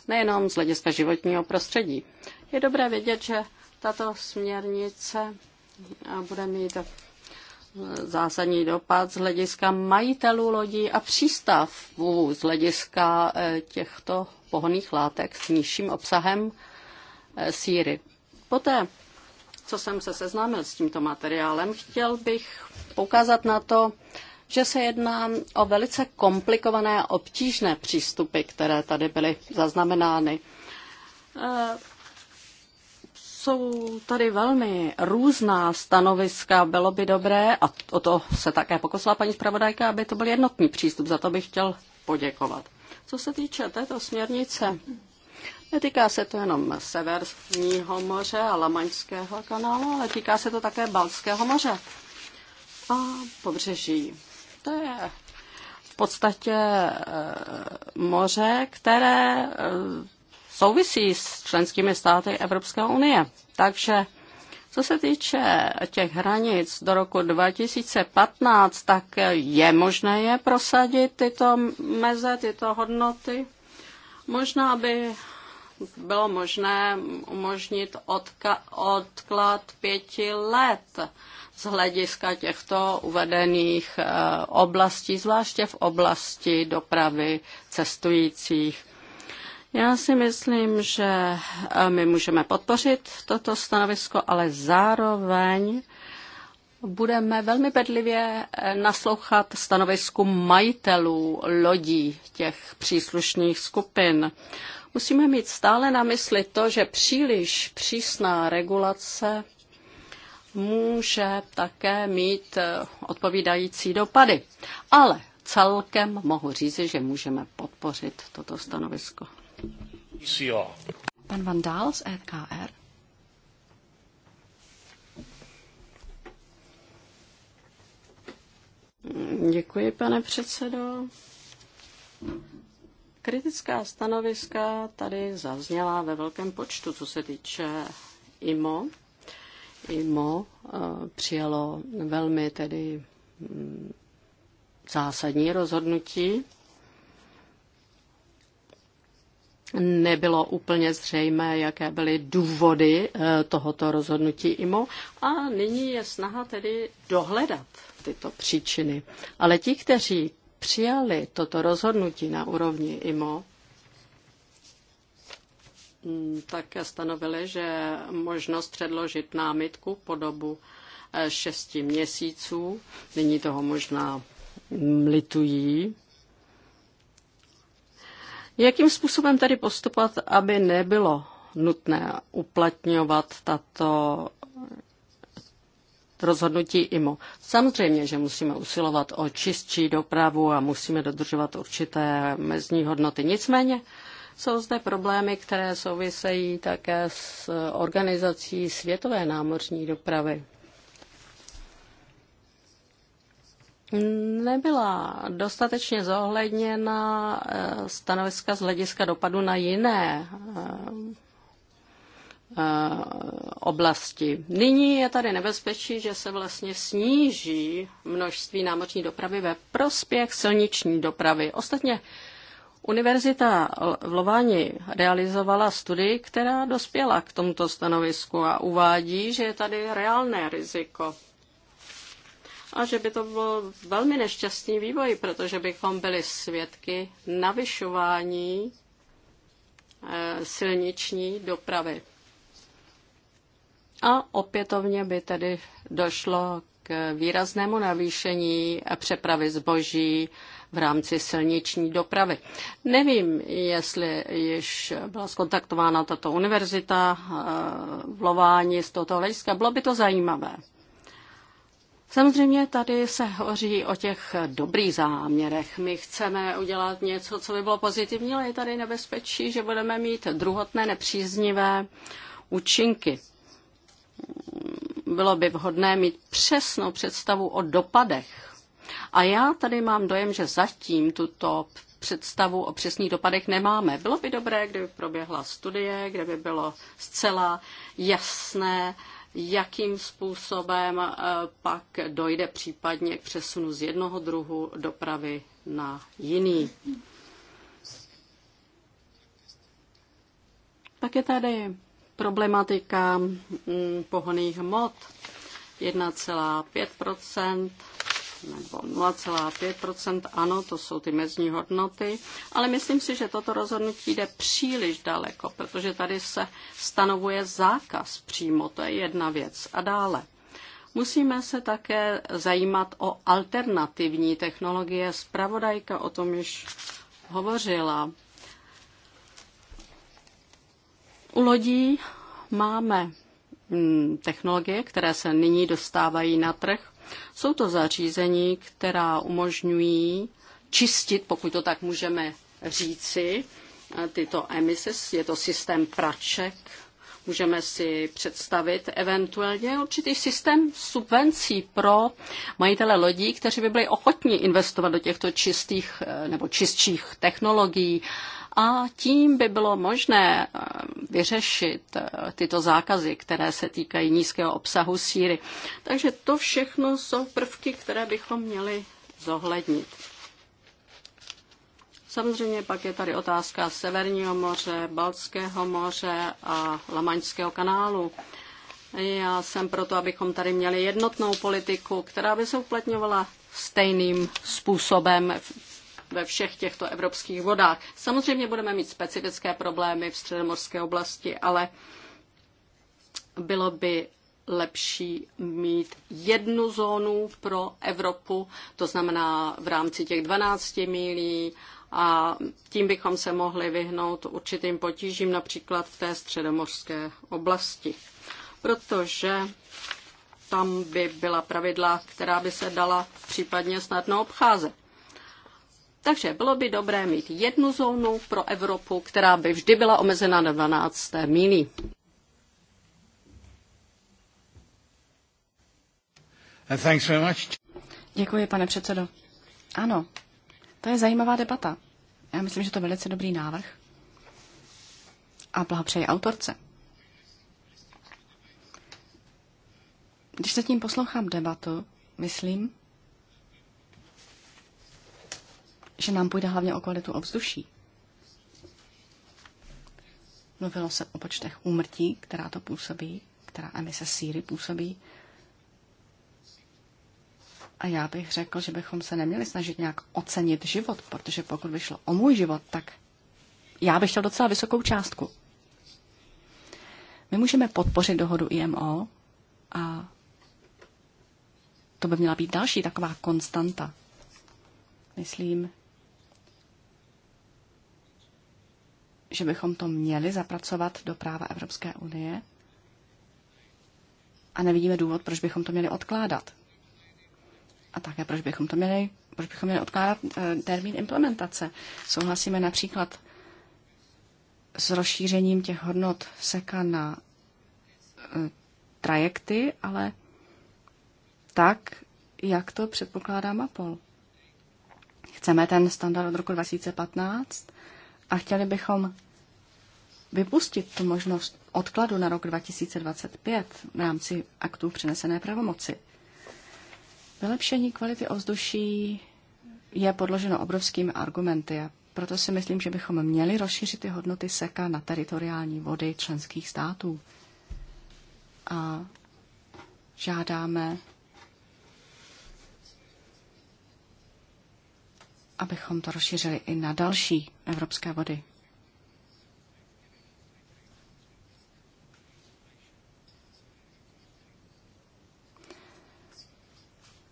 nejenom z hlediska životního prostředí. Je dobré vědět, že tato směrnice bude mít zásadní dopad z hlediska majitelů lodí a přístavů z hlediska eh, těchto pohonných látek s nižším obsahem eh, síry. Poté, co jsem se seznámil s tímto materiálem, chtěl bych poukázat na to, že se jedná o velice komplikované a obtížné přístupy, které tady byly zaznamenány. Eh, jsou tady velmi různá stanoviska. Bylo by dobré, a o to se také pokusila paní zpravodajka, aby to byl jednotný přístup. Za to bych chtěl poděkovat. Co se týče této směrnice, netýká se to jenom Severního moře a Lamaňského kanálu, ale týká se to také Balského moře a pobřeží. To je v podstatě eh, moře, které eh, souvisí s členskými státy Evropské unie. Takže co se týče těch hranic do roku 2015, tak je možné je prosadit, tyto meze, tyto hodnoty. Možná by bylo možné umožnit odka- odklad pěti let z hlediska těchto uvedených eh, oblastí, zvláště v oblasti dopravy cestujících. Já si myslím, že eh, my můžeme podpořit toto stanovisko, ale zároveň budeme velmi bedlivě eh, naslouchat stanovisku majitelů lodí těch příslušných skupin. Musíme mít stále na mysli to, že příliš přísná regulace může také mít eh, odpovídající dopady. Ale celkem mohu říci, že můžeme podpořit toto stanovisko. Pan Vandál z EKR. Děkuji, pane předsedo. Kritická stanoviska tady zazněla ve velkém počtu, co se týče IMO. IMO eh, přijalo velmi tedy mm, zásadní rozhodnutí nebylo úplně zřejmé, jaké byly důvody eh, tohoto rozhodnutí IMO a nyní je snaha tedy dohledat tyto příčiny. Ale ti, kteří přijali toto rozhodnutí na úrovni IMO, mm, tak stanovili, že možnost předložit námitku po dobu eh, šesti měsíců, nyní toho možná litují, Jakým způsobem tedy postupovat, aby nebylo nutné uplatňovat tato rozhodnutí IMO. Samozřejmě, že musíme usilovat o čistší dopravu a musíme dodržovat určité mezní hodnoty. Nicméně jsou zde problémy, které souvisejí také s organizací světové námořní dopravy. nebyla dostatečně zohledněna eh, stanoviska z hlediska dopadu na jiné eh, eh, oblasti. Nyní je tady nebezpečí, že se vlastně sníží množství námořní dopravy ve prospěch silniční dopravy. Ostatně Univerzita v Lováni realizovala studii, která dospěla k tomuto stanovisku a uvádí, že je tady reálné riziko a že by to byl velmi nešťastný vývoj, protože bychom byli svědky navyšování eh, silniční dopravy. A opětovně by tedy došlo k výraznému navýšení přepravy zboží v rámci silniční dopravy. Nevím, jestli již byla skontaktována tato univerzita eh, v Lování z tohoto hlediska. Bylo by to zajímavé. Samozřejmě tady se hovoří o těch dobrých záměrech. My chceme udělat něco, co by bylo pozitivní, ale je tady nebezpečí, že budeme mít druhotné nepříznivé účinky. Bylo by vhodné mít přesnou představu o dopadech. A já tady mám dojem, že zatím tuto představu o přesných dopadech nemáme. Bylo by dobré, kdyby proběhla studie, kde by bylo zcela jasné, jakým způsobem eh, pak dojde případně k přesunu z jednoho druhu dopravy na jiný. Pak je tady problematika mm, pohoných hmot 1,5 nebo 0,5 ano, to jsou ty mezní hodnoty, ale myslím si, že toto rozhodnutí jde příliš daleko, protože tady se stanovuje zákaz přímo, to je jedna věc. A dále. Musíme se také zajímat o alternativní technologie. Spravodajka o tom již hovořila. U lodí máme hm, technologie, které se nyní dostávají na trh, jsou to zařízení, která umožňují čistit, pokud to tak můžeme říci, tyto emise. Je to systém praček, můžeme si představit eventuálně určitý systém subvencí pro majitele lodí, kteří by byli ochotní investovat do těchto čistých eh, nebo čistších technologií a tím by bylo možné eh, vyřešit eh, tyto zákazy, které se týkají nízkého obsahu síry. Takže to všechno jsou prvky, které bychom měli zohlednit. Samozřejmě pak je tady otázka Severního moře, Baltského moře a Lamaňského kanálu. Já jsem proto, abychom tady měli jednotnou politiku, která by se uplatňovala stejným způsobem ve všech těchto evropských vodách. Samozřejmě budeme mít specifické problémy v středomorské oblasti, ale bylo by lepší mít jednu zónu pro Evropu, to znamená v rámci těch 12 milí a tím bychom se mohli vyhnout určitým potížím například v té středomorské oblasti. Protože tam by byla pravidla, která by se dala případně snadno obcházet. Takže bylo by dobré mít jednu zónu pro Evropu, která by vždy byla omezena na 12. míli. Děkuji, pane předsedo. Ano, to je zajímavá debata. Já myslím, že to je velice dobrý návrh. A blahopřeji autorce. Když se tím poslouchám debatu, myslím, že nám půjde hlavně o kvalitu ovzduší. Mluvilo se o počtech úmrtí, která to působí, která emise síry působí. A já bych řekl, že bychom se neměli snažit nějak ocenit život, protože pokud by šlo o můj život, tak já bych chtěl docela vysokou částku. My můžeme podpořit dohodu IMO a to by měla být další taková konstanta. Myslím, že bychom to měli zapracovat do práva Evropské unie a nevidíme důvod, proč bychom to měli odkládat. A také, proč bychom to měli, proč bychom měli odkládat eh, termín implementace. Souhlasíme například s rozšířením těch hodnot seka na eh, trajekty, ale tak, jak to předpokládá MAPOL. Chceme ten standard od roku 2015 a chtěli bychom vypustit tu možnost odkladu na rok 2025 v rámci aktů přenesené pravomoci. Vylepšení kvality ovzduší je podloženo obrovskými argumenty a proto si myslím, že bychom měli rozšířit ty hodnoty seka na teritoriální vody členských států. A žádáme abychom to rozšířili i na další evropské vody.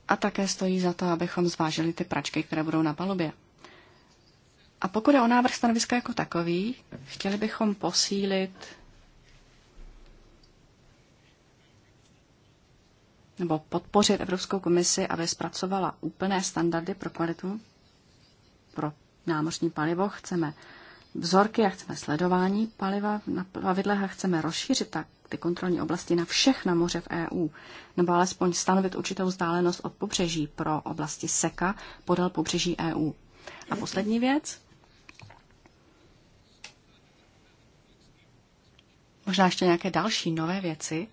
A také stojí za to, abychom zvážili ty pračky, které budou na palubě. A pokud je o návrh stanoviska jako takový, chtěli bychom posílit nebo podpořit Evropskou komisi, aby zpracovala úplné standardy pro kvalitu pro námořní palivo, chceme vzorky a chceme sledování paliva na plavidlech a chceme rozšířit tak ty kontrolní oblasti na všechna moře v EU, nebo alespoň stanovit určitou vzdálenost od pobřeží pro oblasti SEKA podél pobřeží EU. A poslední věc. Možná ještě nějaké další nové věci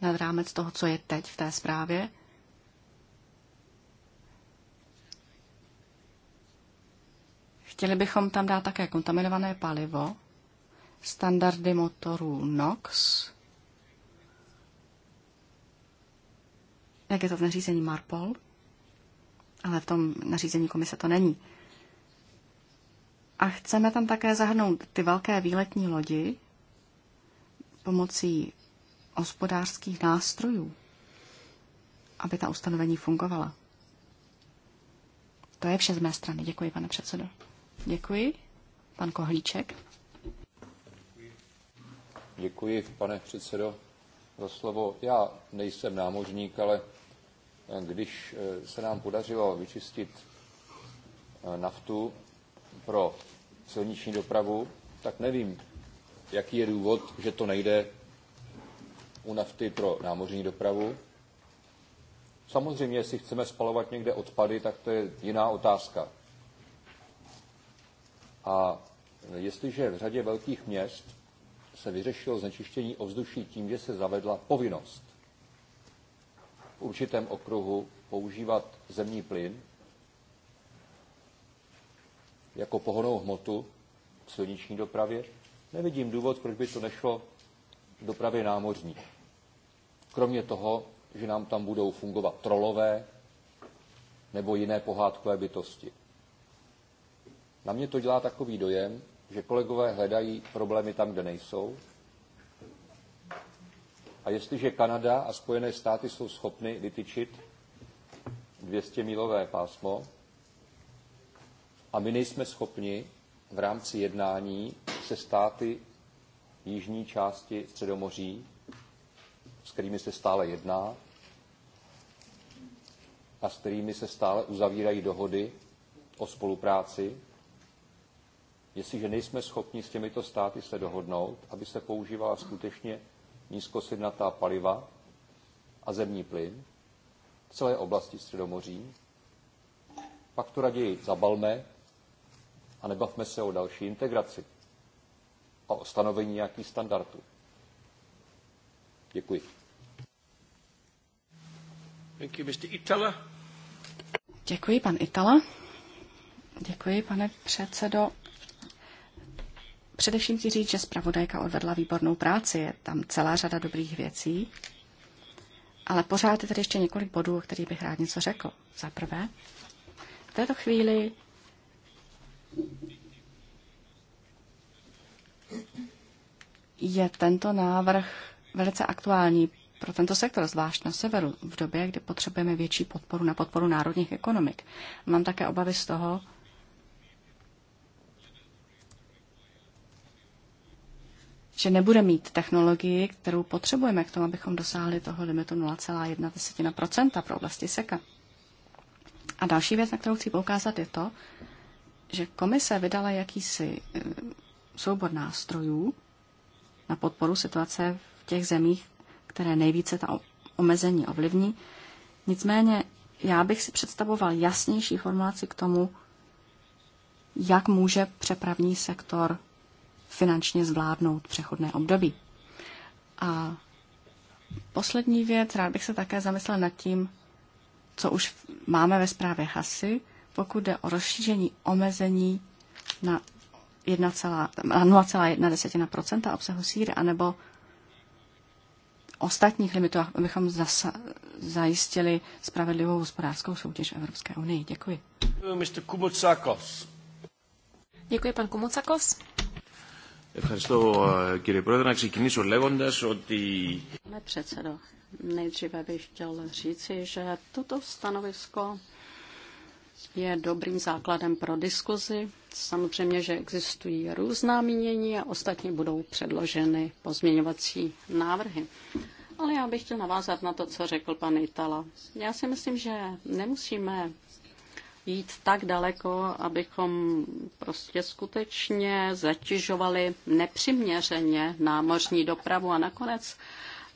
nad rámec toho, co je teď v té zprávě, Chtěli bychom tam dát také kontaminované palivo, standardy motorů NOx, jak je to v nařízení MARPOL, ale v tom nařízení komise to není. A chceme tam také zahrnout ty velké výletní lodi pomocí hospodářských nástrojů, aby ta ustanovení fungovala. To je vše z mé strany. Děkuji, pane předsedo. Děkuji. Pan Kohlíček. Děkuji, pane předsedo, za slovo. Já nejsem námořník, ale eh, když eh, se nám podařilo vyčistit eh, naftu pro silniční dopravu, tak nevím, jaký je důvod, že to nejde u nafty pro námořní dopravu. Samozřejmě, jestli chceme spalovat někde odpady, tak to je jiná otázka. A jestliže v řadě velkých měst se vyřešilo znečištění ovzduší tím, že se zavedla povinnost v určitém okruhu používat zemní plyn jako pohonou hmotu v silniční dopravě, nevidím důvod, proč by to nešlo v dopravě námořní. Kromě toho, že nám tam budou fungovat trolové nebo jiné pohádkové bytosti. Na mě to dělá takový dojem, že kolegové hledají problémy tam, kde nejsou. A jestliže Kanada a Spojené státy jsou schopny vytyčit 200 milové pásmo a my nejsme schopni v rámci jednání se státy jižní části Středomoří, s kterými se stále jedná a s kterými se stále uzavírají dohody o spolupráci, jestliže nejsme schopni s těmito státy se dohodnout, aby se používala skutečně nízkosidnatá paliva a zemní plyn v celé oblasti Středomoří, pak to raději zabalme a nebavme se o další integraci a o stanovení nějakých standardů. Děkuji. Thank you, Mr. Itala. Děkuji, pan Itala. Děkuji, pane předsedo. Především ti říct, že zpravodajka odvedla výbornou práci, je tam celá řada dobrých věcí, ale pořád je tady ještě několik bodů, o kterých bych rád něco řekl. Za prvé, v této chvíli je tento návrh velice aktuální pro tento sektor, zvlášť na severu, v době, kdy potřebujeme větší podporu na podporu národních ekonomik. Mám také obavy z toho, že nebude mít technologii, kterou potřebujeme k tomu, abychom dosáhli toho limitu 0,1% pro oblasti seka. A další věc, na kterou chci poukázat, je to, že komise vydala jakýsi eh, soubor nástrojů na podporu situace v těch zemích, které nejvíce ta omezení ovlivní. Nicméně já bych si představoval jasnější formulaci k tomu, jak může přepravní sektor finančně zvládnout přechodné období. A poslední věc, rád bych se také zamyslel nad tím, co už máme ve zprávě HASY, pokud jde o rozšíření omezení na 0,1 obsahu síry, anebo ostatních limitů, abychom zasa, zajistili spravedlivou hospodářskou soutěž Evropské unii. Děkuji. Mr. Kumocakos. Děkuji, pan Kumocakos. Ευχαριστώ κύριε Πρόεδρε. Να ξεκινήσω λέγοντας ότι... nejdříve bych chtěl říci, že toto stanovisko je dobrým základem pro diskuzi. Samozřejmě, že existují různá mínění a ostatně budou předloženy pozměňovací návrhy. Ale já bych chtěl navázat na to, co řekl pan Itala. Já si myslím, že nemusíme jít tak daleko, abychom prostě skutečně zatěžovali nepřiměřeně námořní dopravu a nakonec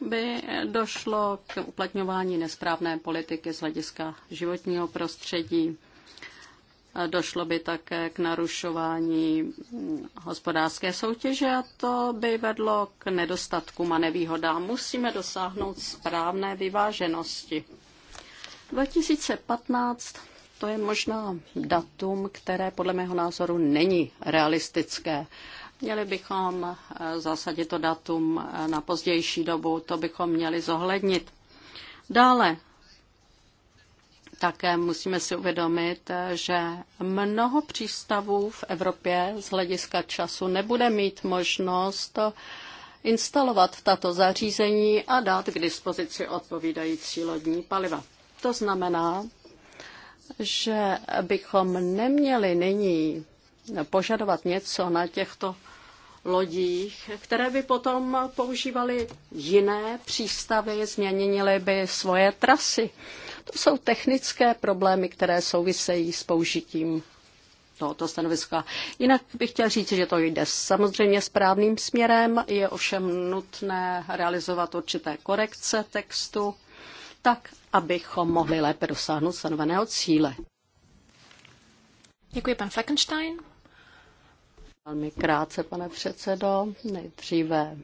by došlo k uplatňování nesprávné politiky z hlediska životního prostředí. Došlo by také k narušování hospodářské soutěže a to by vedlo k nedostatkům a nevýhodám. Musíme dosáhnout správné vyváženosti. 2015 to je možná datum, které podle mého názoru není realistické. Měli bychom eh, zasadit to datum eh, na pozdější dobu, to bychom měli zohlednit. Dále také musíme si uvědomit, eh, že mnoho přístavů v Evropě z hlediska času nebude mít možnost instalovat tato zařízení a dát k dispozici odpovídající lodní paliva. To znamená, že bychom neměli nyní požadovat něco na těchto lodích, které by potom používaly jiné přístavy, změnily by svoje trasy. To jsou technické problémy, které souvisejí s použitím tohoto stanoviska. Jinak bych chtěl říct, že to jde samozřejmě správným směrem, je ovšem nutné realizovat určité korekce textu, tak abychom mohli lépe dosáhnout stanoveného cíle. Děkuji, pan Fleckenstein. Velmi krátce, pane předsedo. Nejdříve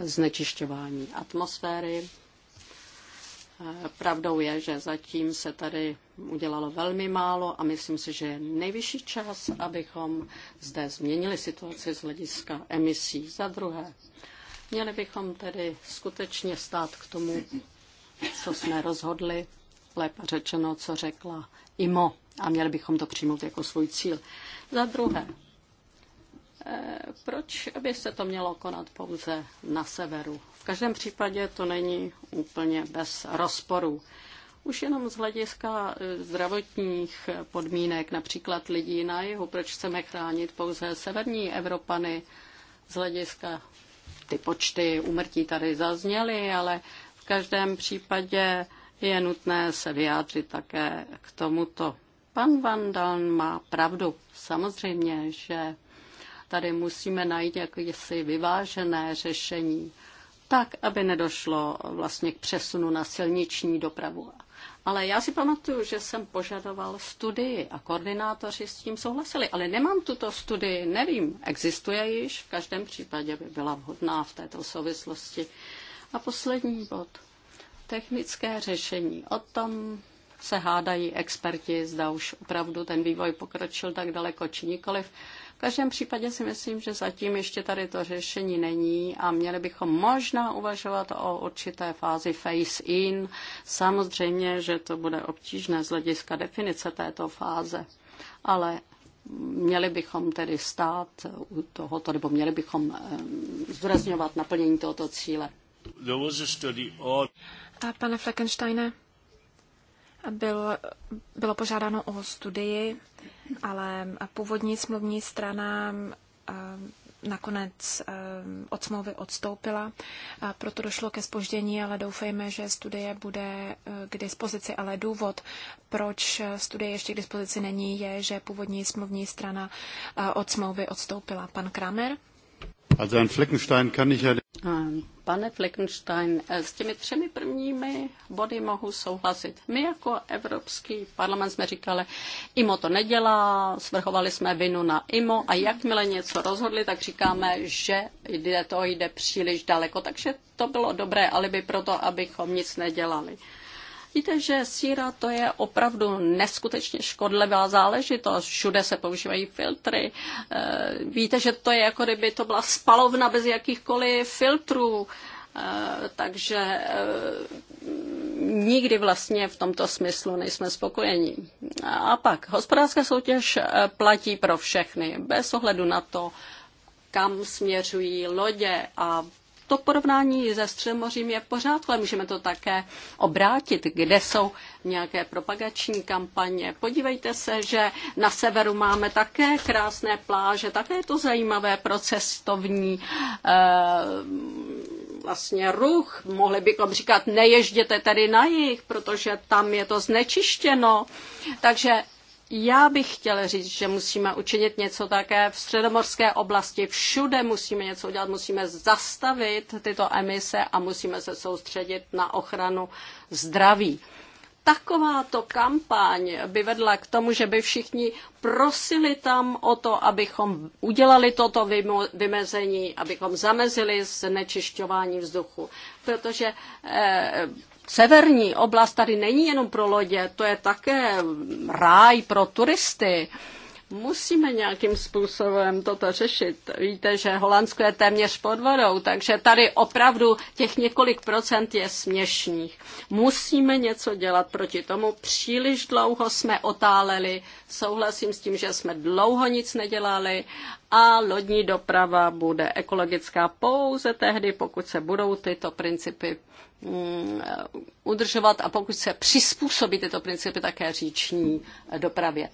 znečišťování atmosféry. Pravdou je, že zatím se tady udělalo velmi málo a myslím si, že je nejvyšší čas, abychom zde změnili situaci z hlediska emisí. Za druhé, měli bychom tedy skutečně stát k tomu co jsme rozhodli, lépe řečeno, co řekla IMO a měli bychom to přijmout jako svůj cíl. Za druhé, eh, proč by se to mělo konat pouze na severu? V každém případě to není úplně bez rozporů. Už jenom z hlediska eh, zdravotních podmínek, například lidí na jihu, proč chceme chránit pouze severní Evropany z hlediska ty počty umrtí tady zazněly, ale každém případě je nutné se vyjádřit také k tomuto. Pan Van Dan má pravdu. Samozřejmě, že tady musíme najít jakési vyvážené řešení, tak, aby nedošlo vlastně k přesunu na silniční dopravu. Ale já si pamatuju, že jsem požadoval studii a koordinátoři s tím souhlasili, ale nemám tuto studii, nevím, existuje již, v každém případě by byla vhodná v této souvislosti. A poslední bod. Technické řešení. O tom se hádají experti, zda už opravdu ten vývoj pokročil tak daleko či nikoliv. V každém případě si myslím, že zatím ještě tady to řešení není a měli bychom možná uvažovat o určité fázi face-in. Samozřejmě, že to bude obtížné z hlediska definice této fáze, ale měli bychom tedy stát u tohoto, nebo měli bychom eh, zdůrazňovat naplnění tohoto cíle. A pane Fleckensteine, bylo, bylo požádáno o studii, ale původní smluvní strana um, nakonec um, od smlouvy odstoupila, a proto došlo ke spoždění, ale doufejme, že studie bude uh, k dispozici. Ale důvod, proč studie ještě k dispozici není, je, že původní smluvní strana uh, od smlouvy odstoupila. Pan Kramer? Also ein Fleckenstein kann ich ja Ehm, pane Fleckenstein, eh, s těmi třemi prvními body mohu souhlasit. My jako Evropský parlament jsme říkali, IMO to nedělá, svrchovali jsme vinu na IMO a jakmile něco rozhodli, tak říkáme, že to jde příliš daleko. Takže to bylo dobré alibi pro to, abychom nic nedělali. Víte, že síra to je opravdu neskutečně škodlivá záležitost. Všude se používají filtry. Eh, víte, že to je jako kdyby to byla spalovna bez jakýchkoliv filtrů. Eh, takže eh, nikdy vlastně v tomto smyslu nejsme spokojeni. A pak hospodářská soutěž platí pro všechny, bez ohledu na to, kam směřují lodě a to porovnání se Středomořím je pořád, ale můžeme to také obrátit, kde jsou nějaké propagační kampaně. Podívejte se, že na severu máme také krásné pláže, také je to zajímavé pro cestovní eh, vlastně ruch. Mohli bychom říkat, neježděte tady na jich, protože tam je to znečištěno. Takže já bych chtěla říct, že musíme učinit něco také v středomorské oblasti. Všude musíme něco udělat, musíme zastavit tyto emise a musíme se soustředit na ochranu zdraví takováto kampaň by vedla k tomu, že by všichni prosili tam o to, abychom udělali toto vymezení, abychom zamezili znečišťování vzduchu. Protože eh, severní oblast tady není jenom pro lodě, to je také ráj pro turisty. Musíme nějakým způsobem toto řešit. Víte, že Holandsko je téměř pod vodou, takže tady opravdu těch několik procent je směšných. Musíme něco dělat proti tomu. Příliš dlouho jsme otáleli, souhlasím s tím, že jsme dlouho nic nedělali a lodní doprava bude ekologická pouze tehdy, pokud se budou tyto principy mm, udržovat a pokud se přizpůsobí tyto principy také říční dopravě.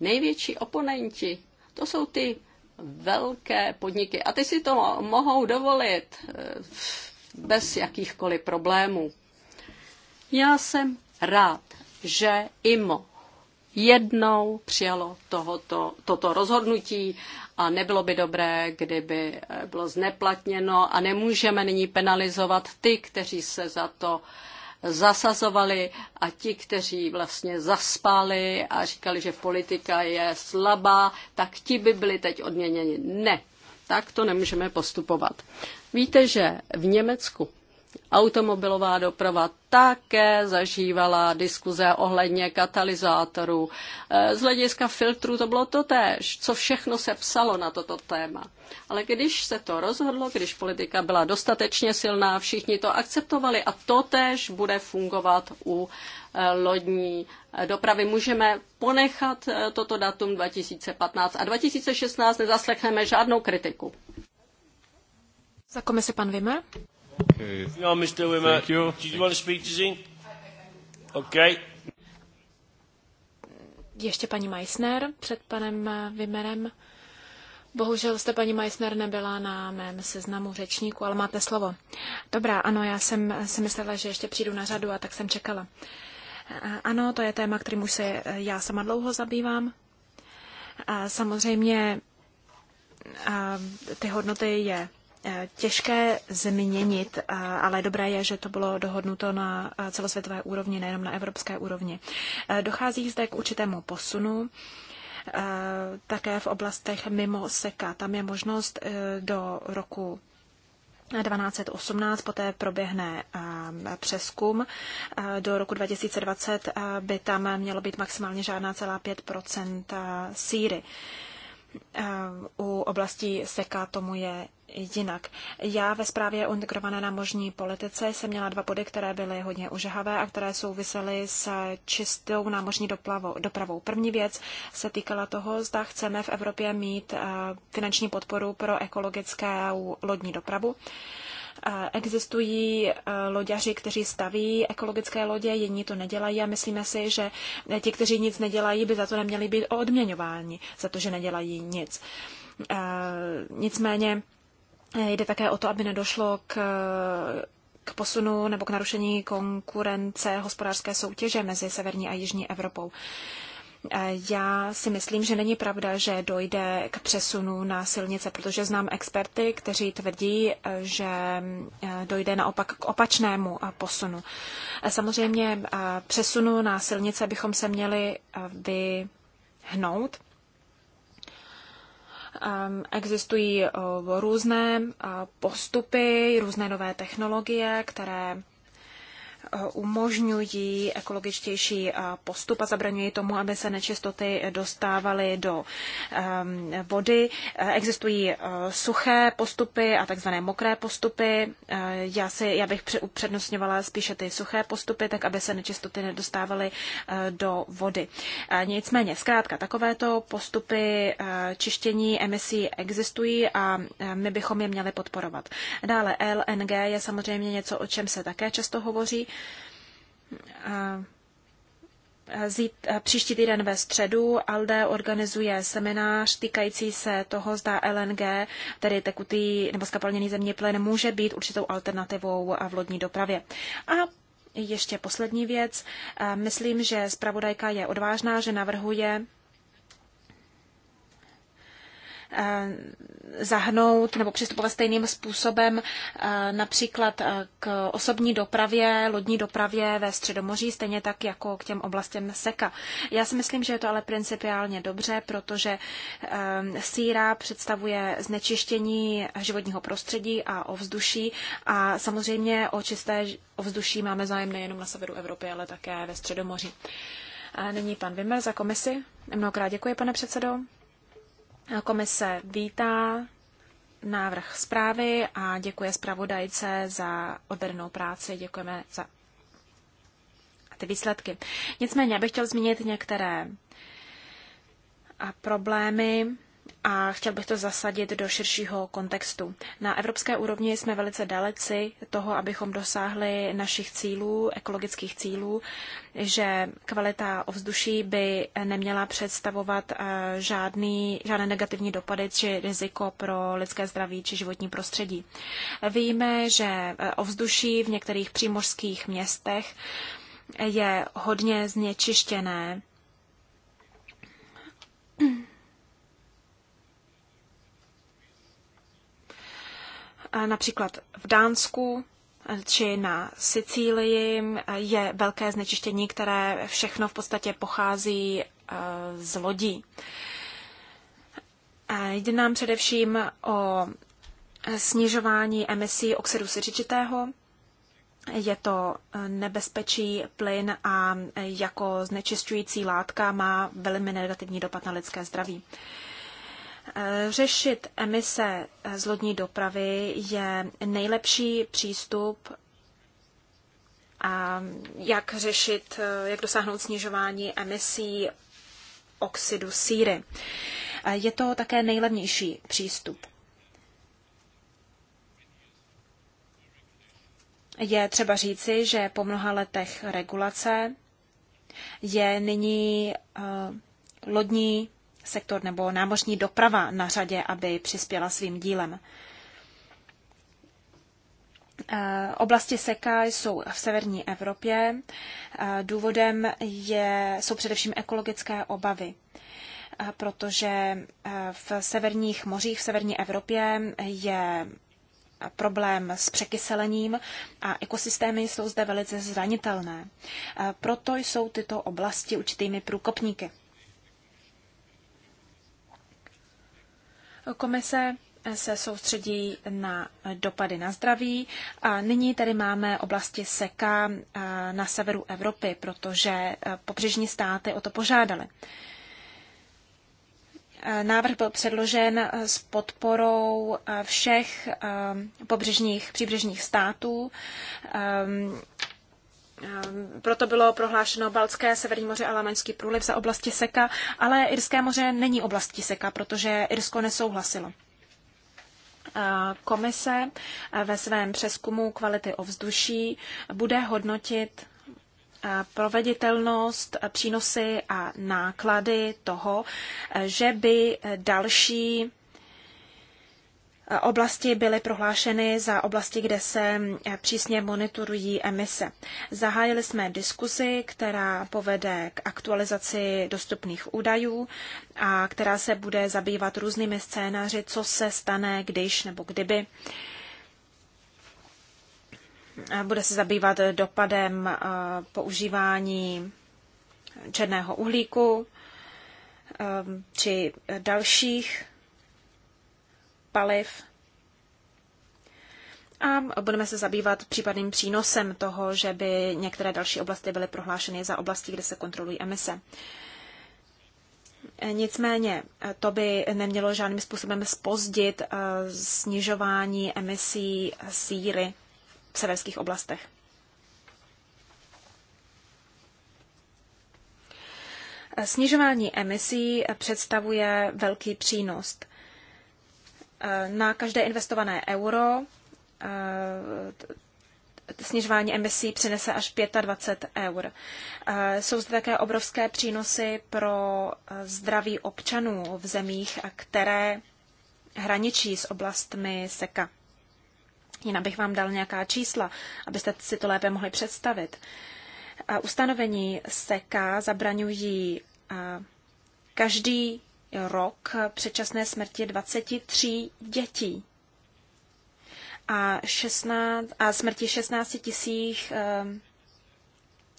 Největší oponenti, to jsou ty velké podniky. A ty si to mohou dovolit eh, bez jakýchkoliv problémů. Já jsem rád, že IMO jednou přijalo tohoto, toto rozhodnutí a nebylo by dobré, kdyby eh, bylo zneplatněno a nemůžeme nyní penalizovat ty, kteří se za to uh, zasazovali a ti, kteří vlastně zaspali a říkali, že politika je slabá, tak ti by byli teď odměněni. Ne, tak to nemůžeme postupovat. Víte, že v Německu Automobilová doprava také zažívala diskuze ohledně katalyzátorů. Eh, z hlediska filtrů to bylo to též, co všechno se psalo na toto téma. Ale když se to rozhodlo, když politika byla dostatečně silná, všichni to akceptovali a to též bude fungovat u eh, lodní eh, dopravy. Můžeme ponechat toto datum 2015 a 2016 nezaslechneme žádnou kritiku. Za komise pan Vimer. Okay. No, Mr. Wimmer, Thank you. did you want to speak to Zin? Okay. Ještě paní Meissner před panem Vimerem. Eh, Bohužel jste, paní Meissner, nebyla na mém seznamu řečníku, ale máte slovo. Dobrá, ano, já jsem si myslela, že ještě přijdu na řadu a tak jsem čekala. Eh, ano, to je téma, kterým už se eh, já sama dlouho zabývám. A samozřejmě a ty hodnoty je Eh, těžké změnit, eh, ale dobré je, že to bylo dohodnuto na eh, celosvětové úrovni, nejenom na evropské úrovni. Dochází zde k určitému posunu také v oblastech mimo seka. Tam je možnost do roku 1218, poté proběhne přeskum. Do roku 2020 by tam mělo být maximálně žádná celá 5 síry. U oblastí seka tomu je jinak. Já ve zprávě o integrované námořní politice jsem měla dva body, které byly hodně ožahavé a které souvisely s čistou námořní dopravou. První věc se týkala toho, zda chceme v Evropě mít eh, finanční podporu pro ekologické lodní dopravu. Eh, existují eh, loďaři, kteří staví ekologické lodě, jiní to nedělají a myslíme si, že ti, kteří nic nedělají, by za to neměli být odměňováni, za to, že nedělají nic. Nicméně Eh, jde také o to, aby nedošlo k, k posunu nebo k narušení konkurence hospodářské soutěže mezi severní a jižní Evropou. Eh, já si myslím, že není pravda, že dojde k přesunu na silnice, protože znám experty, kteří tvrdí, eh, že dojde naopak k opačnému posunu. Samozřejmě přesunu na silnice bychom se měli vyhnout. Existují eh, různé eh, postupy, různé nové technologie, které umožňují ekologičtější eh, postup a zabraňují tomu, aby se nečistoty dostávaly do ehm, vody. Eh, existují eh, suché postupy a takzvané mokré postupy. Já, si, já bych upřednostňovala spíše ty suché postupy, tak aby se nečistoty nedostávaly do vody. Nicméně, zkrátka, takovéto postupy čištění emisí existují a my bychom je měli podporovat. Dále LNG je samozřejmě něco, o čem se také často hovoří. Zít, příští týden ve středu ALDE organizuje seminář týkající se toho, zda LNG, tedy tekutý nebo skapalněný zemní plyn, může být určitou alternativou v lodní dopravě. A ještě poslední věc. Myslím, že zpravodajka je odvážná, že navrhuje Eh, zahnout nebo přistupovat stejným způsobem eh, například eh, k osobní dopravě, lodní dopravě ve Středomoří, stejně tak jako k těm oblastem seka. Já si myslím, že je to ale principiálně dobře, protože síra představuje znečištění životního prostředí a ovzduší a samozřejmě o čisté ovzduší máme zájem nejenom na severu Evropy, ale také ve Středomoří. A nyní pan Vimmer za komisi. Mnohokrát děkuji, pane předsedo. Komise vítá návrh zprávy a děkuje zpravodajce za odbernou práci. Děkujeme za ty výsledky. Nicméně bych chtěl zmínit některé problémy, a chtěl bych to zasadit do širšího kontextu. Na evropské úrovni jsme velice daleci toho, abychom dosáhli našich cílů, ekologických cílů, že kvalita ovzduší by neměla představovat eh, žádný, žádné negativní dopady či riziko pro lidské zdraví či životní prostředí. Víme, že eh, ovzduší v některých přímořských městech je hodně znečištěné Například v Dánsku či na Sicílii je velké znečištění, které všechno v podstatě pochází eh, z lodí. Jde nám především o snižování emisí oxidu siřičitého. Je to eh, nebezpečí plyn a jako znečišťující látka má velmi negativní dopad na lidské zdraví. Řešit emise z lodní dopravy je nejlepší přístup, a jak řešit, jak dosáhnout snižování emisí oxidu síry. Je to také nejlevnější přístup. Je třeba říci, že po mnoha letech regulace je nyní eh, lodní sektor nebo námořní doprava na řadě, aby přispěla svým dílem. Eh, oblasti seka jsou v severní Evropě. Eh, důvodem je, jsou především ekologické obavy, eh, protože v severních mořích, v severní Evropě je problém s překyselením a ekosystémy jsou zde velice zranitelné. Proto jsou tyto oblasti určitými průkopníky. Komise se soustředí na dopady na zdraví. A nyní tady máme oblasti seka eh, na severu Evropy, protože eh, pobřežní státy o to požádaly. Eh, návrh byl předložen s podporou všech pobřežních, příbřežních států. Ehm, Ehm, proto bylo prohlášeno Balské, Severní moře a Lamaňský průliv za oblasti Seka, ale Irské moře není oblastí Seka, protože Irsko nesouhlasilo. Komise eh, ve svém přeskumu kvality ovzduší bude hodnotit eh, proveditelnost, eh, přínosy a náklady toho, že by další oblasti byly prohlášeny za oblasti, kde se eh, přísně monitorují emise. Zahájili jsme diskuzi, která povede k aktualizaci dostupných údajů a která se bude zabývat různými scénáři, co se stane, když nebo kdyby. Bude se zabývat dopadem eh, používání černého uhlíku eh, či dalších paliv. A budeme se zabývat případným přínosem toho, že by některé další oblasti byly prohlášeny za oblasti, kde se kontrolují emise. Nicméně to by nemělo žádným způsobem spozdit eh, snižování emisí síry v severských oblastech. Snižování emisí představuje velký přínos na každé investované euro snižování emisí přinese až 25 eur. Jsou zde také obrovské přínosy pro zdraví občanů v zemích, které hraničí s oblastmi seka. Jinak bych vám dal nějaká čísla, abyste si to lépe mohli představit. Ustanovení seka zabraňují každý rok předčasné smrti 23 dětí a, 16, a smrti 16 tisíc eh,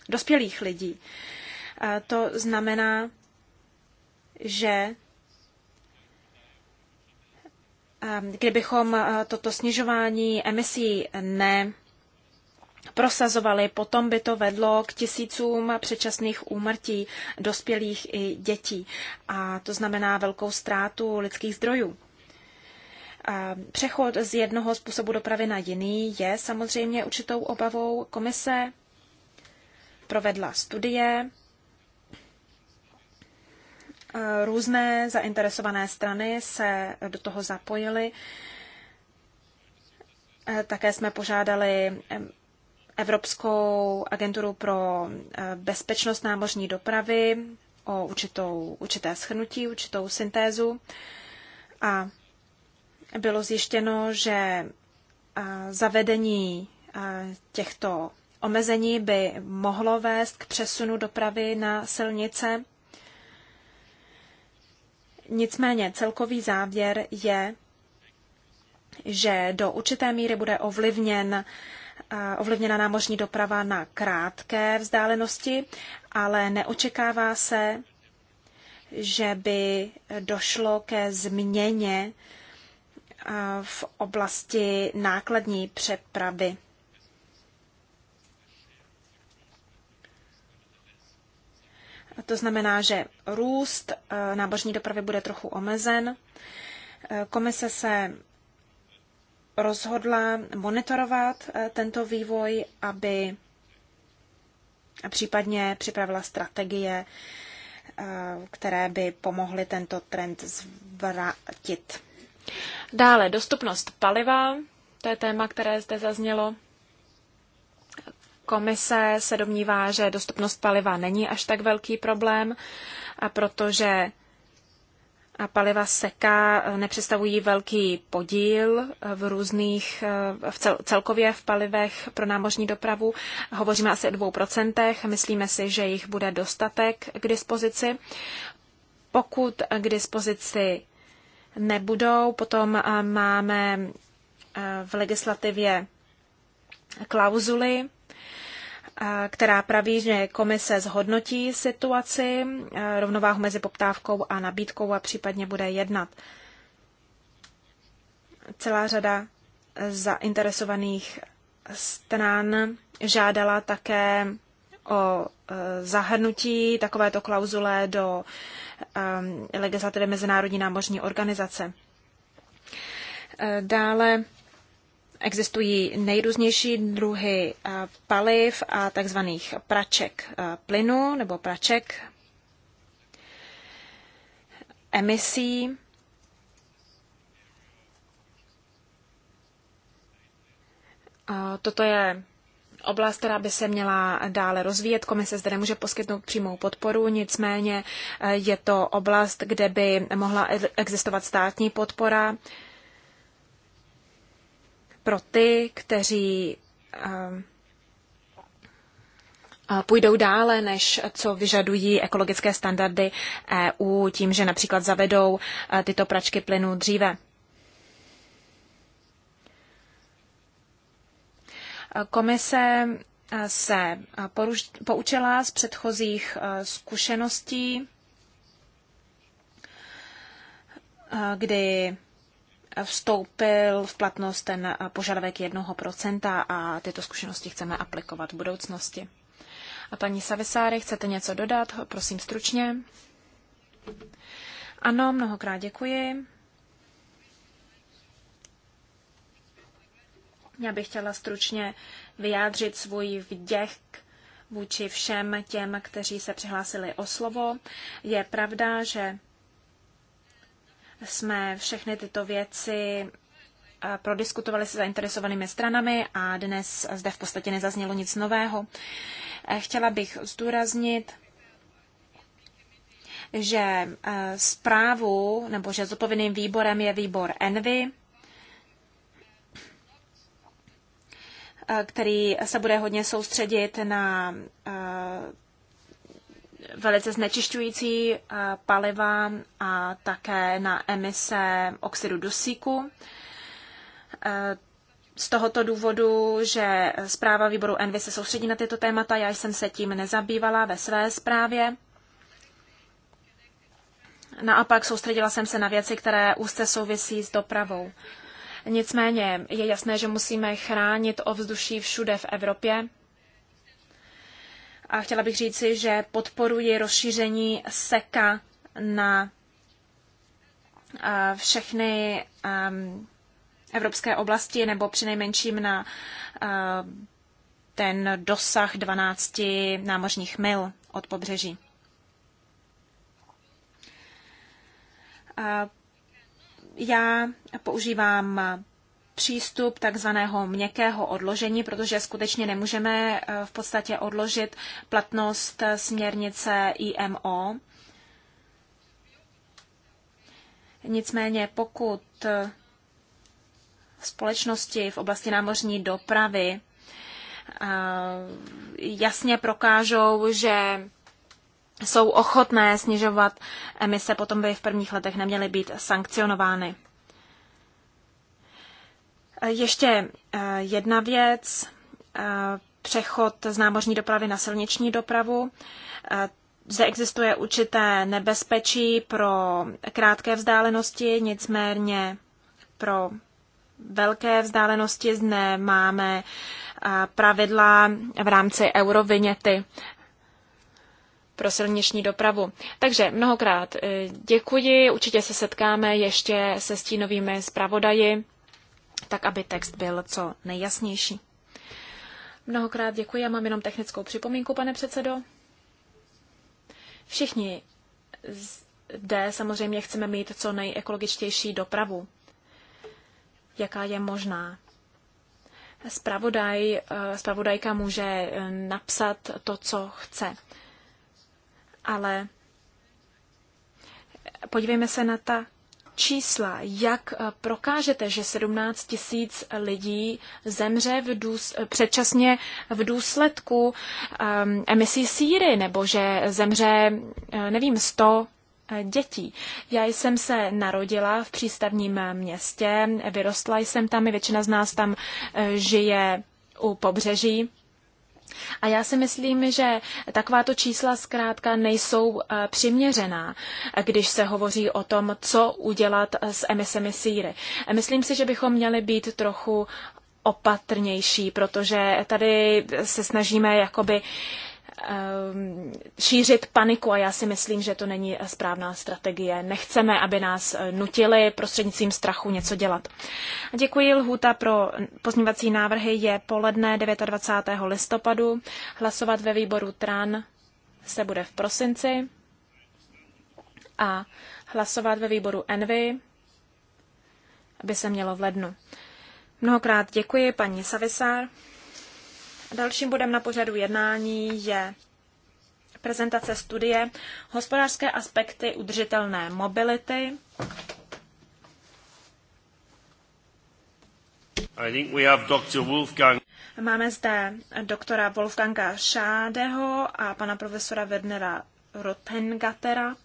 dospělých lidí. To znamená, že eh, kdybychom eh, toto snižování emisí ne prosazovali, potom by to vedlo k tisícům předčasných úmrtí dospělých i dětí. A to znamená velkou ztrátu lidských zdrojů. Přechod z jednoho způsobu dopravy na jiný je samozřejmě určitou obavou. Komise provedla studie, různé zainteresované strany se do toho zapojily. Také jsme požádali Evropskou agenturu pro eh, bezpečnost námořní dopravy o určitou, určité schrnutí, určitou syntézu a bylo zjištěno, že eh, zavedení eh, těchto omezení by mohlo vést k přesunu dopravy na silnice. Nicméně celkový závěr je, že do určité míry bude ovlivněn ovlivněna námořní doprava na krátké vzdálenosti, ale neočekává se, že by došlo ke změně v oblasti nákladní přepravy. To znamená, že růst nábožní dopravy bude trochu omezen. Komise se rozhodla monitorovat eh, tento vývoj, aby případně připravila strategie, eh, které by pomohly tento trend zvrátit. Dále dostupnost paliva, to je téma, které zde zaznělo. Komise se domnívá, že dostupnost paliva není až tak velký problém, protože a paliva seka eh, nepředstavují velký podíl eh, v různých, eh, v cel, celkově v palivech pro námořní dopravu. Hovoříme asi o dvou procentech. Myslíme si, že jich bude dostatek k dispozici. Pokud k dispozici nebudou, potom máme v legislativě klauzuly, která praví, že komise zhodnotí situaci, rovnováhu mezi poptávkou a nabídkou a případně bude jednat. Celá řada zainteresovaných stran žádala také o e, zahrnutí takovéto klauzule do e, legislativy Mezinárodní námořní organizace. E, dále Existují nejrůznější druhy eh, paliv a takzvaných praček eh, plynu nebo praček emisí. Eh, toto je oblast, která by se měla dále rozvíjet. Komise zde nemůže poskytnout přímou podporu, nicméně je to oblast, kde by mohla e- existovat státní podpora pro ty, kteří eh, eh, půjdou dále, než co vyžadují ekologické standardy EU tím, že například zavedou eh, tyto pračky plynu dříve. Komise se poučila z předchozích zkušeností, kdy vstoupil v platnost ten požadavek 1% a tyto zkušenosti chceme aplikovat v budoucnosti. A paní Savisáry, chcete něco dodat? Prosím stručně. Ano, mnohokrát děkuji. Já bych chtěla stručně vyjádřit svůj vděk vůči všem těm, kteří se přihlásili o slovo. Je pravda, že jsme všechny tyto věci eh, prodiskutovali se zainteresovanými stranami a dnes zde v podstatě nezaznělo nic nového. Eh, chtěla bych zdůraznit, že eh, zprávu nebo že zodpovědným výborem je výbor Envy, který se bude hodně soustředit na velice znečišťující eh, paliva a také na emise oxidu dusíku. Eh, z tohoto důvodu, že zpráva výboru Envy se soustředí na tyto témata, já jsem se tím nezabývala ve své zprávě. Naopak soustředila jsem se na věci, které úzce souvisí s dopravou. Nicméně je jasné, že musíme chránit ovzduší všude v Evropě a chtěla bych říci, že podporuji rozšíření SEKA na eh, všechny eh, evropské oblasti, nebo přinejmenším na eh, ten dosah 12 námořních mil od pobřeží. Já používám přístup takzvaného měkkého odložení, protože skutečně nemůžeme eh, v podstatě odložit platnost eh, směrnice IMO. Nicméně pokud eh, společnosti v oblasti námořní dopravy jasně prokážou, že jsou ochotné snižovat emise, potom by v prvních letech neměly být sankcionovány. Eh, ještě eh, jedna věc, eh, přechod z námořní dopravy na silniční dopravu. Zde existuje určité nebezpečí pro krátké vzdálenosti, nicméně pro velké vzdálenosti zde máme pravidla v rámci eurovinety pro silniční dopravu. Takže mnohokrát děkuji, určitě se setkáme ještě se stínovými zpravodaji tak aby text byl co nejjasnější. Mnohokrát děkuji, já mám jenom technickou připomínku, pane předsedo. Všichni zde samozřejmě chceme mít co nejekologičtější dopravu, jaká je možná. Spravodaj, eh, spravodajka může eh, napsat to, co chce. Ale podívejme se na ta čísla, jak eh, prokážete, že 17 tisíc lidí zemře v důs, předčasně v důsledku um, emisí síry, nebo že zemře, eh, nevím, 100 eh, dětí. Já jsem se narodila v přístavním městě, vyrostla jsem tam, i většina z nás tam žije u pobřeží. A já si myslím, že takováto čísla zkrátka nejsou eh, přiměřená, když se hovoří o tom, co udělat eh, s emisemi síry. Myslím si, že bychom měli být trochu opatrnější, protože tady se snažíme jakoby uh, Ehm, šířit paniku a já si myslím, že to není správná strategie. Nechceme, aby nás eh, nutili prostřednictvím strachu něco dělat. Děkuji. Lhůta pro pozměňovací návrhy je poledne 29. listopadu. Hlasovat ve výboru TRAN se bude v prosinci a hlasovat ve výboru ENVY by se mělo v lednu. Mnohokrát děkuji paní Savisár. Dalším bodem na pořadu jednání je prezentace studie Hospodářské aspekty udržitelné mobility. I think we have Dr. Wolfgang. Máme zde doktora Wolfganga Šádeho a pana profesora Wernera Rotengatera,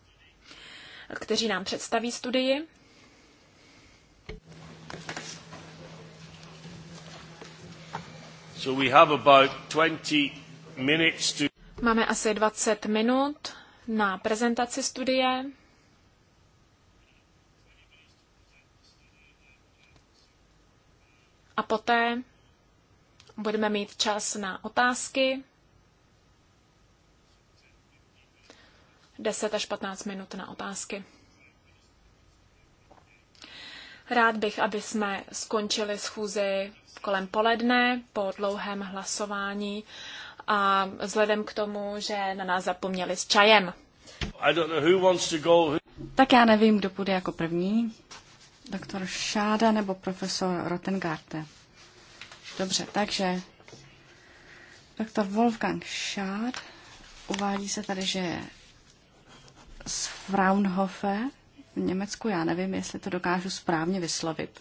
kteří nám představí studii. So we have about 20 minutes to... Máme asi 20 minut na prezentaci studie. A poté budeme mít čas na otázky. 10 až 15 minut na otázky. Rád bych, aby jsme skončili schůzi kolem poledne po dlouhém hlasování a vzhledem k tomu, že na nás zapomněli s čajem. Go... Tak já nevím, kdo půjde jako první. Doktor Šáda nebo profesor Rottengarte. Dobře, takže doktor Wolfgang Schad uvádí se tady, že je z Fraunhofer v Německu, já nevím, jestli to dokážu správně vyslovit.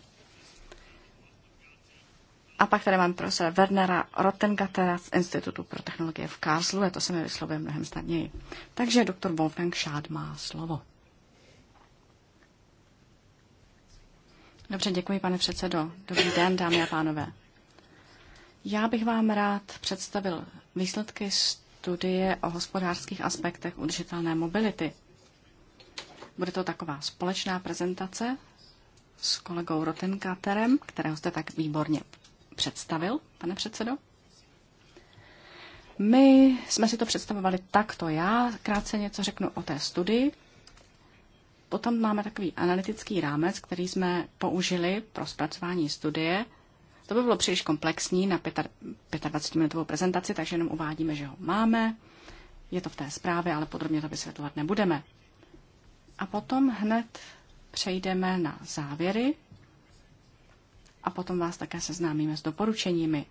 A pak tady mám profesora Wernera Rottengatera z Institutu pro technologie v Karlsruhe, to se mi vyslovuje mnohem snadněji. Takže doktor Wolfgang Schad má slovo. Dobře, děkuji, pane předsedo. Dobrý den, dámy a pánové. Já bych vám rád představil výsledky studie o hospodářských aspektech udržitelné mobility. Bude to taková společná prezentace s kolegou Rotenkaterem, kterého jste tak výborně představil, pane předsedo. My jsme si to představovali takto. Já krátce něco řeknu o té studii. Potom máme takový analytický rámec, který jsme použili pro zpracování studie. To by bylo příliš komplexní na 25-minutovou prezentaci, takže jenom uvádíme, že ho máme. Je to v té zprávě, ale podrobně to vysvětlovat nebudeme. A potom hned přejdeme na závěry a potom vás také seznámíme s doporučeními,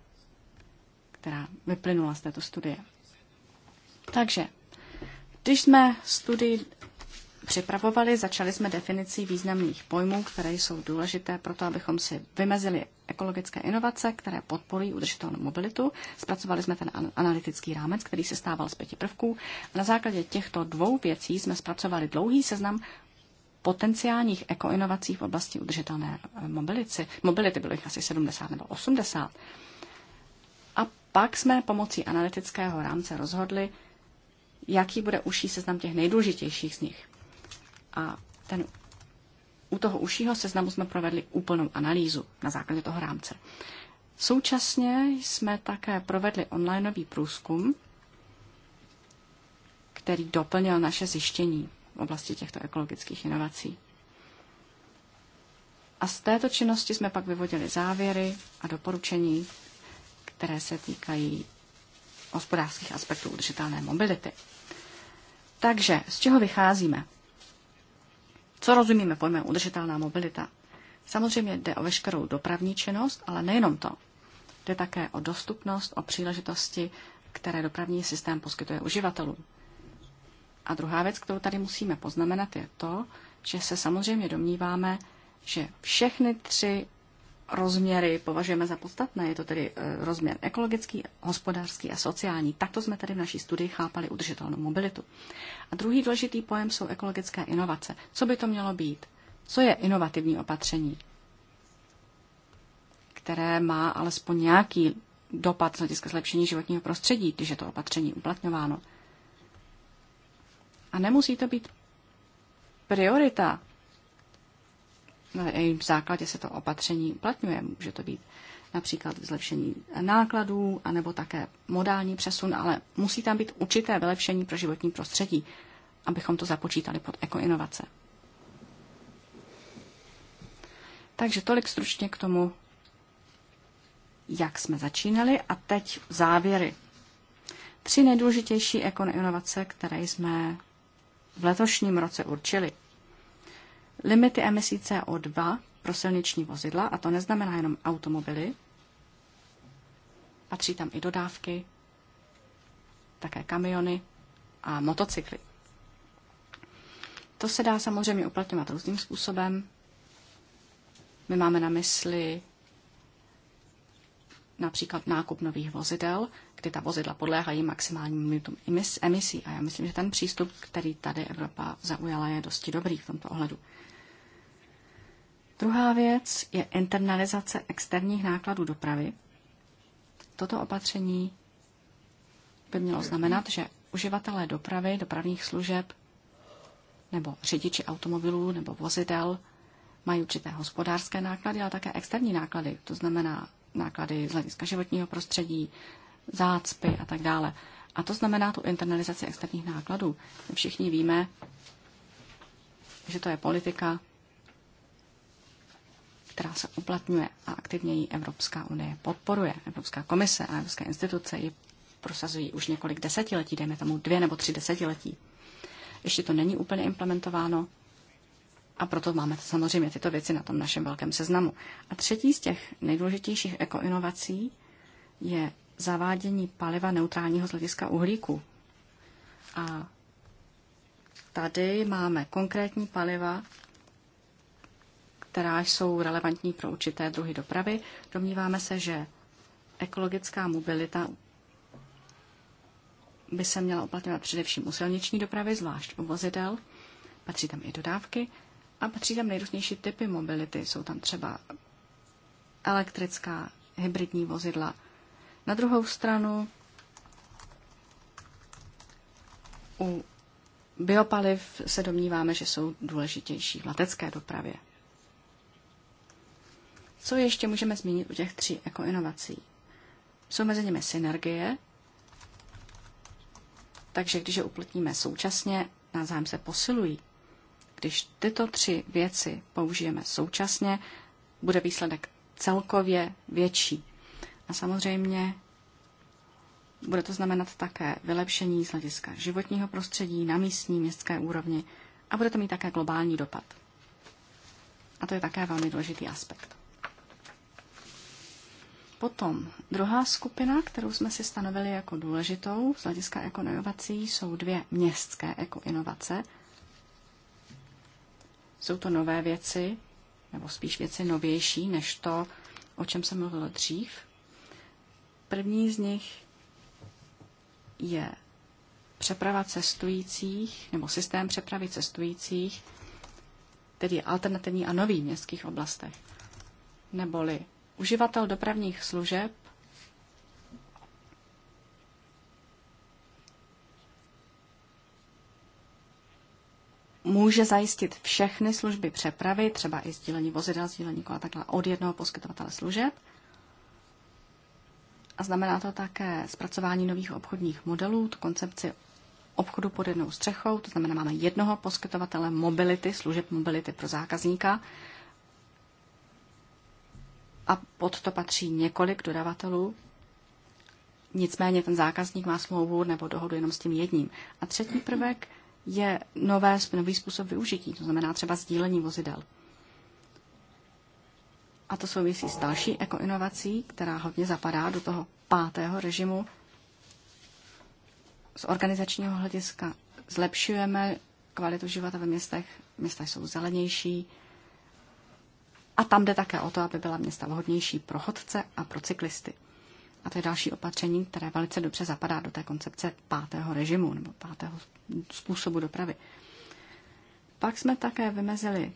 která vyplynula z této studie. Takže, když jsme studii připravovali, začali jsme definicí významných pojmů, které jsou důležité pro to, abychom si vymezili ekologické inovace, které podporují udržitelnou mobilitu. Zpracovali jsme ten analytický rámec, který se stával z pěti prvků. Na základě těchto dvou věcí jsme zpracovali dlouhý seznam potenciálních ekoinovací v oblasti udržitelné eh, mobility. Mobility bylo jich asi 70 nebo 80. A pak jsme pomocí analytického rámce rozhodli, jaký bude užší seznam těch nejdůležitějších z nich. A ten, u toho užšího seznamu jsme provedli úplnou analýzu na základě toho rámce. Současně jsme také provedli onlineový průzkum, který doplnil naše zjištění v oblasti těchto ekologických inovací. A z této činnosti jsme pak vyvodili závěry a doporučení, které se týkají hospodářských aspektů udržitelné mobility. Takže z čeho vycházíme? Co rozumíme pojmem udržitelná mobilita? Samozřejmě jde o veškerou dopravní činnost, ale nejenom to. Jde také o dostupnost, o příležitosti, které dopravní systém poskytuje uživatelům. A druhá věc, kterou tady musíme poznamenat, je to, že se samozřejmě domníváme, že všechny tři rozměry považujeme za podstatné. Je to tedy eh, rozměr ekologický, hospodářský a sociální. Takto jsme tedy v naší studii chápali udržitelnou mobilitu. A druhý důležitý pojem jsou ekologické inovace. Co by to mělo být? Co je inovativní opatření, které má alespoň nějaký dopad z hlediska zlepšení životního prostředí, když je to opatření uplatňováno? A nemusí to být priorita na no, jejím základě se to opatření uplatňuje. Může to být například zlepšení nákladů, anebo také modální přesun, ale musí tam být určité vylepšení pro životní prostředí, abychom to započítali pod ekoinovace. Takže tolik stručně k tomu, jak jsme začínali a teď závěry. Tři nejdůležitější ekoinovace, které jsme v letošním roce určili – limity emisí CO2 pro silniční vozidla, a to neznamená jenom automobily, patří tam i dodávky, také kamiony a motocykly. To se dá samozřejmě uplatňovat různým způsobem. My máme na mysli například nákup nových vozidel, kdy ta vozidla podléhají maximálním limitům emisí. A já myslím, že ten přístup, který tady Evropa zaujala, je dosti dobrý v tomto ohledu. Druhá věc je internalizace externích nákladů dopravy. Toto opatření by mělo znamenat, že uživatelé dopravy, dopravních služeb nebo řidiči automobilů nebo vozidel mají určité hospodářské náklady, ale také externí náklady, to znamená náklady z hlediska životního prostředí, zácpy a tak dále. A to znamená tu internalizaci externích nákladů. všichni víme, že to je politika, která se uplatňuje a aktivně ji Evropská unie podporuje. Evropská komise a Evropské instituce ji prosazují už několik desetiletí, dejme tomu dvě nebo tři desetiletí. Ještě to není úplně implementováno a proto máme to, samozřejmě tyto věci na tom našem velkém seznamu. A třetí z těch nejdůležitějších ekoinovací je zavádění paliva neutrálního z hlediska uhlíku. A tady máme konkrétní paliva, která jsou relevantní pro určité druhy dopravy. Domníváme se, že ekologická mobilita by se měla uplatňovat především u silniční dopravy, zvlášť u vozidel. Patří tam i dodávky a patří tam nejrůznější typy mobility. Jsou tam třeba elektrická, hybridní vozidla. Na druhou stranu u biopaliv se domníváme, že jsou důležitější v letecké dopravě. Co ještě můžeme zmínit u těch tří jako inovací? Jsou mezi nimi synergie, takže když je uplatníme současně, navzájem se posilují. Když tyto tři věci použijeme současně, bude výsledek celkově větší. A samozřejmě bude to znamenat také vylepšení z hlediska životního prostředí na místní městské úrovni a bude to mít také globální dopad. A to je také velmi důležitý aspekt. Potom druhá skupina, kterou jsme si stanovili jako důležitou z hlediska ekoinovací, jako jsou dvě městské ekoinovace. Jako jsou to nové věci, nebo spíš věci novější než to, o čem se mluvilo dřív. První z nich je přeprava cestujících, nebo systém přepravy cestujících, tedy alternativní a nový v městských oblastech. Neboli uživatel dopravních služeb může zajistit všechny služby přepravy, třeba i sdílení vozidel, sdílení kola, takhle od jednoho poskytovatele služeb. A znamená to také zpracování nových obchodních modelů, tu koncepci obchodu pod jednou střechou, to znamená, máme jednoho poskytovatele mobility, služeb mobility pro zákazníka, a pod to patří několik dodavatelů. Nicméně ten zákazník má smlouvu nebo dohodu jenom s tím jedním. A třetí prvek je nové, nový způsob využití, to znamená třeba sdílení vozidel. A to souvisí s další ekoinovací, která hodně zapadá do toho pátého režimu. Z organizačního hlediska zlepšujeme kvalitu života ve městech. Města jsou zelenější, a tam jde také o to, aby byla města vhodnější pro chodce a pro cyklisty. A to je další opatření, které velice dobře zapadá do té koncepce pátého režimu nebo pátého způsobu dopravy. Pak jsme také vymezili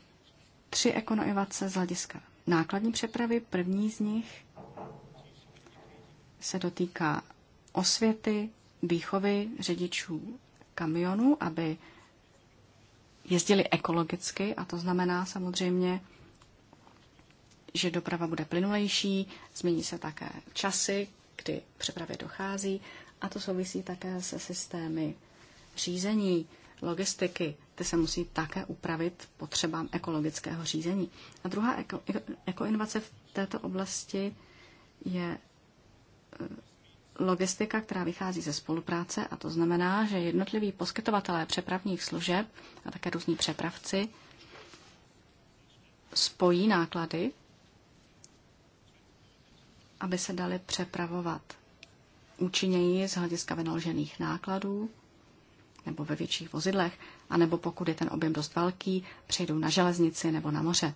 tři ekonoivace z hlediska nákladní přepravy. První z nich se dotýká osvěty, výchovy řidičů kamionů, aby jezdili ekologicky, a to znamená samozřejmě že doprava bude plynulejší, změní se také časy, kdy přepravě dochází a to souvisí také se systémy řízení, logistiky, ty se musí také upravit potřebám ekologického řízení. A druhá eko, v této oblasti je e, logistika, která vychází ze spolupráce a to znamená, že jednotliví poskytovatelé přepravních služeb a také různí přepravci spojí náklady aby se daly přepravovat účinněji z hlediska vynaložených nákladů nebo ve větších vozidlech, anebo pokud je ten objem dost velký, přejdou na železnici nebo na moře.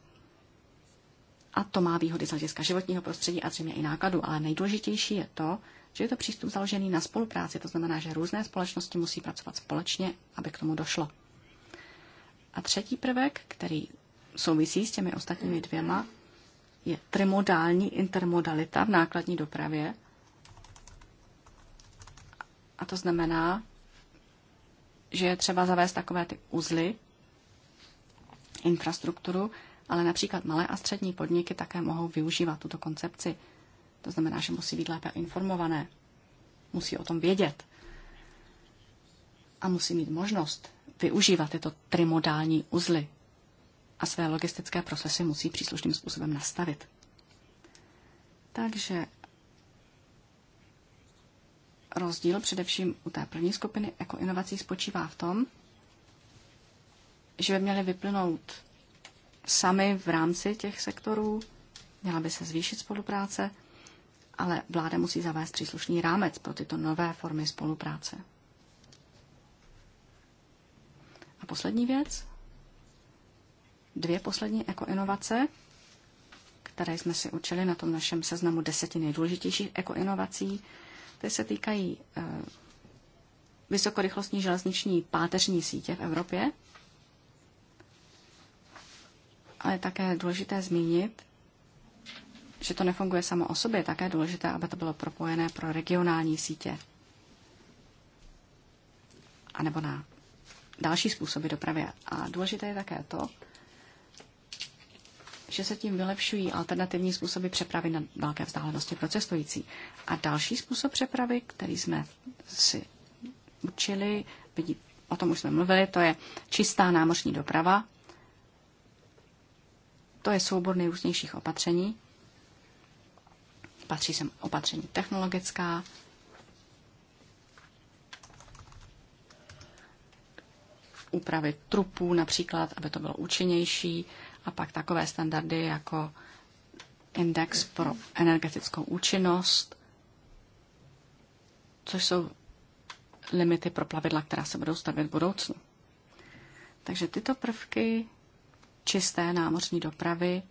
A to má výhody z hlediska životního prostředí a zřejmě i nákladů, ale nejdůležitější je to, že je to přístup založený na spolupráci, to znamená, že různé společnosti musí pracovat společně, aby k tomu došlo. A třetí prvek, který souvisí s těmi ostatními dvěma, je trimodální intermodalita v nákladní dopravě. A to znamená, že je třeba zavést takové ty uzly, infrastrukturu, ale například malé a střední podniky také mohou využívat tuto koncepci. To znamená, že musí být lépe informované, musí o tom vědět a musí mít možnost využívat tyto trimodální uzly a své logistické procesy musí příslušným způsobem nastavit. Takže rozdíl především u té první skupiny jako inovací spočívá v tom, že by měly vyplynout sami v rámci těch sektorů, měla by se zvýšit spolupráce, ale vláda musí zavést příslušný rámec pro tyto nové formy spolupráce. A poslední věc dvě poslední ekoinovace, které jsme si učili na tom našem seznamu deseti nejdůležitějších ekoinovací. Ty se týkají eh, vysokorychlostní železniční páteřní sítě v Evropě, ale je také důležité zmínit, že to nefunguje samo o sobě, je také důležité, aby to bylo propojené pro regionální sítě. A nebo na další způsoby dopravy. A důležité je také to, že se tím vylepšují alternativní způsoby přepravy na velké vzdálenosti pro cestující. A další způsob přepravy, který jsme si učili, vidí, o tom už jsme mluvili, to je čistá námořní doprava. To je soubor nejrůznějších opatření. Patří sem opatření technologická, úpravy trupů například, aby to bylo účinnější, a pak takové standardy jako index pro energetickou účinnost, což jsou limity pro plavidla, která se budou stavět v budoucnu. Takže tyto prvky čisté námořní dopravy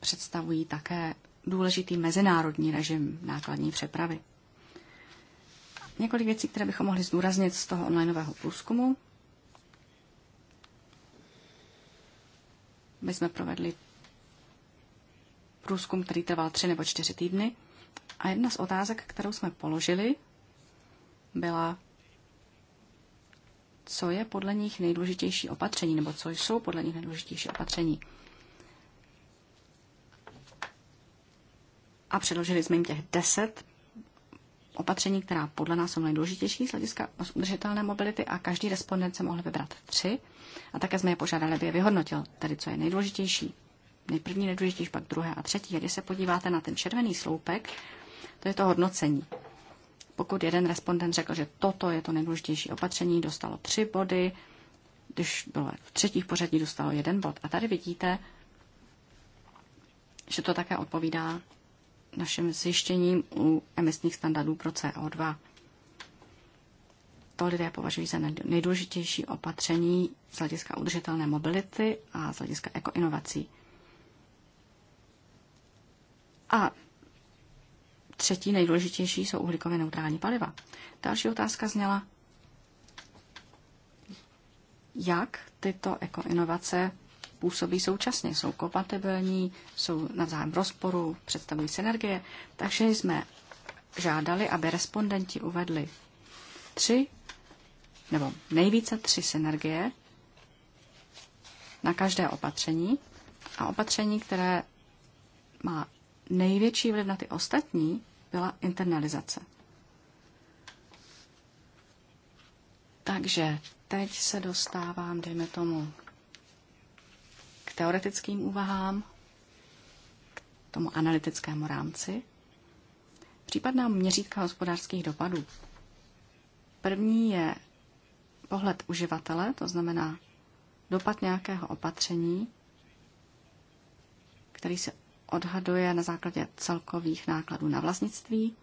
představují také důležitý mezinárodní režim nákladní přepravy. Několik věcí, které bychom mohli zdůraznit z toho onlineového průzkumu. My jsme provedli průzkum, který trval tři nebo čtyři týdny. A jedna z otázek, kterou jsme položili, byla, co je podle nich nejdůležitější opatření, nebo co jsou podle nich nejdůležitější opatření. A předložili jsme jim těch deset opatření, která podle nás jsou nejdůležitější z hlediska udržitelné mobility a každý respondent se mohl vybrat tři a také jsme je požádali, aby je vyhodnotil, tedy co je nejdůležitější. Nejprvní nejdůležitější, pak druhé a třetí. A když se podíváte na ten červený sloupek, to je to hodnocení. Pokud jeden respondent řekl, že toto je to nejdůležitější opatření, dostalo tři body, když bylo v třetích pořadí, dostalo jeden bod. A tady vidíte, že to také odpovídá našem zjištěním u emisních standardů pro CO2. To lidé považují za nejdůležitější opatření z hlediska udržitelné mobility a z hlediska ekoinovací. A třetí nejdůležitější jsou uhlíkové neutrální paliva. Další otázka zněla, jak tyto ekoinovace působí současně. Jsou kompatibilní, jsou navzájem v rozporu, představují synergie. Takže jsme žádali, aby respondenti uvedli tři, nebo nejvíce tři synergie na každé opatření a opatření, které má největší vliv na ty ostatní, byla internalizace. Takže teď se dostávám, dejme tomu, teoretickým úvahám, k tomu analytickému rámci, případná měřítka hospodářských dopadů. První je pohled uživatele, to znamená dopad nějakého opatření, který se odhaduje na základě celkových nákladů na vlastnictví,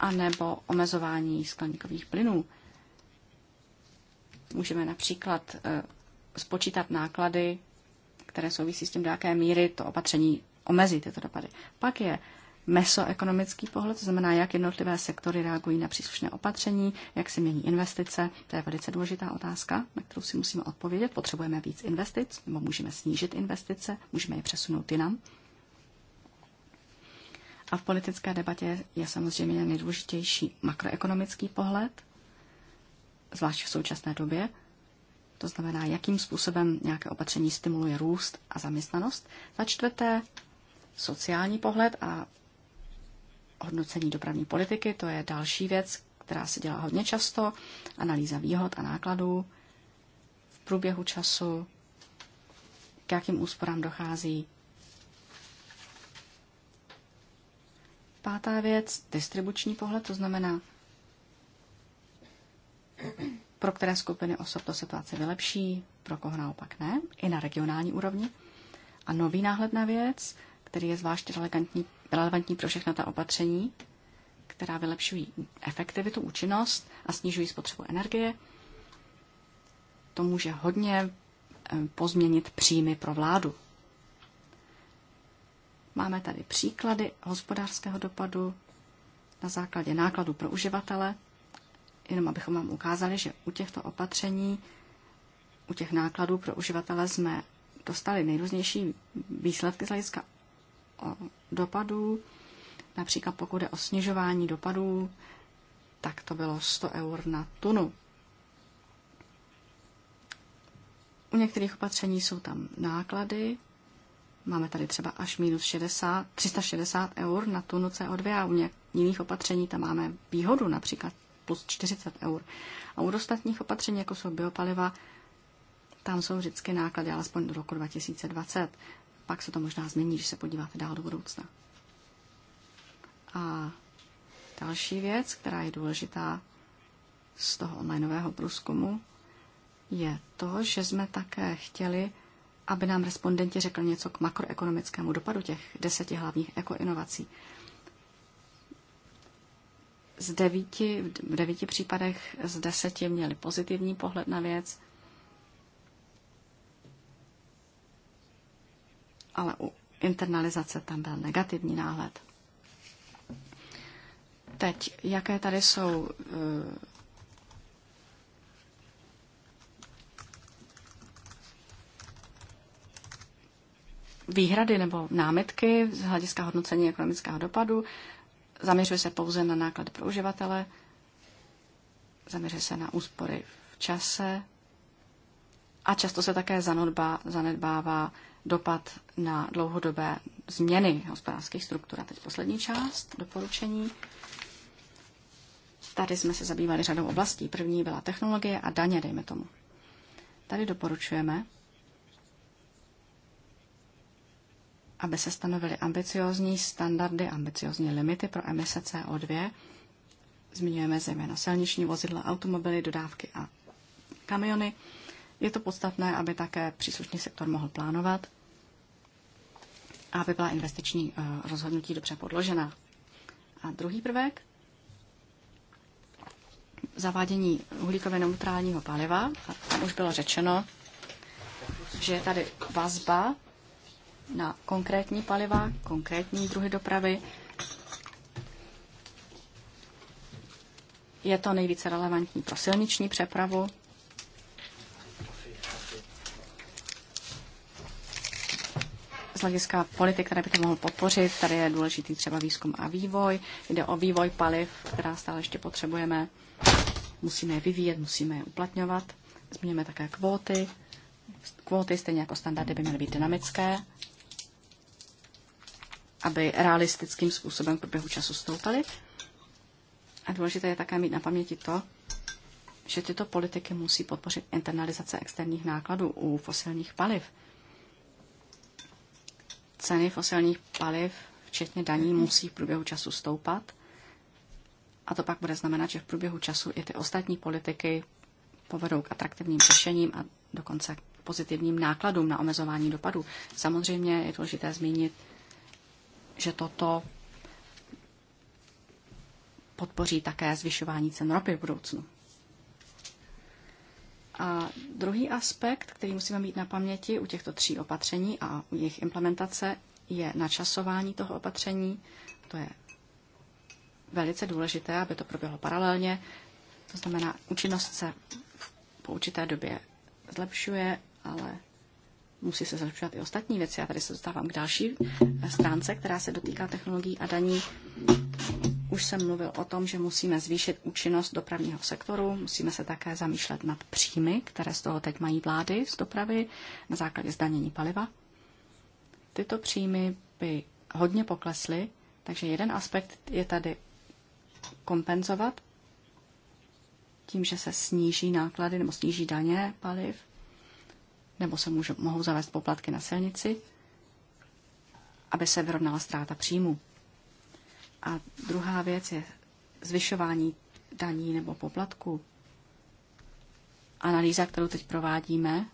a nebo omezování skleníkových plynů. Můžeme například eh, spočítat náklady, které souvisí s tím, do jaké míry to opatření omezí tyto dopady. Pak je mesoekonomický pohled, to znamená, jak jednotlivé sektory reagují na příslušné opatření, jak se mění investice. To je velice důležitá otázka, na kterou si musíme odpovědět. Potřebujeme víc investic, nebo můžeme snížit investice, můžeme je přesunout jinam. A v politické debatě je samozřejmě nejdůležitější makroekonomický pohled, zvlášť v současné době, to znamená, jakým způsobem nějaké opatření stimuluje růst a zaměstnanost. Za čtvrté, sociální pohled a hodnocení dopravní politiky, to je další věc, která se dělá hodně často, analýza výhod a nákladů v průběhu času, k jakým úsporám dochází. Pátá věc, distribuční pohled, to znamená, pro které skupiny osob to situace vylepší, pro koho naopak ne, i na regionální úrovni. A nový náhled na věc, který je zvlášť relevantní, relevantní pro všechna ta opatření, která vylepšují efektivitu, účinnost a snižují spotřebu energie, to může hodně eh, pozměnit příjmy pro vládu. Máme tady příklady hospodářského dopadu na základě nákladů pro uživatele – jenom abychom vám ukázali, že u těchto opatření, u těch nákladů pro uživatele jsme dostali nejrůznější výsledky z hlediska dopadů. Například pokud je o snižování dopadů, tak to bylo 100 eur na tunu. U některých opatření jsou tam náklady. Máme tady třeba až minus 60, 360 eur na tunu CO2 a u jiných opatření tam máme výhodu, například plus 40 eur. A u dostatních opatření, jako jsou biopaliva, tam jsou vždycky náklady alespoň do roku 2020. Pak se to možná změní, když se podíváte dál do budoucna. A další věc, která je důležitá z toho onlineového průzkumu, je to, že jsme také chtěli, aby nám respondenti řekli něco k makroekonomickému dopadu těch deseti hlavních ekoinovací. inovací z devíti, v devíti případech z deseti měli pozitivní pohled na věc, ale u internalizace tam byl negativní náhled. Teď, jaké tady jsou eh, výhrady nebo námitky z hlediska hodnocení ekonomického dopadu zaměřuje se pouze na náklady pro uživatele, zaměřuje se na úspory v čase a často se také zanodba, zanedbává dopad na dlouhodobé změny hospodářských struktur. A teď poslední část doporučení. Tady jsme se zabývali řadou oblastí. První byla technologie a daně, dejme tomu. Tady doporučujeme, aby se stanovily ambiciozní standardy, ambiciozní limity pro emise CO2. Zmiňujeme zejména silniční vozidla, automobily, dodávky a kamiony. Je to podstatné, aby také příslušný sektor mohl plánovat a aby byla investiční eh, rozhodnutí dobře podložena. A druhý prvek, zavádění uhlíkově neutrálního paliva. A tam už bylo řečeno, že je tady vazba na konkrétní paliva, konkrétní druhy dopravy. Je to nejvíce relevantní pro silniční přepravu. Z hlediska politik, které by to mohl podpořit, tady je důležitý třeba výzkum a vývoj. Jde o vývoj paliv, která stále ještě potřebujeme. Musíme je vyvíjet, musíme je uplatňovat. Změníme také kvóty. Kvóty, stejně jako standardy, by měly být dynamické aby realistickým způsobem v průběhu času stoupaly. A důležité je také mít na paměti to, že tyto politiky musí podpořit internalizace externích nákladů u fosilních paliv. Ceny fosilních paliv, včetně daní, musí v průběhu času stoupat. A to pak bude znamenat, že v průběhu času i ty ostatní politiky povedou k atraktivním řešením a dokonce k pozitivním nákladům na omezování dopadů. Samozřejmě je důležité zmínit, že toto podpoří také zvyšování cen ropy v budoucnu. A druhý aspekt, který musíme mít na paměti u těchto tří opatření a u jejich implementace, je načasování toho opatření. To je velice důležité, aby to proběhlo paralelně. To znamená, účinnost se po určité době zlepšuje, ale musí se zlepšovat i ostatní věci. Já tady se dostávám k další eh, stránce, která se dotýká technologií a daní. Už jsem mluvil o tom, že musíme zvýšit účinnost dopravního sektoru, musíme se také zamýšlet nad příjmy, které z toho teď mají vlády z dopravy na základě zdanění paliva. Tyto příjmy by hodně poklesly, takže jeden aspekt je tady kompenzovat tím, že se sníží náklady nebo sníží daně paliv nebo se můžou, mohou zavést poplatky na silnici, aby se vyrovnala ztráta příjmu. A druhá věc je zvyšování daní nebo poplatku. Analýza, kterou teď provádíme,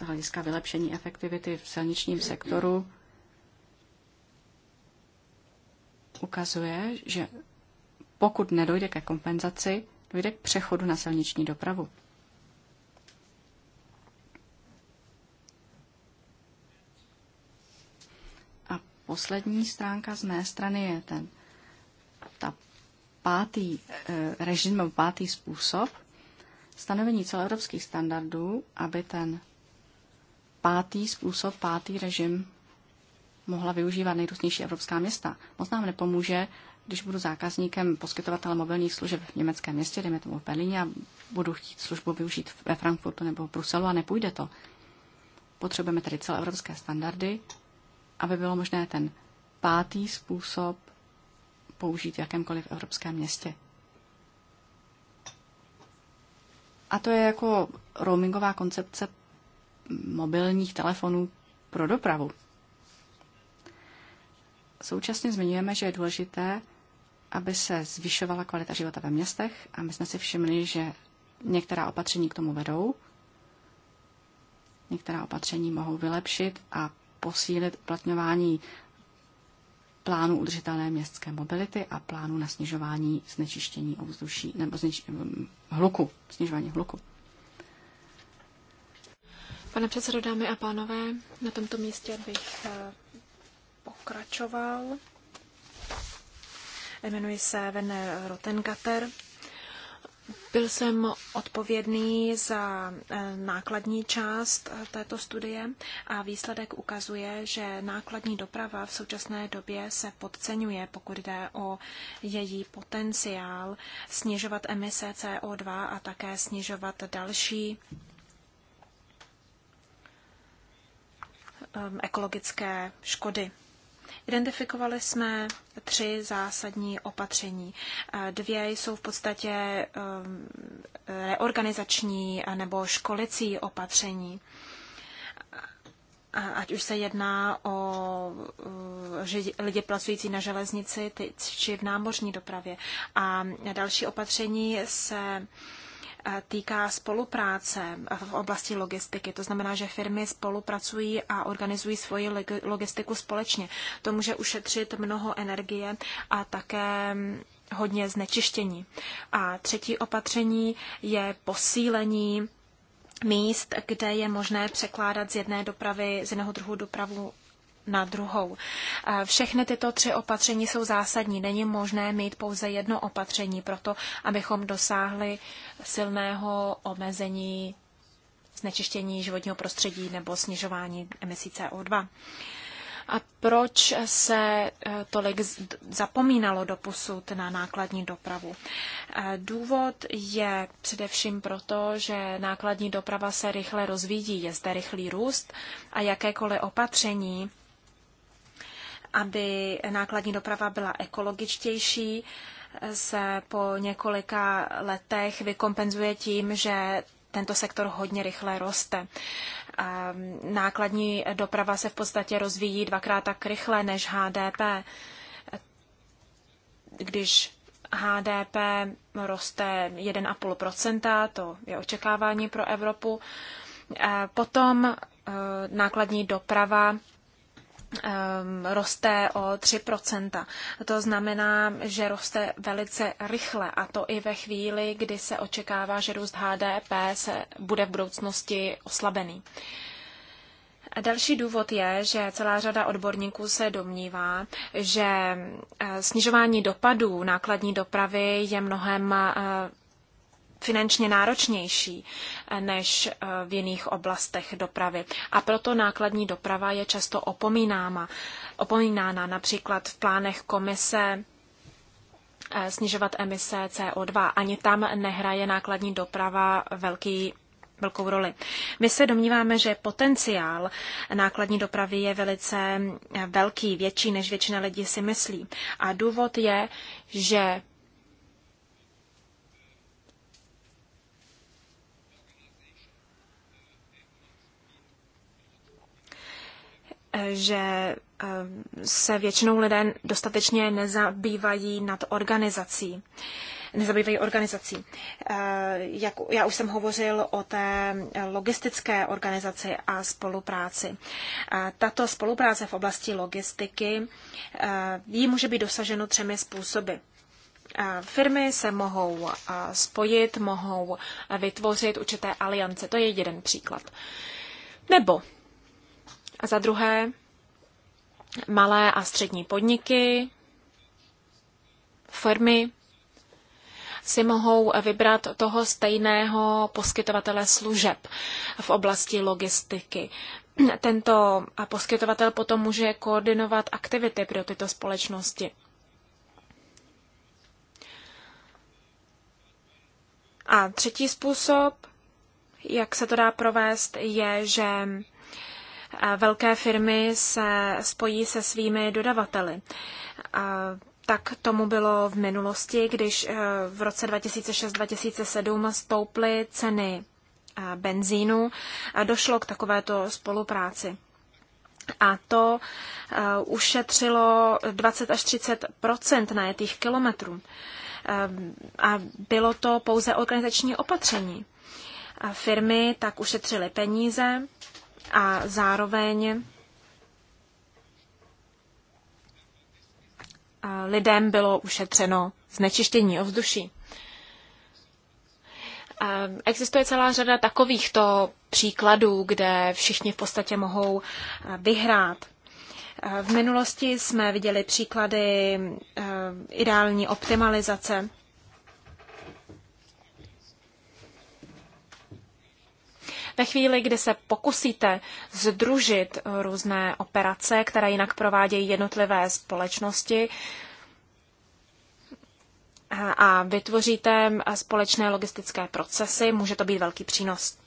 z hlediska vylepšení efektivity v silničním sektoru, ukazuje, že pokud nedojde ke kompenzaci, dojde k přechodu na silniční dopravu. poslední stránka z mé strany je ten ta pátý eh, režim nebo pátý způsob stanovení celoevropských standardů, aby ten pátý způsob, pátý režim mohla využívat nejrůznější evropská města. Moc nám nepomůže, když budu zákazníkem poskytovatele mobilních služeb v německém městě, dejme tomu v Berlíně, a budu chtít službu využít ve Frankfurtu nebo v Bruselu a nepůjde to. Potřebujeme tedy celoevropské standardy, aby bylo možné ten pátý způsob použít v jakémkoliv evropském městě. A to je jako roamingová koncepce mobilních telefonů pro dopravu. Současně zmiňujeme, že je důležité, aby se zvyšovala kvalita života ve městech a my jsme si všimli, že některá opatření k tomu vedou, některá opatření mohou vylepšit a posílit uplatňování plánu udržitelné městské mobility a plánu na snižování znečištění ovzduší nebo znič, hluku, snižování hluku. Pane předsedo, dámy a pánové, na tomto místě bych eh, pokračoval. Jmenuji se Vene Rotengater byl jsem odpovědný za eh, nákladní část eh, této studie a výsledek ukazuje, že nákladní doprava v současné době se podceňuje, pokud jde o její potenciál snižovat emise CO2 a také snižovat další eh, ekologické škody. Identifikovali jsme tři zásadní opatření. Dvě jsou v podstatě um, reorganizační nebo školicí opatření ať už se jedná o uh, lidi pracující na železnici či v námořní dopravě. A další opatření se týká spolupráce v oblasti logistiky. To znamená, že firmy spolupracují a organizují svoji logistiku společně. To může ušetřit mnoho energie a také hodně znečištění. A třetí opatření je posílení míst, kde je možné překládat z jedné dopravy, z jednoho druhu dopravu na druhou. Eh, všechny tyto tři opatření jsou zásadní. Není možné mít pouze jedno opatření proto, abychom dosáhli silného omezení znečištění životního prostředí nebo snižování emisí CO2. A proč se eh, tolik zapomínalo doposud na nákladní dopravu? Eh, důvod je především proto, že nákladní doprava se rychle rozvíjí, je zde rychlý růst a jakékoliv opatření, aby nákladní doprava byla ekologičtější, se po několika letech vykompenzuje tím, že tento sektor hodně rychle roste. Nákladní doprava se v podstatě rozvíjí dvakrát tak rychle než HDP. Když HDP roste 1,5%, to je očekávání pro Evropu, potom e, nákladní doprava Ehm, roste o 3%. To znamená, že roste velice rychle a to i ve chvíli, kdy se očekává, že růst HDP se bude v budoucnosti oslabený. A další důvod je, že celá řada odborníků se domnívá, že eh, snižování dopadů nákladní dopravy je mnohem eh, finančně náročnější eh, než eh, v jiných oblastech dopravy. A proto nákladní doprava je často opomínána, opomínána například v plánech komise eh, snižovat emise CO2. Ani tam nehraje nákladní doprava velký velkou roli. My se domníváme, že potenciál nákladní dopravy je velice velký, větší, než většina lidí si myslí. A důvod je, že že eh, se většinou lidé dostatečně nezabývají nad organizací. Nezabývají organizací. Eh, jak, já už jsem hovořil o té logistické organizaci a spolupráci. Eh, tato spolupráce v oblasti logistiky, jí může být dosaženo třemi způsoby. Firmy se mohou spojit, mohou vytvořit určité aliance. To je jeden příklad. Nebo a za druhé, malé a střední podniky, firmy si mohou vybrat toho stejného poskytovatele služeb v oblasti logistiky. Tento poskytovatel potom může koordinovat aktivity pro tyto společnosti. A třetí způsob, jak se to dá provést, je, že Velké firmy se spojí se svými dodavateli. Tak tomu bylo v minulosti, když eh, v roce 2006-2007 stouply ceny eh, benzínu a došlo k takovéto spolupráci. A to eh, ušetřilo 20 až 30 na těch kilometrů. A bylo to pouze organizační opatření. A firmy tak ušetřily peníze a zároveň eh, lidem bylo ušetřeno znečištění ovzduší. Eh, existuje celá řada takovýchto příkladů, kde všichni v podstatě mohou eh, vyhrát. V minulosti jsme viděli příklady ideální optimalizace Ve chvíli, kdy se pokusíte združit různé operace, které jinak provádějí jednotlivé společnosti, a vytvoříte společné logistické procesy, může to být velký přínos.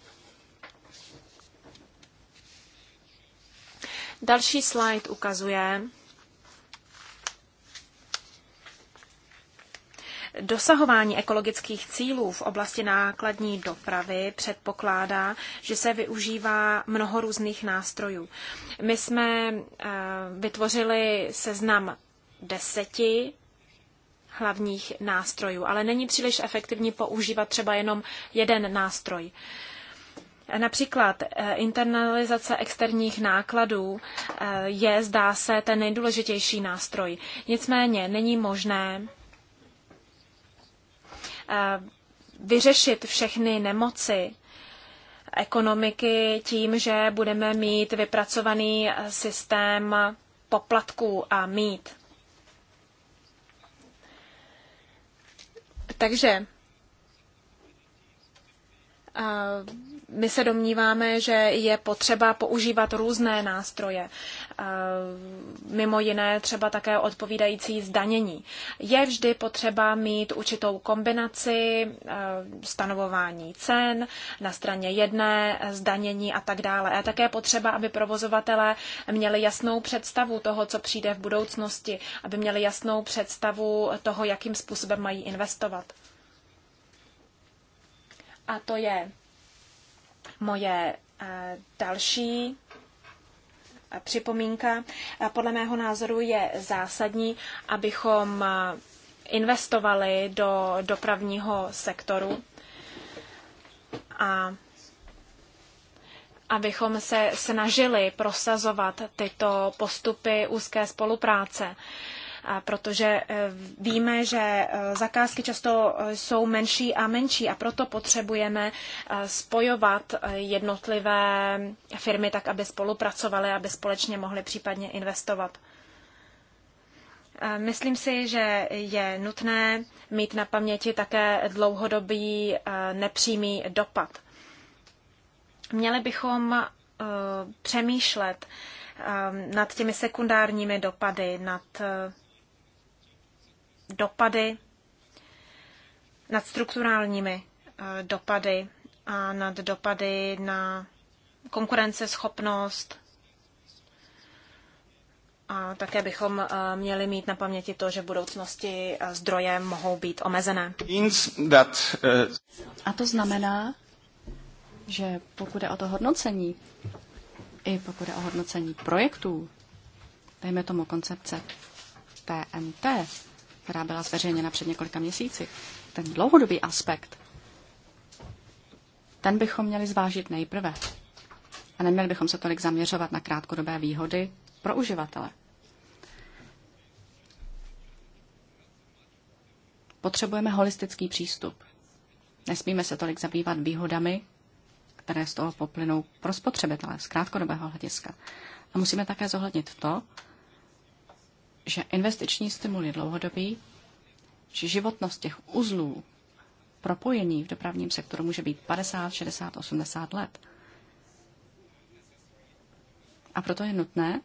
Další slide ukazuje, Dosahování ekologických cílů v oblasti nákladní dopravy předpokládá, že se využívá mnoho různých nástrojů. My jsme eh, vytvořili seznam deseti hlavních nástrojů, ale není příliš efektivní používat třeba jenom jeden nástroj. Například eh, internalizace externích nákladů eh, je, zdá se, ten nejdůležitější nástroj. Nicméně není možné Eh, vyřešit všechny nemoci ekonomiky tím, že budeme mít vypracovaný systém poplatků a mít. Takže eh, my se domníváme, že je potřeba používat různé nástroje, eh, mimo jiné třeba také odpovídající zdanění. Je vždy potřeba mít určitou kombinaci eh, stanovování cen na straně jedné, eh, zdanění a tak dále. A také potřeba, aby provozovatelé měli jasnou představu toho, co přijde v budoucnosti, aby měli jasnou představu toho, jakým způsobem mají investovat. A to je Moje eh, další eh, připomínka eh, podle mého názoru je zásadní, abychom investovali do dopravního sektoru a abychom se snažili prosazovat tyto postupy úzké spolupráce protože eh, víme, že eh, zakázky často eh, jsou menší a menší a proto potřebujeme spojovat jednotlivé firmy tak, aby spolupracovaly, aby společně mohly případně investovat. Myslím si, že je nutné mít na paměti také dlouhodobý nepřímý dopad. Měli bychom přemýšlet nad těmi sekundárními dopady, nad dopady, nad strukturálními eh, dopady a nad dopady na konkurenceschopnost. A také bychom eh, měli mít na paměti to, že v budoucnosti eh, zdroje mohou být omezené. A to znamená, že pokud je o to hodnocení, i pokud je o hodnocení projektů, dejme tomu koncepce PMT, která byla zveřejněna před několika měsíci, ten dlouhodobý aspekt, ten bychom měli zvážit nejprve. A neměli bychom se tolik zaměřovat na krátkodobé výhody pro uživatele. Potřebujeme holistický přístup. Nesmíme se tolik zabývat výhodami, které z toho poplynou pro spotřebitele z krátkodobého hlediska. A musíme také zohlednit to, že investiční stimul je dlouhodobý, že životnost těch uzlů propojení v dopravním sektoru může být 50, 60, 80 let. A proto je nutné,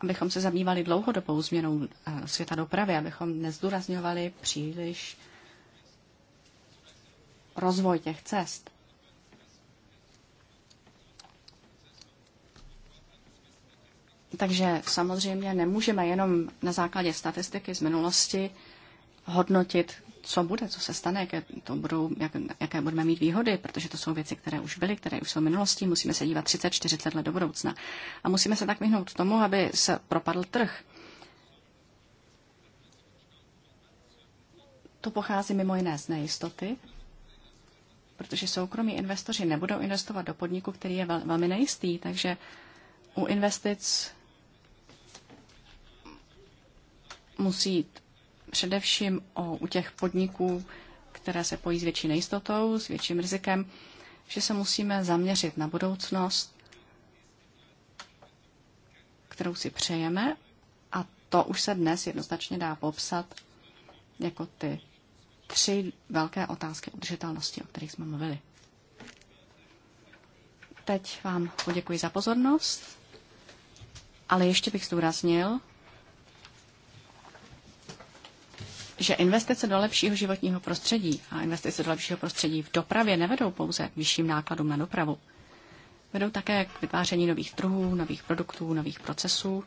abychom se zabývali dlouhodobou změnou eh, světa dopravy, abychom nezdůrazňovali příliš rozvoj těch cest. Takže samozřejmě nemůžeme jenom na základě statistiky z minulosti hodnotit, co bude, co se stane, jaké, to budou, jak, jaké budeme mít výhody, protože to jsou věci, které už byly, které už jsou minulosti. Musíme se dívat 30-40 let do budoucna. A musíme se tak vyhnout tomu, aby se propadl trh. To pochází mimo jiné z nejistoty, protože soukromí investoři nebudou investovat do podniku, který je vel, velmi nejistý, takže u investic musí jít především o, u těch podniků, které se pojí s větší nejistotou, s větším rizikem, že se musíme zaměřit na budoucnost, kterou si přejeme a to už se dnes jednoznačně dá popsat jako ty tři velké otázky udržitelnosti, o kterých jsme mluvili. Teď vám poděkuji za pozornost, ale ještě bych zdůraznil, že investice do lepšího životního prostředí a investice do lepšího prostředí v dopravě nevedou pouze k vyšším nákladům na dopravu. Vedou také k vytváření nových trhů, nových produktů, nových procesů,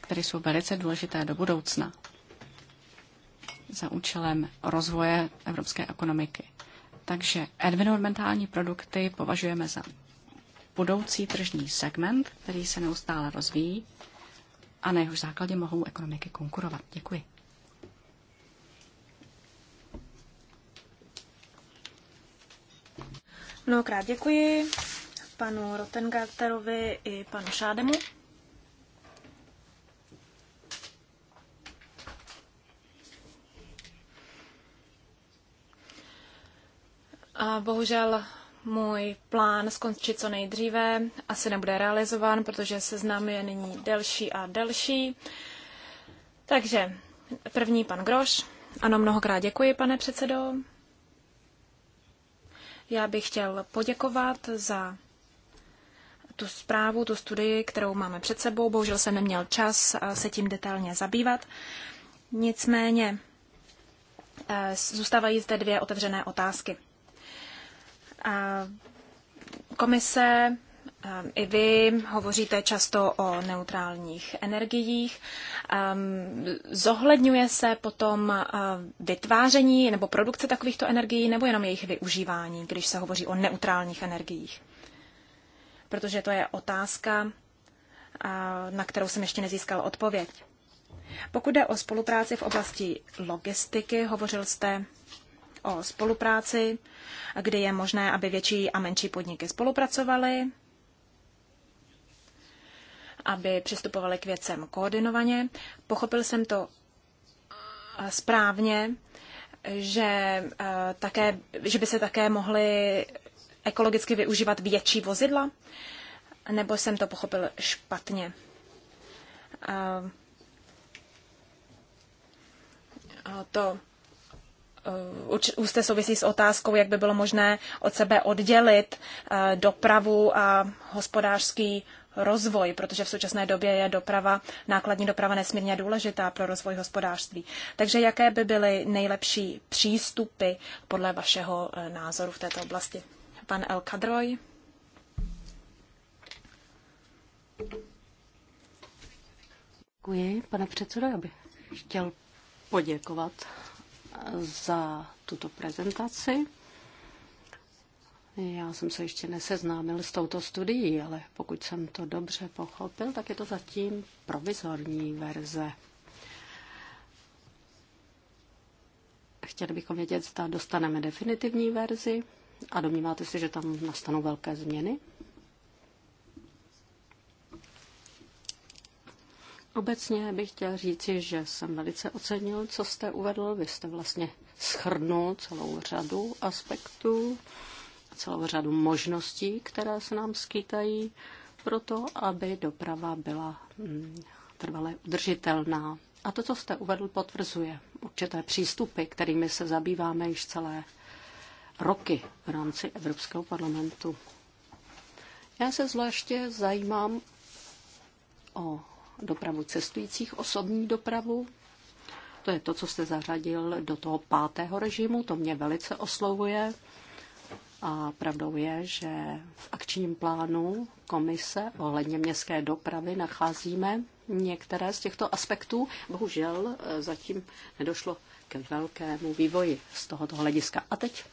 které jsou velice důležité do budoucna za účelem rozvoje evropské ekonomiky. Takže environmentální produkty považujeme za budoucí tržní segment, který se neustále rozvíjí a na jehož základě mohou ekonomiky konkurovat. Děkuji. Mnohokrát děkuji panu Rotengarterovi i panu Šádemu. A bohužel můj plán skončit co nejdříve asi nebude realizován, protože seznam je nyní delší a delší. Takže první pan Groš. Ano, mnohokrát děkuji, pane předsedo. Já bych chtěl poděkovat za tu zprávu, tu studii, kterou máme před sebou. Bohužel jsem neměl čas eh, se tím detailně zabývat. Nicméně eh, zůstávají zde dvě otevřené otázky. Komise Um, I vy hovoříte často o neutrálních energiích. Um, zohledňuje se potom uh, vytváření nebo produkce takovýchto energií nebo jenom jejich využívání, když se hovoří o neutrálních energiích? Protože to je otázka, uh, na kterou jsem ještě nezískal odpověď. Pokud jde o spolupráci v oblasti logistiky, hovořil jste o spolupráci, kdy je možné, aby větší a menší podniky spolupracovaly aby přistupovali k věcem koordinovaně. Pochopil jsem to eh, správně, že, eh, také, že by se také mohly ekologicky využívat větší vozidla, nebo jsem to pochopil špatně. Eh, to úzce souvisí s otázkou, jak by bylo možné od sebe oddělit dopravu a hospodářský rozvoj, protože v současné době je doprava, nákladní doprava nesmírně důležitá pro rozvoj hospodářství. Takže jaké by byly nejlepší přístupy podle vašeho eh, názoru v této oblasti? Pan El Kadroj. Děkuji, pane předsedo, já bych chtěl poděkovat za tuto prezentaci. Já jsem se ještě neseznámil s touto studií, ale pokud jsem to dobře pochopil, tak je to zatím provizorní verze. Chtěli bychom vědět, zda dostaneme definitivní verzi a domníváte se, že tam nastanou velké změny? Obecně bych chtěl říci, že jsem velice ocenil, co jste uvedl. Vy jste vlastně schrnul celou řadu aspektů celou řadu možností, které se nám skýtají pro to, aby doprava byla mm, trvale udržitelná. A to, co jste uvedl, potvrzuje určité přístupy, kterými se zabýváme již celé roky v rámci Evropského parlamentu. Já se zvláště zajímám o dopravu cestujících, osobní dopravu. To je to, co jste zařadil do toho pátého režimu, to mě velice oslovuje. A pravdou je, že v akčním plánu komise ohledně městské dopravy nacházíme některé z těchto aspektů. Bohužel eh, zatím nedošlo k velkému vývoji z tohoto hlediska. A teď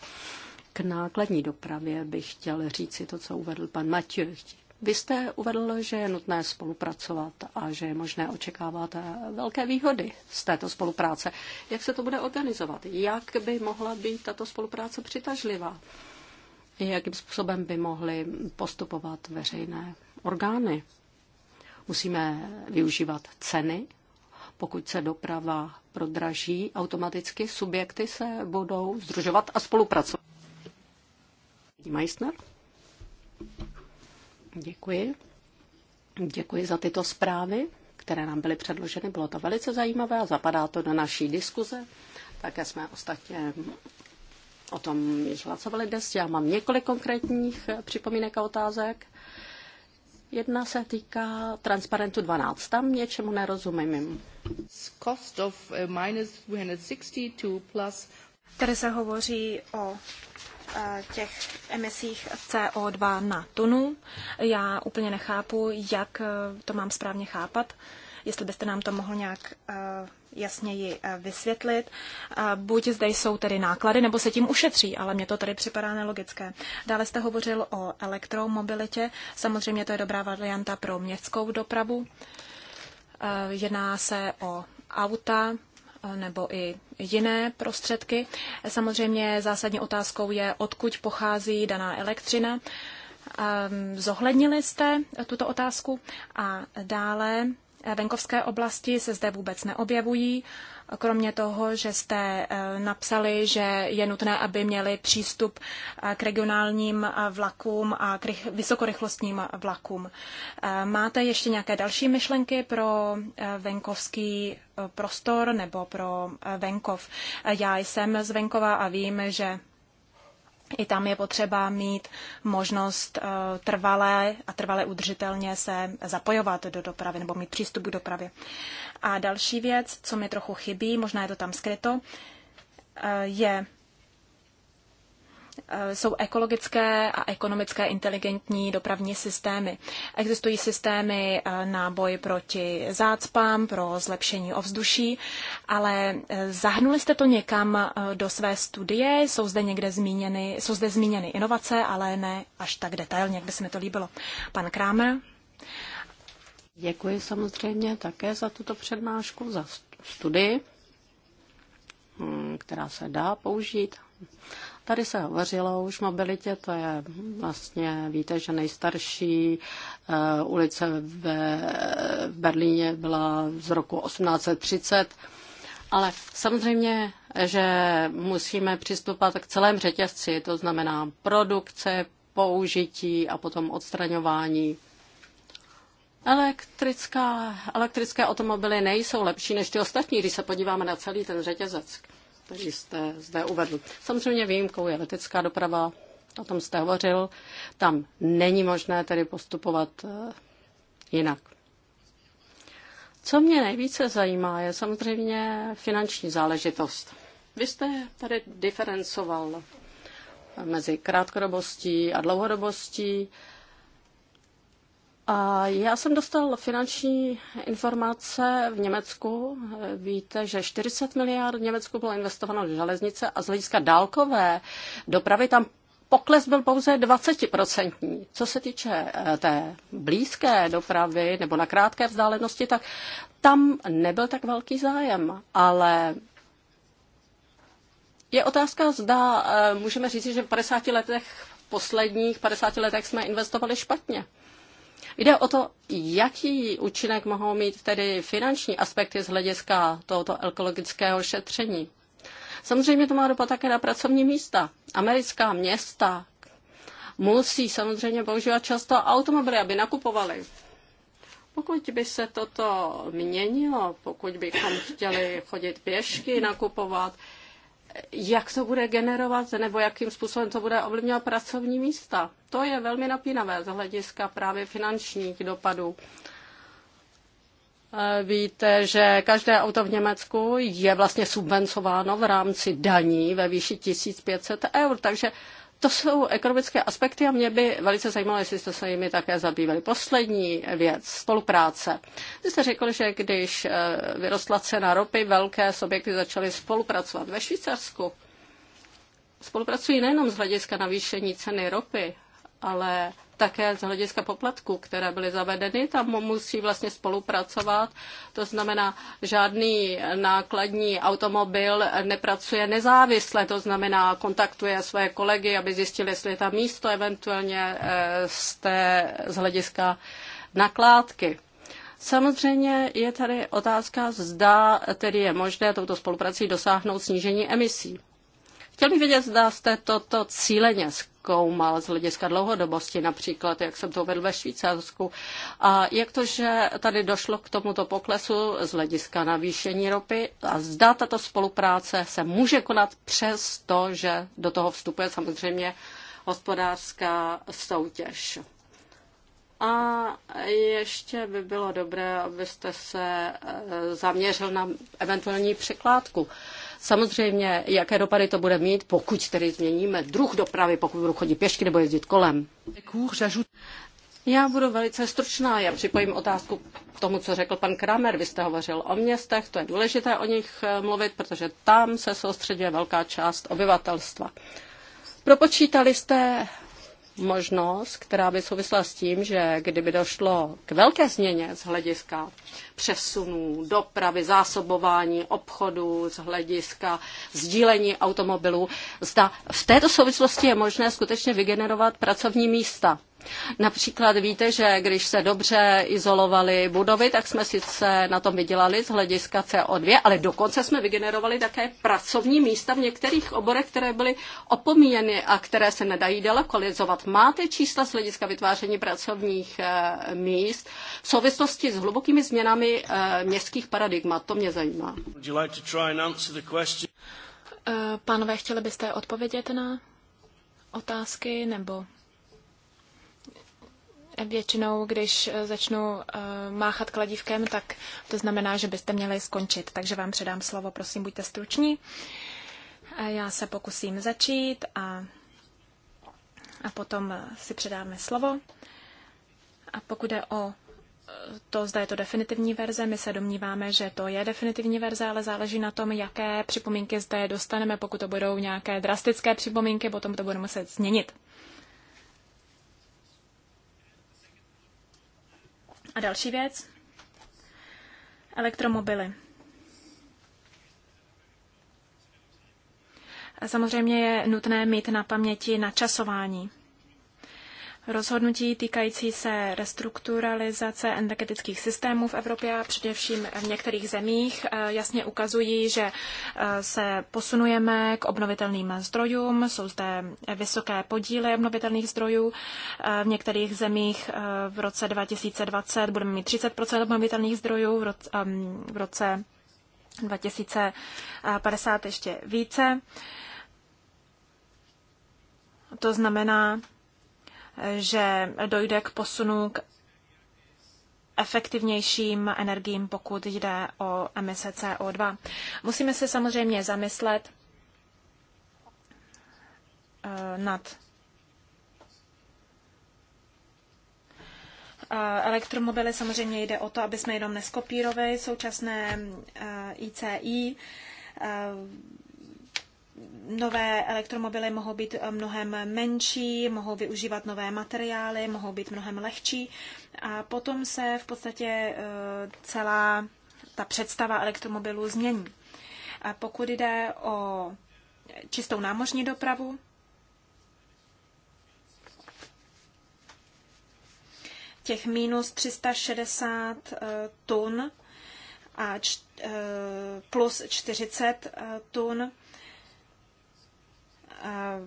k nákladní dopravě bych chtěl říci to, co uvedl pan Matěj. Vy jste uvedl, že je nutné spolupracovat a že je možné očekávat eh, velké výhody z této spolupráce. Jak se to bude organizovat? Jak by mohla být tato spolupráce přitažlivá? jakým způsobem by mohly postupovat veřejné orgány. Musíme využívat ceny. Pokud se doprava prodraží, automaticky subjekty se budou združovat a spolupracovat. Meissner? Děkuji. Děkuji za tyto zprávy, které nám byly předloženy. Bylo to velice zajímavé a zapadá to do naší diskuze. Také jsme ostatně o tom již hlasovali dnes. Já mám několik konkrétních eh, připomínek a otázek. Jedna se týká transparentu 12. Tam něčemu nerozumím. Cost of eh, minus 260 to plus... Tady se hovoří o eh, těch emisích CO2 na tunu. Já úplně nechápu, jak to mám správně chápat jestli byste nám to mohl nějak eh, jasněji eh, vysvětlit. Eh, buď zde jsou tedy náklady, nebo se tím ušetří, ale mně to tady připadá nelogické. Dále jste hovořil o elektromobilitě. Samozřejmě to je dobrá varianta pro městskou dopravu. Jedná se o auta, nebo i jiné prostředky. Samozřejmě zásadní otázkou je, odkud pochází daná elektřina. Zohlednili jste tuto otázku a dále venkovské oblasti se zde vůbec neobjevují, kromě toho, že jste eh, napsali, že je nutné, aby měli přístup eh, k regionálním eh, vlakům a k vysokorychlostním vlakům. Máte ještě nějaké další myšlenky pro venkovský prostor nebo pro venkov? Já jsem z venkova a vím, že i tam je potřeba mít možnost eh, trvalé a trvale udržitelně se zapojovat do dopravy nebo mít přístup k dopravě. A další věc, co mi trochu chybí, možná je to tam skryto, eh, je Eh, jsou ekologické a ekonomické inteligentní dopravní systémy. Existují systémy eh, na boj proti zácpám, pro zlepšení ovzduší, ale eh, zahnuli jste to někam do své studie, jsou zde někde zmíněny, jsou zde zmíněny inovace, ale ne až tak detailně, jak by se mi to líbilo. Pan Kramer? Děkuji samozřejmě také za tuto přednášku, za studii, hm, která se dá použít. Tady se hovořilo už mobilitě, to je vlastně, víte, že nejstarší uh, ulice ve, v Berlíně byla z roku 1830. Ale samozřejmě, že musíme přistupovat k celém řetězci, to znamená produkce, použití a potom odstraňování. Elektrická, elektrické automobily nejsou lepší než ty ostatní, když se podíváme na celý ten řetězec který jste zde uvedl. Samozřejmě výjimkou je letecká doprava, o tom jste hovořil. Tam není možné tedy postupovat eh, jinak. Co mě nejvíce zajímá, je samozřejmě finanční záležitost. Vy jste tady diferencoval mezi krátkodobostí a dlouhodobostí. A já jsem dostal finanční informace v Německu. Víte, že 40 miliard v Německu bylo investováno do železnice a z hlediska dálkové dopravy tam pokles byl pouze 20%. Co se týče eh, té blízké dopravy nebo na krátké vzdálenosti, tak tam nebyl tak velký zájem, ale je otázka, zda eh, můžeme říct, že v 50 letech, v posledních 50 letech jsme investovali špatně. Jde o to, jaký účinek mohou mít tedy finanční aspekty z hlediska tohoto ekologického šetření. Samozřejmě to má dopad také na pracovní místa. Americká města musí samozřejmě používat často automobily, aby nakupovali. Pokud by se toto měnilo, pokud bychom chtěli chodit pěšky nakupovat, jak to bude generovat nebo jakým způsobem to bude ovlivňovat pracovní místa. To je velmi napínavé z hlediska právě finančních dopadů. E, víte, že každé auto v Německu je vlastně subvencováno v rámci daní ve výši 1500 eur, takže to jsou ekonomické aspekty a mě by velice zajímalo, jestli jste se jimi také zabývali. Poslední věc, spolupráce. Vy jste řekl, že když eh, vyrostla cena ropy, velké subjekty začaly spolupracovat ve Švýcarsku. Spolupracují nejenom z hlediska navýšení ceny ropy, ale také z hlediska poplatků, které byly zavedeny, tam musí vlastně spolupracovat. To znamená, žádný nákladní automobil nepracuje nezávisle, to znamená, kontaktuje své kolegy, aby zjistili, jestli je tam místo eventuálně z, eh, té, z hlediska nakládky. Samozřejmě je tady otázka, zda tedy je možné touto spoluprací dosáhnout snížení emisí. Chtěl bych vědět, zda jste toto cíleně zkoumal z hlediska dlouhodobosti, například jak jsem to vedl ve Švýcarsku. A jak to, že tady došlo k tomuto poklesu z hlediska navýšení ropy a zda tato spolupráce se může konat přes to, že do toho vstupuje samozřejmě hospodářská soutěž. A ještě by bylo dobré, abyste se eh, zaměřil na eventuální překládku. Samozřejmě, jaké dopady to bude mít, pokud tedy změníme druh dopravy, pokud budou chodit pěšky nebo jezdit kolem. Já budu velice stručná. Já připojím otázku k tomu, co řekl pan Kramer. Vy jste hovořil o městech, to je důležité o nich eh, mluvit, protože tam se soustředuje velká část obyvatelstva. Propočítali jste možnost, která by souvisla s tím, že kdyby došlo k velké změně z hlediska přesunů, dopravy, zásobování, obchodu, z hlediska sdílení automobilů, zda v této souvislosti je možné skutečně vygenerovat pracovní místa. Například víte, že když se dobře izolovaly budovy, tak jsme sice na tom vydělali z hlediska CO2, ale dokonce jsme vygenerovali také pracovní místa v některých oborech, které byly opomíjeny a které se nedají delokalizovat. Máte čísla z hlediska vytváření pracovních eh, míst v souvislosti s hlubokými změnami eh, městských paradigmat? To mě zajímá. Eh, pánové, chtěli byste odpovědět na otázky nebo Většinou, když eh, začnu eh, máchat kladívkem, tak to znamená, že byste měli skončit. Takže vám předám slovo, prosím, buďte struční. Já se pokusím začít a, a potom eh, si předáme slovo. A pokud jde o to, zda je to definitivní verze, my se domníváme, že to je definitivní verze, ale záleží na tom, jaké připomínky zde dostaneme. Pokud to budou nějaké drastické připomínky, potom to budeme muset změnit. A další věc. Elektromobily. A samozřejmě je nutné mít na paměti načasování rozhodnutí týkající se restrukturalizace energetických systémů v Evropě a především v některých zemích eh, jasně ukazují, že eh, se posunujeme k obnovitelným zdrojům. Jsou zde vysoké podíly obnovitelných zdrojů. Eh, v některých zemích v roce 2020 budeme mít 30 obnovitelných zdrojů, v roce 2050 ehm, ještě více. To znamená, že dojde k posunu k efektivnějším energiím, pokud jde o emise CO2. Musíme se samozřejmě zamyslet eh, nad eh, elektromobily. Samozřejmě jde o to, aby jsme jenom neskopírovali současné ICI eh, nové elektromobily mohou být eh, mnohem menší, mohou využívat nové materiály, mohou být mnohem lehčí a potom se v podstatě eh, celá ta představa elektromobilů změní. A pokud jde o čistou námořní dopravu, těch minus 360 eh, tun a plus 40 tun Eh,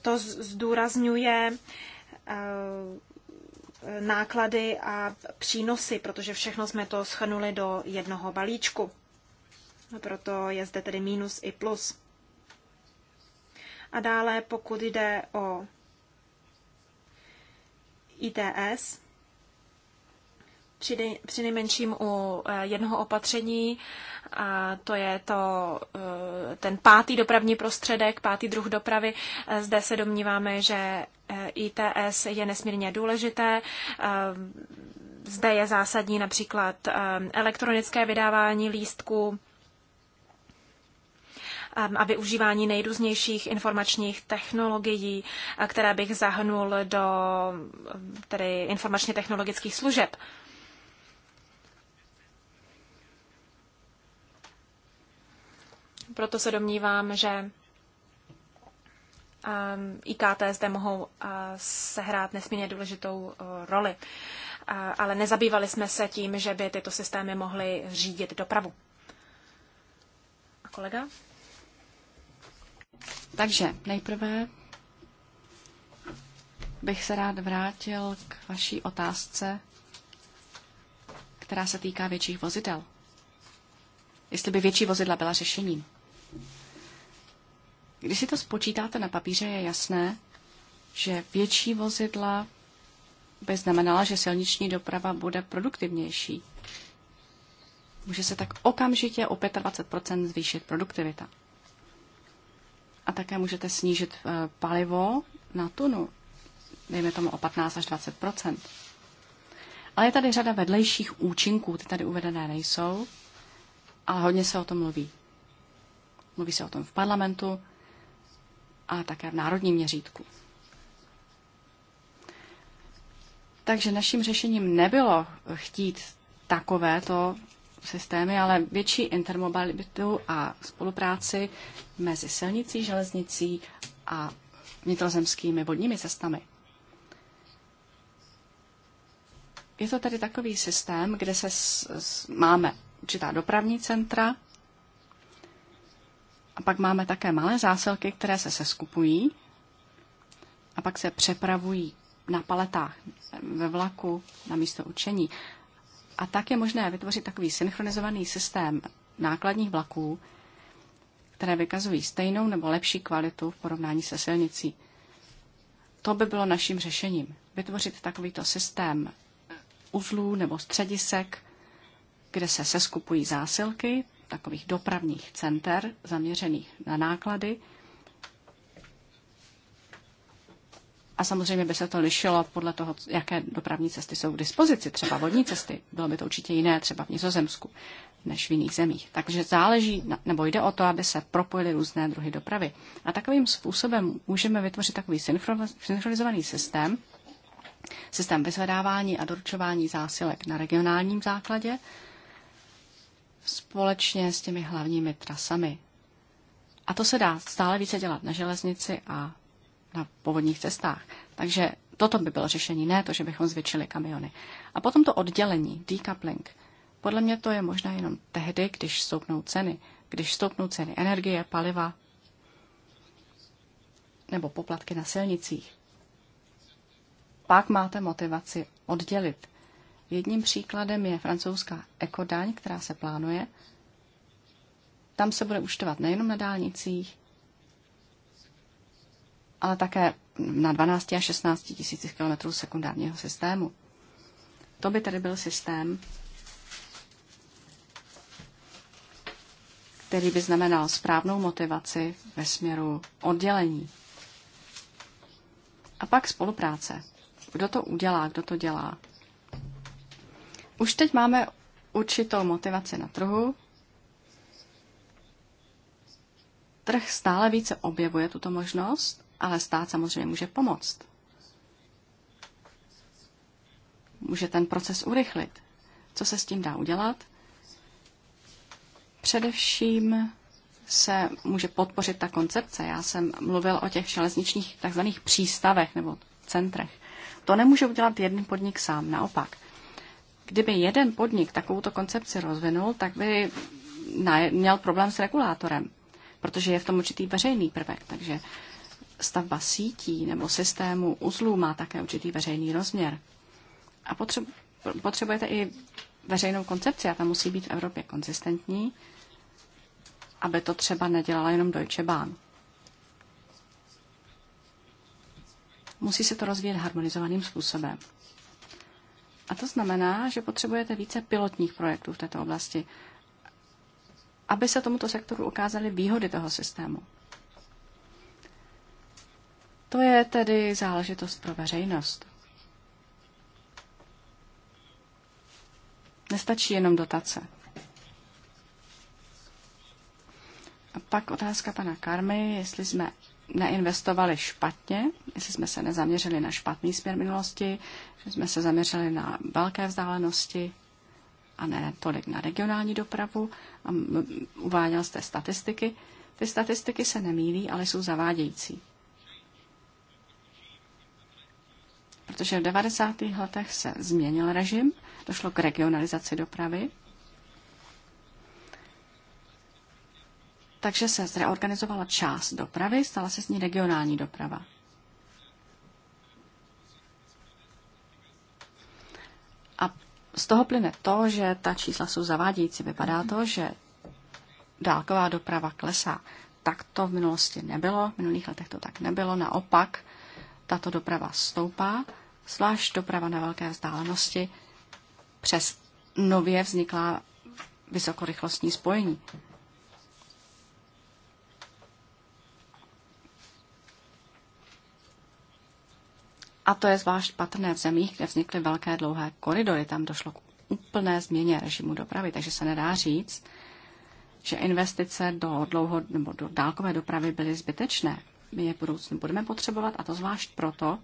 to zdůrazňuje eh, náklady a přínosy, protože všechno jsme to schrnuli do jednoho balíčku. Proto je zde tedy mínus i plus. A dále, pokud jde o ITS, při přinejmenším u eh, jednoho opatření, a to je to, eh, ten pátý dopravní prostředek, pátý druh dopravy. Eh, zde se domníváme, že ITS je nesmírně důležité. Zde je zásadní například elektronické vydávání lístků a využívání nejrůznějších informačních technologií, které bych zahnul do tedy informačně technologických služeb. Proto se domnívám, že ehm, IKT zde mohou eh, sehrát nesmírně důležitou eh, roli. Eh, ale nezabývali jsme se tím, že by tyto systémy mohly řídit dopravu. A kolega? Takže nejprve bych se rád vrátil k vaší otázce, která se týká větších vozidel. Jestli by větší vozidla byla řešením. Když si to spočítáte na papíře, je jasné, že větší vozidla by znamenala, že silniční doprava bude produktivnější. Může se tak okamžitě o 25 zvýšit produktivita. A také můžete snížit eh, palivo na tunu, dejme tomu o 15 až 20 Ale je tady řada vedlejších účinků, ty tady uvedené nejsou, ale hodně se o tom mluví. Mluví se o tom v parlamentu, a také v národním měřítku. Takže naším řešením nebylo chtít takovéto systémy, ale větší intermobilitu a spolupráci mezi silnicí, železnicí a vnitrozemskými vodními cestami. Je to tedy takový systém, kde se s, s, máme určitá dopravní centra, a pak máme také malé zásilky, které se seskupují a pak se přepravují na paletách ve vlaku na místo učení. A tak je možné vytvořit takový synchronizovaný systém nákladních vlaků, které vykazují stejnou nebo lepší kvalitu v porovnání se silnicí. To by bylo naším řešením. Vytvořit takovýto systém uzlů nebo středisek, kde se seskupují zásilky, takových dopravních center zaměřených na náklady. A samozřejmě by se to lišilo podle toho, jaké dopravní cesty jsou k dispozici. Třeba vodní cesty, bylo by to určitě jiné třeba v Nizozemsku než v jiných zemích. Takže záleží, nebo jde o to, aby se propojily různé druhy dopravy. A takovým způsobem můžeme vytvořit takový synchronizovaný systém, systém vyzvedávání a doručování zásilek na regionálním základě, společně s těmi hlavními trasami. A to se dá stále více dělat na železnici a na povodních cestách. Takže toto by bylo řešení, ne to, že bychom zvětšili kamiony. A potom to oddělení, decoupling. Podle mě to je možná jenom tehdy, když stoupnou ceny. Když stoupnou ceny energie, paliva nebo poplatky na silnicích. Pak máte motivaci oddělit. Jedním příkladem je francouzská ekodaň, která se plánuje. Tam se bude účtovat nejenom na dálnicích, ale také na 12 a 16 tisících kilometrů sekundárního systému. To by tedy byl systém, který by znamenal správnou motivaci ve směru oddělení. A pak spolupráce. Kdo to udělá, kdo to dělá? Už teď máme určitou motivaci na trhu. Trh stále více objevuje tuto možnost, ale stát samozřejmě může pomoct. Může ten proces urychlit. Co se s tím dá udělat? Především se může podpořit ta koncepce. Já jsem mluvil o těch železničních takzvaných přístavech nebo centrech. To nemůže udělat jeden podnik sám, naopak. Kdyby jeden podnik takovouto koncepci rozvinul, tak by měl problém s regulátorem, protože je v tom určitý veřejný prvek. Takže stavba sítí nebo systému uzlů má také určitý veřejný rozměr. A potřebujete i veřejnou koncepci a ta musí být v Evropě konzistentní, aby to třeba nedělala jenom Deutsche Bahn. Musí se to rozvíjet harmonizovaným způsobem. A to znamená, že potřebujete více pilotních projektů v této oblasti, aby se tomuto sektoru ukázaly výhody toho systému. To je tedy záležitost pro veřejnost. Nestačí jenom dotace. A pak otázka pana Karmy, jestli jsme neinvestovali špatně, jestli jsme se nezaměřili na špatný směr minulosti, že jsme se zaměřili na velké vzdálenosti a ne tolik na regionální dopravu. A uváděl jste statistiky. Ty statistiky se nemýlí, ale jsou zavádějící. Protože v 90. letech se změnil režim, došlo k regionalizaci dopravy Takže se zreorganizovala část dopravy, stala se s ní regionální doprava. A z toho plyne to, že ta čísla jsou zavádějící. Vypadá to, že dálková doprava klesá. Tak to v minulosti nebylo, v minulých letech to tak nebylo. Naopak, tato doprava stoupá, zvlášť doprava na velké vzdálenosti přes nově vzniklá vysokorychlostní spojení. A to je zvlášť patrné v zemích, kde vznikly velké dlouhé koridory. Tam došlo k úplné změně režimu dopravy, takže se nedá říct, že investice do, dlouho, nebo do dálkové dopravy byly zbytečné. My je budoucnu budeme potřebovat a to zvlášť proto,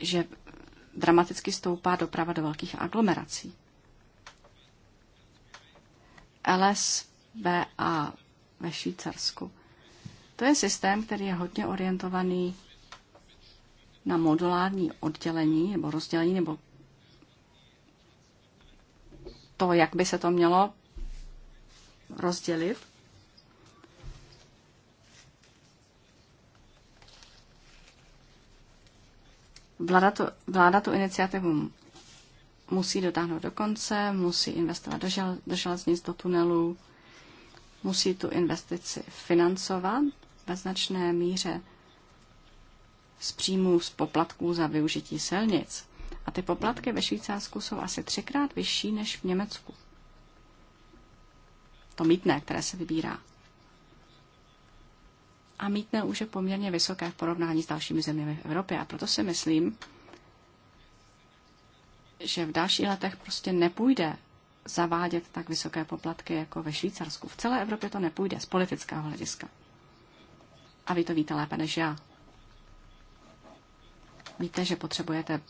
že dramaticky stoupá doprava do velkých aglomerací. LSVA ve Švýcarsku. To je systém, který je hodně orientovaný na modulární oddělení nebo rozdělení nebo to, jak by se to mělo rozdělit. Vláda tu, vláda tu iniciativu musí dotáhnout do konce, musí investovat do, žel, do železnic, do tunelů, musí tu investici financovat ve značné míře z příjmů z poplatků za využití silnic. A ty poplatky ve Švýcarsku jsou asi třikrát vyšší než v Německu. To mítné, které se vybírá. A mítné už je poměrně vysoké v porovnání s dalšími zeměmi v Evropě. A proto si myslím, že v dalších letech prostě nepůjde zavádět tak vysoké poplatky jako ve Švýcarsku. V celé Evropě to nepůjde z politického hlediska. A vy to víte lépe než já. Víte, že potřebujete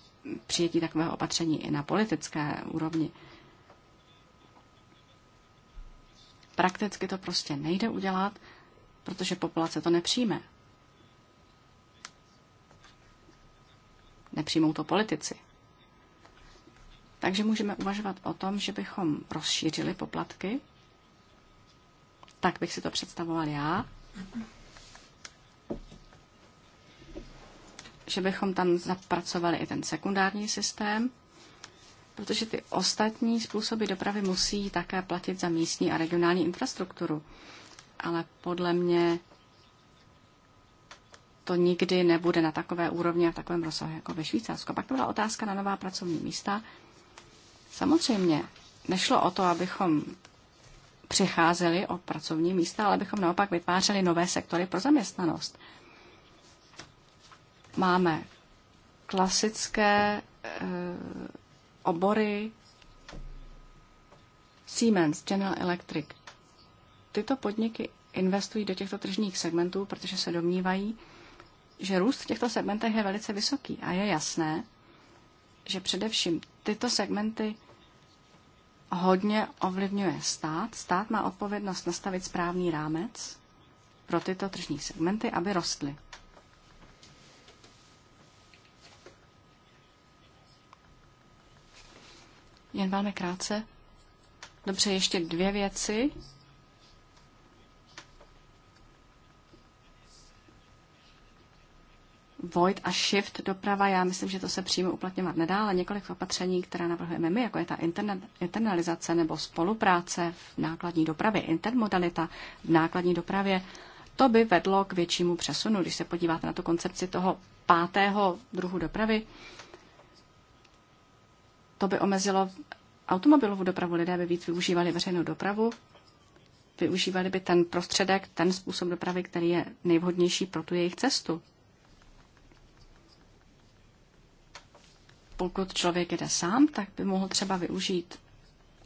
přijetí takového opatření i na politické úrovni. Prakticky to prostě nejde udělat, protože populace to nepřijme. Nepřijmou to politici. Takže můžeme uvažovat o tom, že bychom rozšířili poplatky. Tak bych si to představoval já. že bychom tam zapracovali i ten sekundární systém, protože ty ostatní způsoby dopravy musí také platit za místní a regionální infrastrukturu. Ale podle mě to nikdy nebude na takové úrovni a v takovém rozsahu jako ve Švýcarsku. Pak to byla otázka na nová pracovní místa. Samozřejmě nešlo o to, abychom přicházeli o pracovní místa, ale abychom naopak vytvářeli nové sektory pro zaměstnanost. Máme klasické eh, obory Siemens, General Electric. Tyto podniky investují do těchto tržních segmentů, protože se domnívají, že růst v těchto segmentech je velice vysoký a je jasné, že především tyto segmenty hodně ovlivňuje stát. Stát má odpovědnost nastavit správný rámec pro tyto tržní segmenty, aby rostly. Jen velmi krátce. Dobře, ještě dvě věci. Void a shift doprava, já myslím, že to se přímo uplatňovat nedá, ale několik opatření, která navrhujeme my, jako je ta internet, internalizace nebo spolupráce v nákladní dopravě, intermodalita v nákladní dopravě, to by vedlo k většímu přesunu. Když se podíváte na tu koncepci toho pátého druhu dopravy, to by omezilo automobilovou dopravu. Lidé by víc využívali veřejnou dopravu, využívali by ten prostředek, ten způsob dopravy, který je nejvhodnější pro tu jejich cestu. Pokud člověk jede sám, tak by mohl třeba využít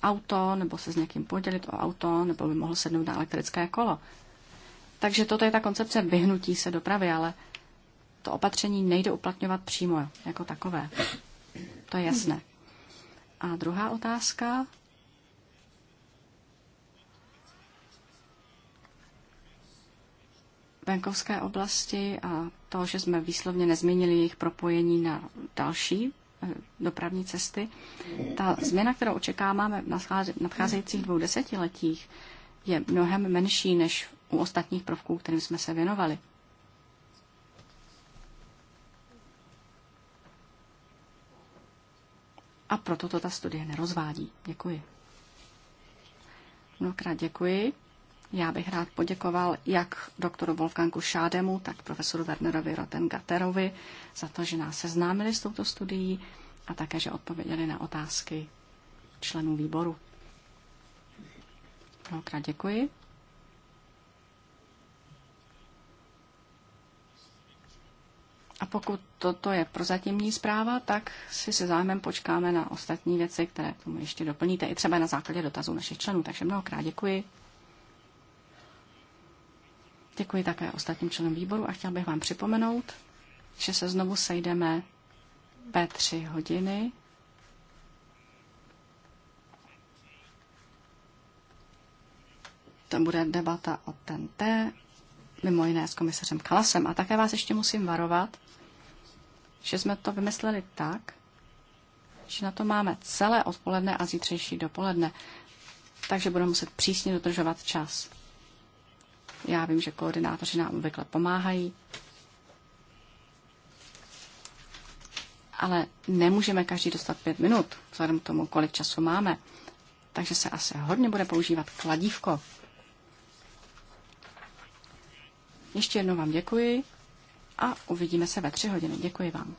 auto, nebo se s někým podělit o auto, nebo by mohl sednout na elektrické kolo. Takže toto je ta koncepce vyhnutí se dopravy, ale to opatření nejde uplatňovat přímo jako takové. To je jasné. A druhá otázka. venkovské oblasti a to, že jsme výslovně nezměnili jejich propojení na další eh, dopravní cesty. Ta změna, kterou očekáváme v nadcházejících dvou desetiletích, je mnohem menší než u ostatních prvků, kterým jsme se věnovali. A proto to ta studie nerozvádí. Děkuji. Mnohokrát děkuji. Já bych rád poděkoval jak doktoru Wolfgangu Šádemu, tak profesoru Wernerovi Rotengaterovi za to, že nás seznámili s touto studií a také, že odpověděli na otázky členů výboru. Mnohokrát děkuji. A pokud toto je prozatímní zpráva, tak si se zájmem počkáme na ostatní věci, které k tomu ještě doplníte, i třeba na základě dotazů našich členů. Takže mnohokrát děkuji. Děkuji také ostatním členům výboru a chtěl bych vám připomenout, že se znovu sejdeme ve tři hodiny. To bude debata o TNT, mimo jiné s komisařem Kalasem. A také vás ještě musím varovat, že jsme to vymysleli tak, že na to máme celé odpoledne a zítřejší dopoledne, takže budeme muset přísně dodržovat čas. Já vím, že koordinátoři nám obvykle pomáhají, ale nemůžeme každý dostat pět minut, vzhledem k tomu, kolik času máme. Takže se asi hodně bude používat kladívko. Ještě jednou vám děkuji a uvidíme se ve tři hodiny. Děkuji vám.